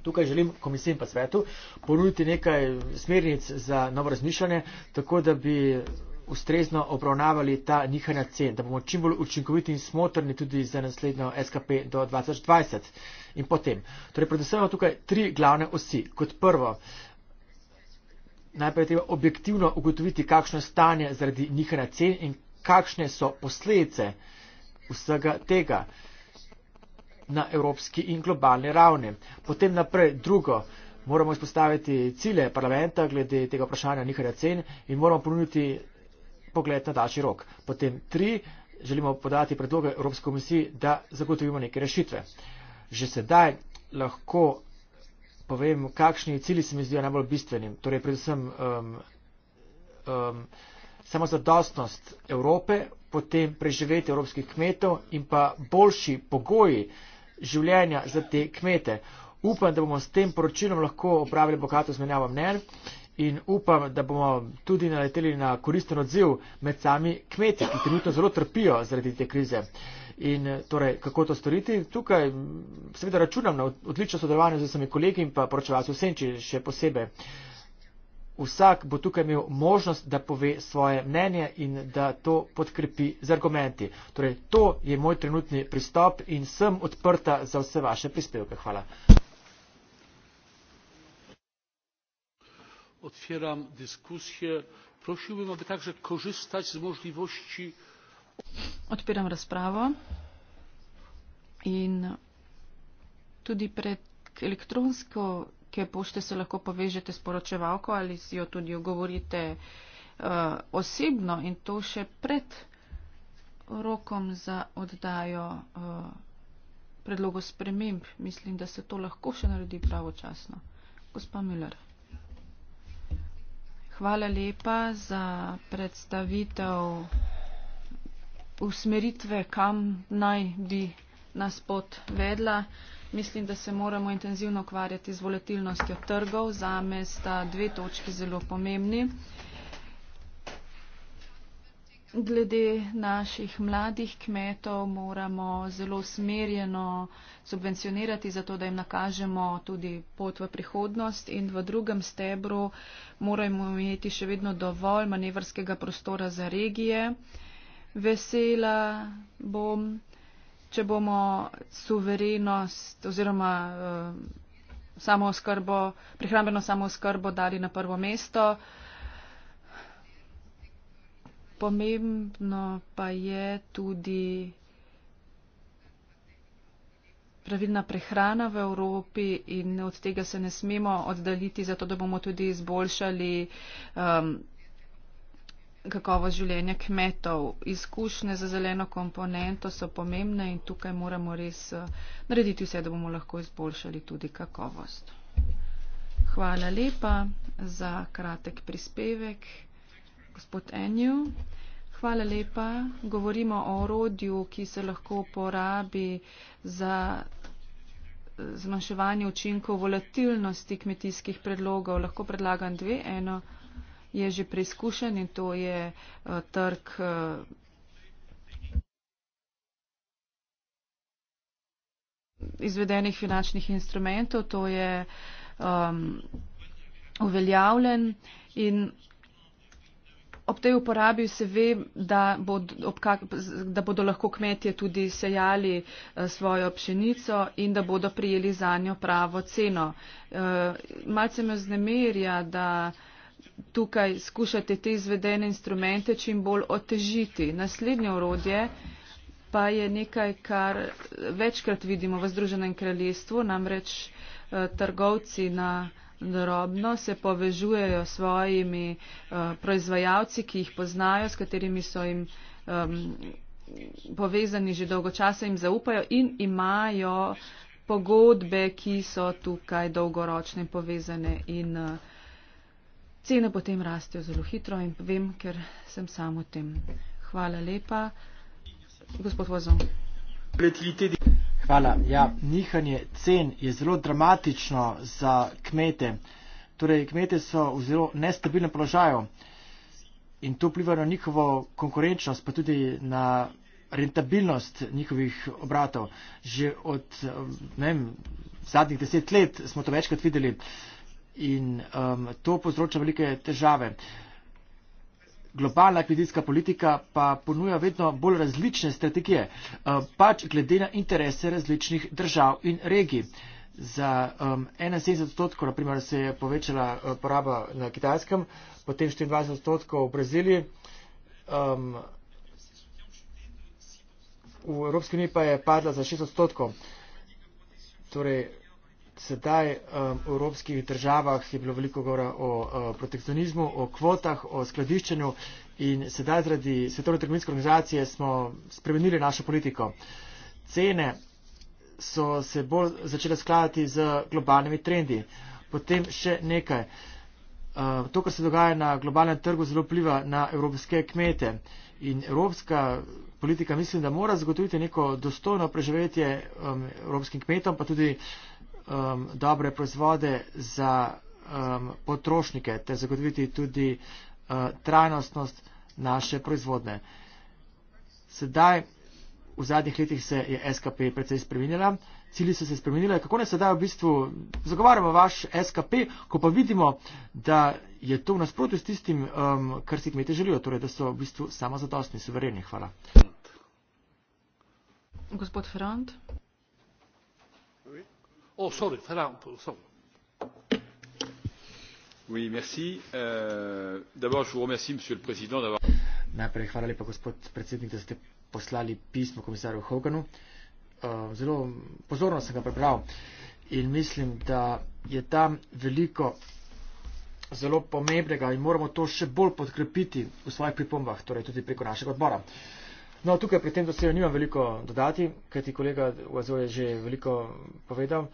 Tukaj želim komisiji in pa svetu ponuditi nekaj smernic za novo razmišljanje, tako da bi ustrezno obravnavali ta nihanja cen, da bomo čim bolj učinkoviti in smotrni tudi za naslednjo SKP do 2020 in potem. Torej, predvsem imamo tukaj tri glavne osi. Kot prvo, najprej treba objektivno ugotoviti, kakšno je stanje zaradi nihanja cen in kakšne so posledice vsega tega na evropski in globalni ravni. Potem naprej drugo, moramo izpostaviti cilje parlamenta glede tega vprašanja njihanja cen in moramo ponuditi pogled na daljši rok. Potem tri, želimo podati predloge Evropske komisiji, da zagotovimo neke rešitve. Že sedaj lahko povem, kakšni cilji se mi zdijo najbolj bistvenim, torej predvsem um, um, samozadostnost Evrope, potem preživeti evropskih kmetov in pa boljši pogoji življenja za te kmete. Upam, da bomo s tem poročilom lahko opravili bogato zmenjavo mnen in upam, da bomo tudi naleteli na koristen odziv med sami kmeti, ki trenutno zelo trpijo zaradi te krize. In torej, kako to storiti? Tukaj seveda računam na odlično sodelovanje z vsemi kolegi in pa poročevalci v Senči še posebej vsak bo tukaj imel možnost, da pove svoje mnenje in da to podkrepi z argumenti. Torej, to je moj trenutni pristop in sem odprta za vse vaše prispevke. Hvala. Odpiram diskusije. Prosil bi, da takže koristač z možnosti. Odpiram razpravo in tudi pred elektronsko elektronske pošte se lahko povežete s poročevalko ali si jo tudi ogovorite uh, osebno in to še pred rokom za oddajo uh, eh, predlogo sprememb. Mislim, da se to lahko še naredi pravočasno. Gospa Müller. Hvala lepa za predstavitev usmeritve, kam naj bi nas pot vedla. Mislim, da se moramo intenzivno ukvarjati z volatilnostjo trgov. Za me sta dve točki zelo pomembni. Glede naših mladih kmetov moramo zelo smerjeno subvencionirati, zato da jim nakažemo tudi pot v prihodnost in v drugem stebru moramo imeti še vedno dovolj manevrskega prostora za regije. Vesela bom če bomo suverenost oziroma uh, eh, samo oskrbo, prihrambeno samo oskrbo dali na prvo mesto. Pomembno pa je tudi pravilna prehrana v Evropi in od tega se ne smemo oddaliti, zato da bomo tudi izboljšali um, kakovost življenja kmetov. Izkušnje za zeleno komponento so pomembne in tukaj moramo res eh, narediti vse, da bomo lahko izboljšali tudi kakovost. Hvala lepa za kratek prispevek, gospod Enju. Hvala lepa. Govorimo o orodju, ki se lahko uporabi za eh, zmanjševanje učinkov volatilnosti kmetijskih predlogov. Lahko predlagam dve. Eno je že preizkušen in to je eh, trg. Eh, izvedenih finančnih instrumentov, to je um, uveljavljen in ob tej uporabi se ve, da, bo, kak, da bodo lahko kmetje tudi sejali uh, svojo pšenico in da bodo prijeli za njo pravo ceno. Uh, malce me znemerja, da uh, tukaj skušate te izvedene instrumente čim bolj otežiti. Naslednje urodje pa je nekaj, kar večkrat vidimo v Združenem kraljestvu, namreč eh, trgovci na drobno se povežujejo s svojimi eh, proizvajalci, ki jih poznajo, s katerimi so jim povezani že dolgo časa, jim zaupajo in imajo pogodbe, ki so tukaj dolgoročne povezane in povezane. Eh, cene potem rastejo zelo hitro in vem, ker sem sam v tem. Hvala lepa. Gospod Vozon. Hvala. Ja, nihanje cen je zelo dramatično za kmete. Torej, kmete so v zelo nestabilnem položaju in to vpliva na njihovo konkurenčnost, pa tudi na rentabilnost njihovih obratov. Že od um, vem, zadnjih deset let smo to večkrat videli in um, to povzroča velike težave. Globalna kmetijska politika pa ponuja vedno bolj različne strategije, um, pač glede na interese različnih držav in regij. Za um, 71 odstotkov, na primer, se je povečala uh, poraba na kitajskem, potem 24 odstotkov v Braziliji, um, v Evropski uniji pa je padla za 6 odstotkov. Torej, sedaj um, v evropskih državah je bilo veliko govora o, o protekcionizmu, o kvotah, o skladiščenju in sedaj zaradi Svetovne trgovinske organizacije smo spremenili našo politiko. Cene so se bolj začele skladati z globalnimi trendi. Potem še nekaj. Um, to, kar se dogaja na globalnem trgu, zelo pliva na evropske kmete. In evropska politika mislim, da mora zagotoviti neko dostojno preživetje um, evropskim kmetom, pa tudi um, dobre proizvode za um, potrošnike ter zagotoviti tudi uh, trajnostnost naše proizvodne. Sedaj v zadnjih letih se je SKP precej spremenila, cilji so se spremenili, kako ne sedaj v bistvu zagovarjamo vaš SKP, ko pa vidimo, da je to v nasprotju s tistim, um, kar si kmete želijo, torej da so v bistvu samozadostni, suvereni. Hvala. Gospod Ferrand oh sorry très lente sorry. Euh, d'abord je vous remercie monsieur le président d'avoir najprej hvala lepa gospod predsednik da ste poslali pismo komisarju Hoganu uh, zelo pozorno sem ga prebral in mislim da je tam veliko zelo pomembnega in moramo to še bolj podkrepiti v svojih pripombah torej tudi preko našega odbora No, tukaj pri tem dosegu nimam veliko dodati, kaj ti kolega Vazo je že veliko povedal.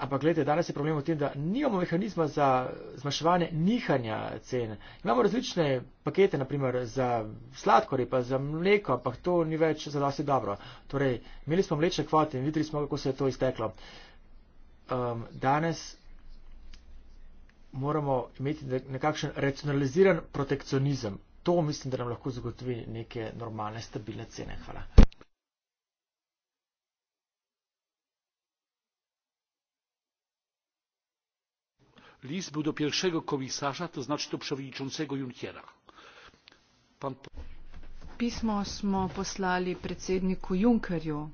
Ampak gledajte, danes je problem v tem, da nimamo mehanizma za zmaševanje nihanja cen. Imamo različne pakete, naprimer za sladkori, pa za mleko, ampak to ni več za nas dobro. Torej, imeli smo mlečne kvote in videli smo, kako se je to izteklo. Um, danes moramo imeti nekakšen racionaliziran protekcionizem to mislim, da nam lahko zagotovi neke normalne, stabilne cene. Hvala. List był do pierwszego komisarza, to znaczy do przewodniczącego Junckera. Pan... Pismo smo poslali predsedniku Junckerju.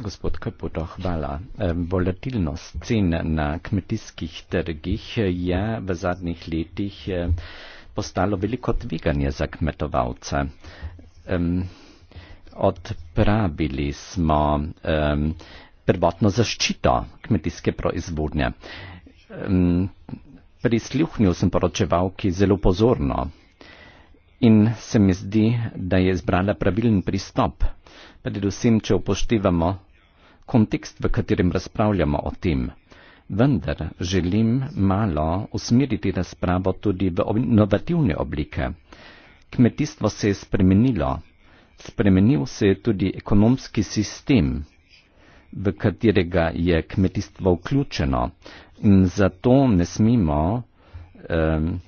Gospod Kaputo, oh, hvala. E, volatilnost cen na kmetijskih trgih je v zadnjih letih. Je postalo veliko tveganje za kmetovalce. Um, odpravili smo um, prvotno zaščito kmetijske proizvodnje. Um, prisluhnil sem poročevalki zelo pozorno in se mi zdi, da je izbrala pravilen pristop, predvsem, če upoštevamo kontekst, v katerem razpravljamo o tem vendar želim malo usmeriti razpravo tudi v inovativne oblike. Kmetijstvo se je spremenilo, spremenil se je tudi ekonomski sistem, v katerega je kmetijstvo vključeno in zato ne smemo um,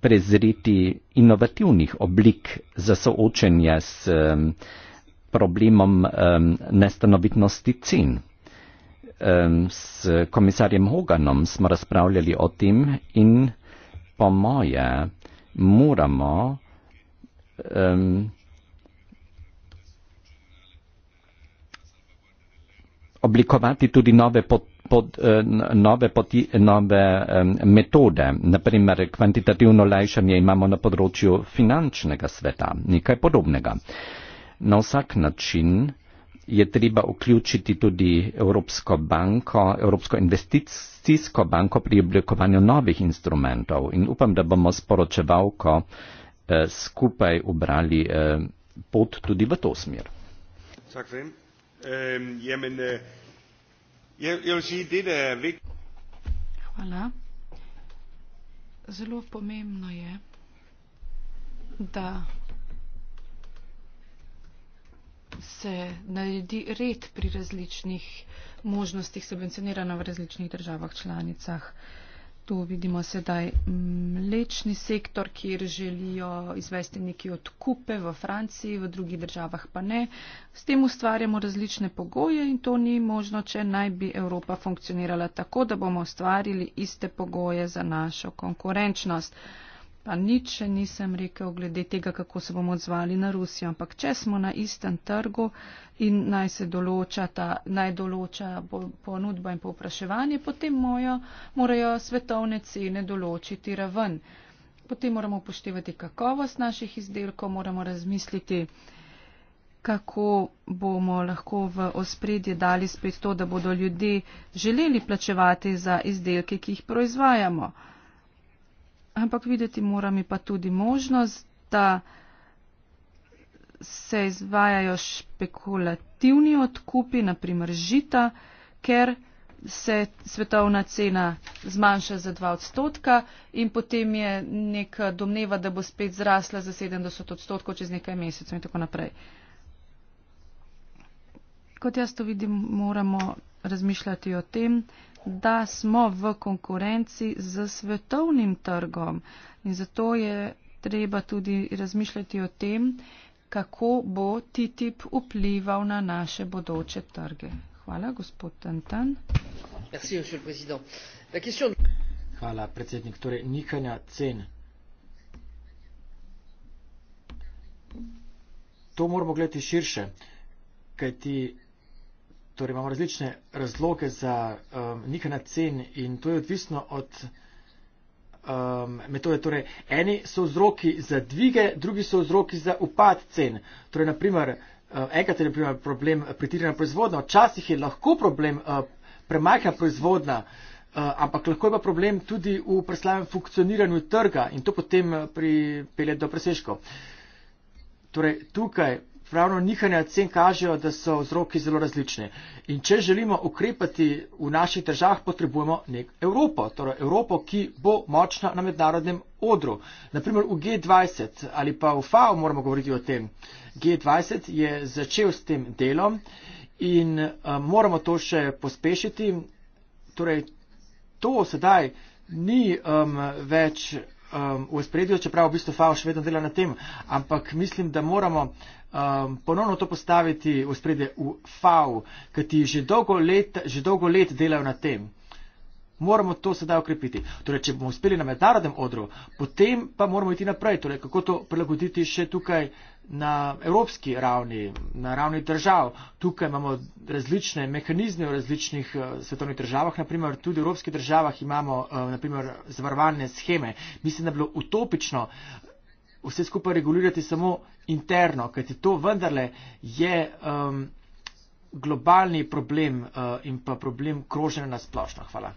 prezreti inovativnih oblik za soočenje s um, problemom um, nestanovitnosti cen s komisarjem Hoganom smo razpravljali o tem in po moje moramo um, oblikovati tudi nove, pot, pot, eh, nove, poti, nove um, metode. Naprimer, kvantitativno lajšanje imamo na področju finančnega sveta, nekaj podobnega. Na vsak način je treba vključiti tudi Evropsko banko, Evropsko investicijsko banko pri oblikovanju novih instrumentov in upam, da bomo s poročevalko eh, skupaj ubrali eh, pot tudi v to smer. Øh, er Hvala. Zelo pomembno je, da se naredi red pri različnih možnostih subvencioniranja v različnih državah članicah. Tu vidimo sedaj mlečni sektor, kjer želijo izvesti neki odkupe v Franciji, v drugih državah pa ne. S tem ustvarjamo različne pogoje in to ni možno, če naj bi Evropa funkcionirala tako, da bomo ustvarili iste pogoje za našo konkurenčnost pa nič še nisem rekel glede tega, kako se bomo odzvali na Rusijo, ampak če smo na istem trgu in naj se določa ta, naj določa ponudba in povpraševanje, potem mojo, morajo svetovne cene določiti raven. Potem moramo upoštevati kakovost naših izdelkov, moramo razmisliti, kako bomo lahko v ospredje dali spet to, da bodo ljudje želeli plačevati za izdelke, ki jih proizvajamo ampak videti moram pa tudi možnost, da se izvajajo špekulativni odkupi, naprimer žita, ker se svetovna cena zmanjša za 2 odstotka in potem je neka domneva, da bo spet zrasla za 70 odstotkov čez nekaj mesecev in tako naprej. Kot jaz to vidim, moramo razmišljati o tem, da smo v konkurenci z svetovnim trgom in zato je treba tudi razmišljati o tem, kako bo TTIP vplival na naše bodoče trge. Hvala, gospod Tantan. Hvala, predsednik. Torej, nihanja cen. To moramo gledati širše, kajti torej imamo različne razloge za um, nikanje cen in to je odvisno od um, metode. Torej, eni so vzroki za dvige, drugi so vzroki za upad cen. Torej, naprimer, uh, um, enkrat je naprimer, problem pretirana proizvodnja, včasih je lahko problem uh, premajhna proizvodnja, uh, ampak lahko je pa problem tudi v preslavnem funkcioniranju trga in to potem uh, pripelje do presežkov. Torej, tukaj ravno nihanja cen kažejo, da so vzroki zelo različni. In če želimo ukrepati v naših državah, potrebujemo nek Evropo, torej Evropo, ki bo močna na mednarodnem odru. Naprimer v G20 ali pa v FAO moramo govoriti o tem. G20 je začel s tem delom in a, eh, moramo to še pospešiti. Torej, to sedaj ni um, več um, v spredju, čeprav v bistvu FAO še vedno dela na tem, ampak mislim, da moramo um, ponovno to postaviti v spredje v FAU, ker ti že dolgo, let, že dolgo let delajo na tem. Moramo to sedaj ukrepiti. Torej, če bomo uspeli na mednarodnem odru, potem pa moramo iti naprej. Torej, kako to prilagoditi še tukaj na evropski ravni, na ravni držav. Tukaj imamo različne mehanizme v različnih eh, svetovnih državah, naprimer tudi v evropskih državah imamo eh, naprimer zavarovalne scheme. Mislim, da bi bilo utopično vse skupaj regulirati samo interno, kajti to vendarle je um, globalni problem uh, in pa problem kroženja na splošno. Hvala.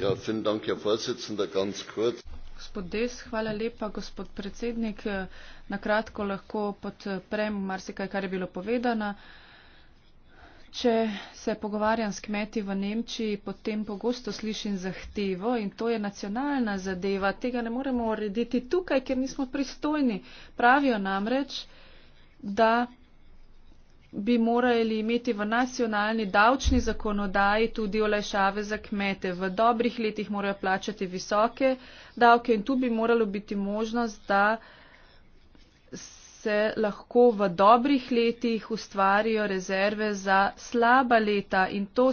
Ja, dank, ganz kurz. Gospod Des, hvala lepa, gospod predsednik. Eh, na kratko lahko podprem marsikaj, kar je bilo povedano. Če se pogovarjam s kmeti v Nemčiji, potem pogosto slišim zahtevo in to je nacionalna zadeva. Tega ne moremo urediti tukaj, ker nismo pristojni. Pravijo namreč, da bi morali imeti v nacionalni davčni zakonodaji tudi olajšave za kmete. V dobrih letih morajo plačati visoke davke in tu bi moralo biti možnost, da se lahko v dobrih letih ustvarijo rezerve za slaba leta in to,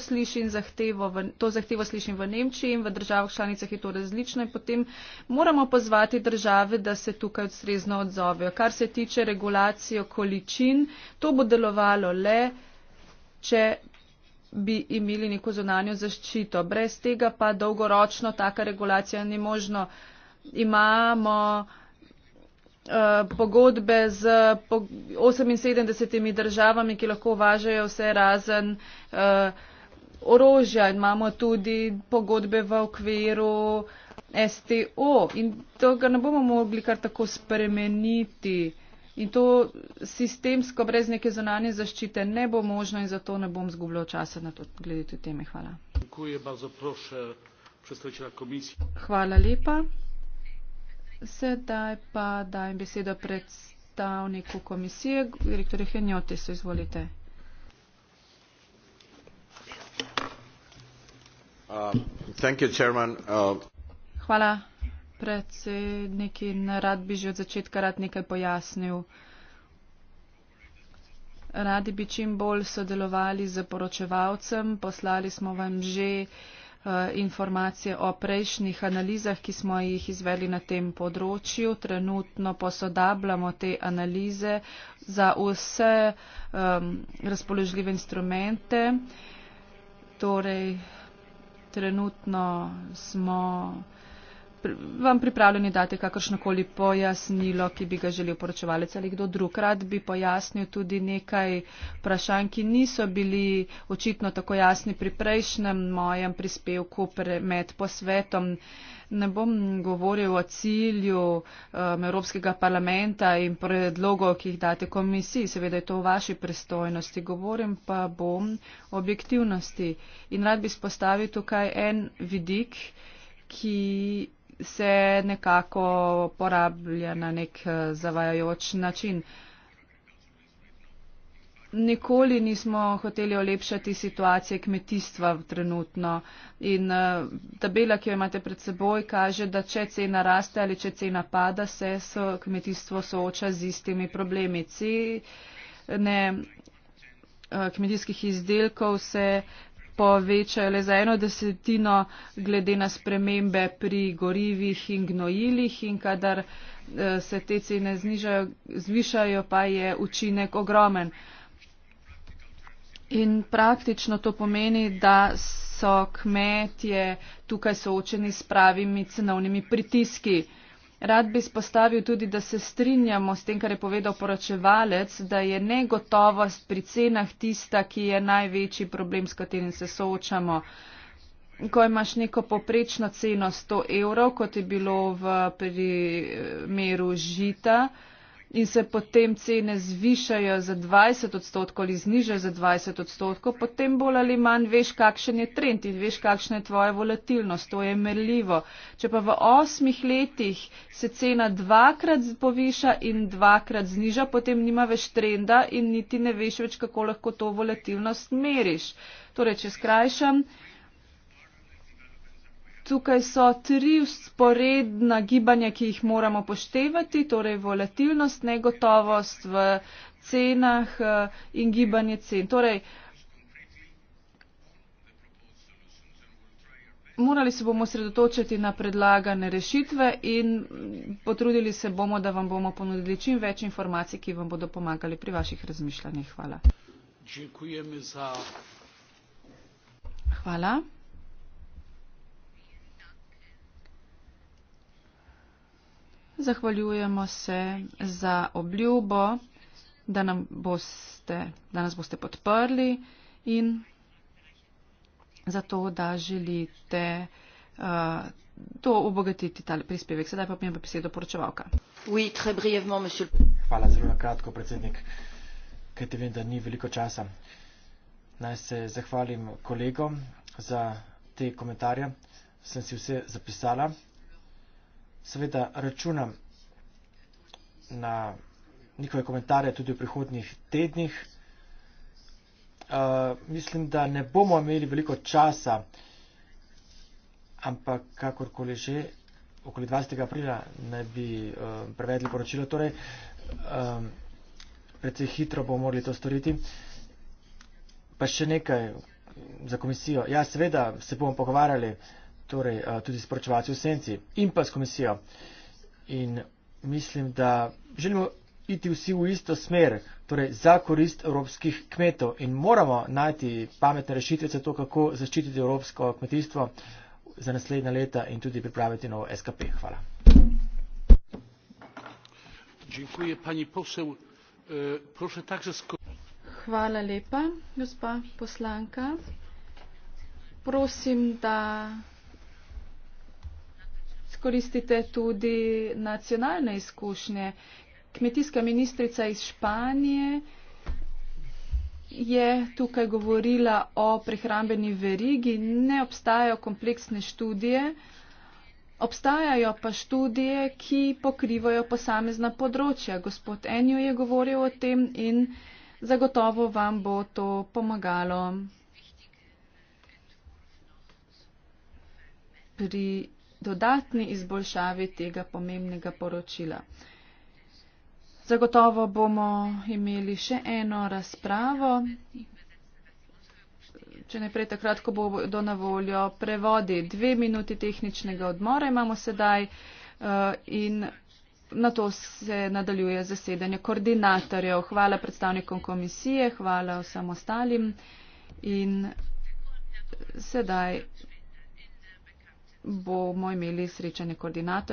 zahtevo v, to zahtevo slišim v Nemčiji in v državah članicah je to različno in potem moramo pozvati države, da se tukaj ustrezno odzovejo. Kar se tiče regulacijo količin, to bo delovalo le, če bi imeli neko zonanjo zaščito. Brez tega pa dolgoročno taka regulacija ni možno. Imamo Eh, pogodbe z 78 državami, ki lahko uvažajo vse razen eh, orožja in imamo tudi pogodbe v okviru STO in to ga ne bomo mogli kar tako spremeniti in to sistemsko brez neke zonanje zaščite ne bo možno in zato ne bom zgubljal časa na to glede te teme. Hvala. Hvala lepa. Sedaj pa dajem besedo predstavniku komisije, direktorju Henjotisu. Izvolite. Uh, you, uh, Hvala, predsednik. In rad bi že od začetka rad nekaj pojasnil. Radi bi čim bolj sodelovali z poročevalcem. Poslali smo vam že uh, Eh, informacije o prejšnjih analizah, ki smo jih izveli na tem področju. Trenutno posodabljamo te analize za vse um, razpoložljive instrumente. Torej, trenutno smo vam pripravljeni dati kakršnokoli pojasnilo, ki bi ga želel poročevalec ali kdo drug. Rad bi pojasnil tudi nekaj vprašanj, ki niso bili očitno tako jasni pri prejšnjem mojem prispevku med posvetom. Ne bom govoril o cilju um, Evropskega parlamenta in predlogov, ki jih date komisiji, seveda je to v vaši pristojnosti. Govorim pa bom o objektivnosti in rad bi spostavil tukaj en vidik, ki se nekako porablja na nek eh, zavajajoč način. Nikoli nismo hoteli olepšati situacije kmetijstva trenutno in eh, tabela, ki jo imate pred seboj, kaže, da če cena raste ali če cena pada, se so kmetijstvo sooča z istimi problemi. Cene eh, kmetijskih izdelkov se povečajo le za eno desetino glede na spremembe pri gorivih in gnojilih in kadar eh, se te cene znižajo, zvišajo, pa je učinek ogromen. In praktično to pomeni, da so kmetje tukaj soočeni s pravimi cenovnimi pritiski. Rad bi spostavil tudi, da se strinjamo s tem, kar je povedal poročevalec, da je negotovost pri cenah tista, ki je največji problem, s katerim se soočamo. Ko imaš neko poprečno ceno 100 evrov, kot je bilo v primeru žita, in se potem cene zvišajo za 20 odstotkov ali znižajo za 20 odstotkov, potem bolj ali manj veš, kakšen je trend in veš, kakšna je tvoja volatilnost. To je merljivo. Če pa v osmih letih se cena dvakrat poviša in dvakrat zniža, potem nima več trenda in niti ne veš več, kako lahko to volatilnost meriš. Torej, če skrajšam, tukaj so tri usporedna gibanja, ki jih moramo poštevati, torej volatilnost, negotovost v cenah eh, in gibanje cen. Torej, Morali se bomo sredotočiti na predlagane rešitve in potrudili se bomo, da vam bomo ponudili čim več informacij, ki vam bodo pomagali pri vaših razmišljanjih. Hvala. Hvala. Zahvaljujemo se za obljubo, da, boste, da nas boste podprli in za to, da želite uh, to obogatiti, ta prispevek. Sedaj pa pomembno besedo poročevalka. Hvala zelo na kratko, predsednik, ker te vem, da ni veliko časa. Naj se zahvalim kolegom za te komentarje. Sem si vse zapisala seveda računam na njihove komentarje tudi v prihodnih tednih. Uh, mislim, da ne bomo imeli veliko časa, ampak kakorkoli že, okoli 20. aprila naj bi uh, prevedli poročilo, torej um, predvsej hitro bomo morali to storiti. Pa še nekaj za komisijo. Ja, seveda se bomo pogovarjali uh, torej tudi s poročevalci v senci in pa s komisijo. In mislim, da želimo iti vsi v isto smer, torej za korist evropskih kmetov in moramo najti pametne rešitve za to, kako zaščititi evropsko kmetijstvo za naslednja leta in tudi pripraviti novo SKP. Hvala. Dziękuję, pani poseł. E, proszę także Hvala lepa, gospa poslanka. Prosim, da koristite tudi nacionalne izkušnje. Kmetijska ministrica iz Španije je tukaj govorila o prehrambeni verigi. Ne obstajajo kompleksne študije, obstajajo pa študije, ki pokrivajo posamezna področja. Gospod Enju je govoril o tem in zagotovo vam bo to pomagalo pri dodatni izboljšavi tega pomembnega poročila. Zagotovo bomo imeli še eno razpravo, če ne prej takrat, ko bodo na voljo prevodi. Dve minuti tehničnega odmora imamo sedaj eh, in na to se nadaljuje zasedanje koordinatorjev. Hvala predstavnikom komisije, hvala vsem ostalim in sedaj bomo imeli srečanje koordinatorjev.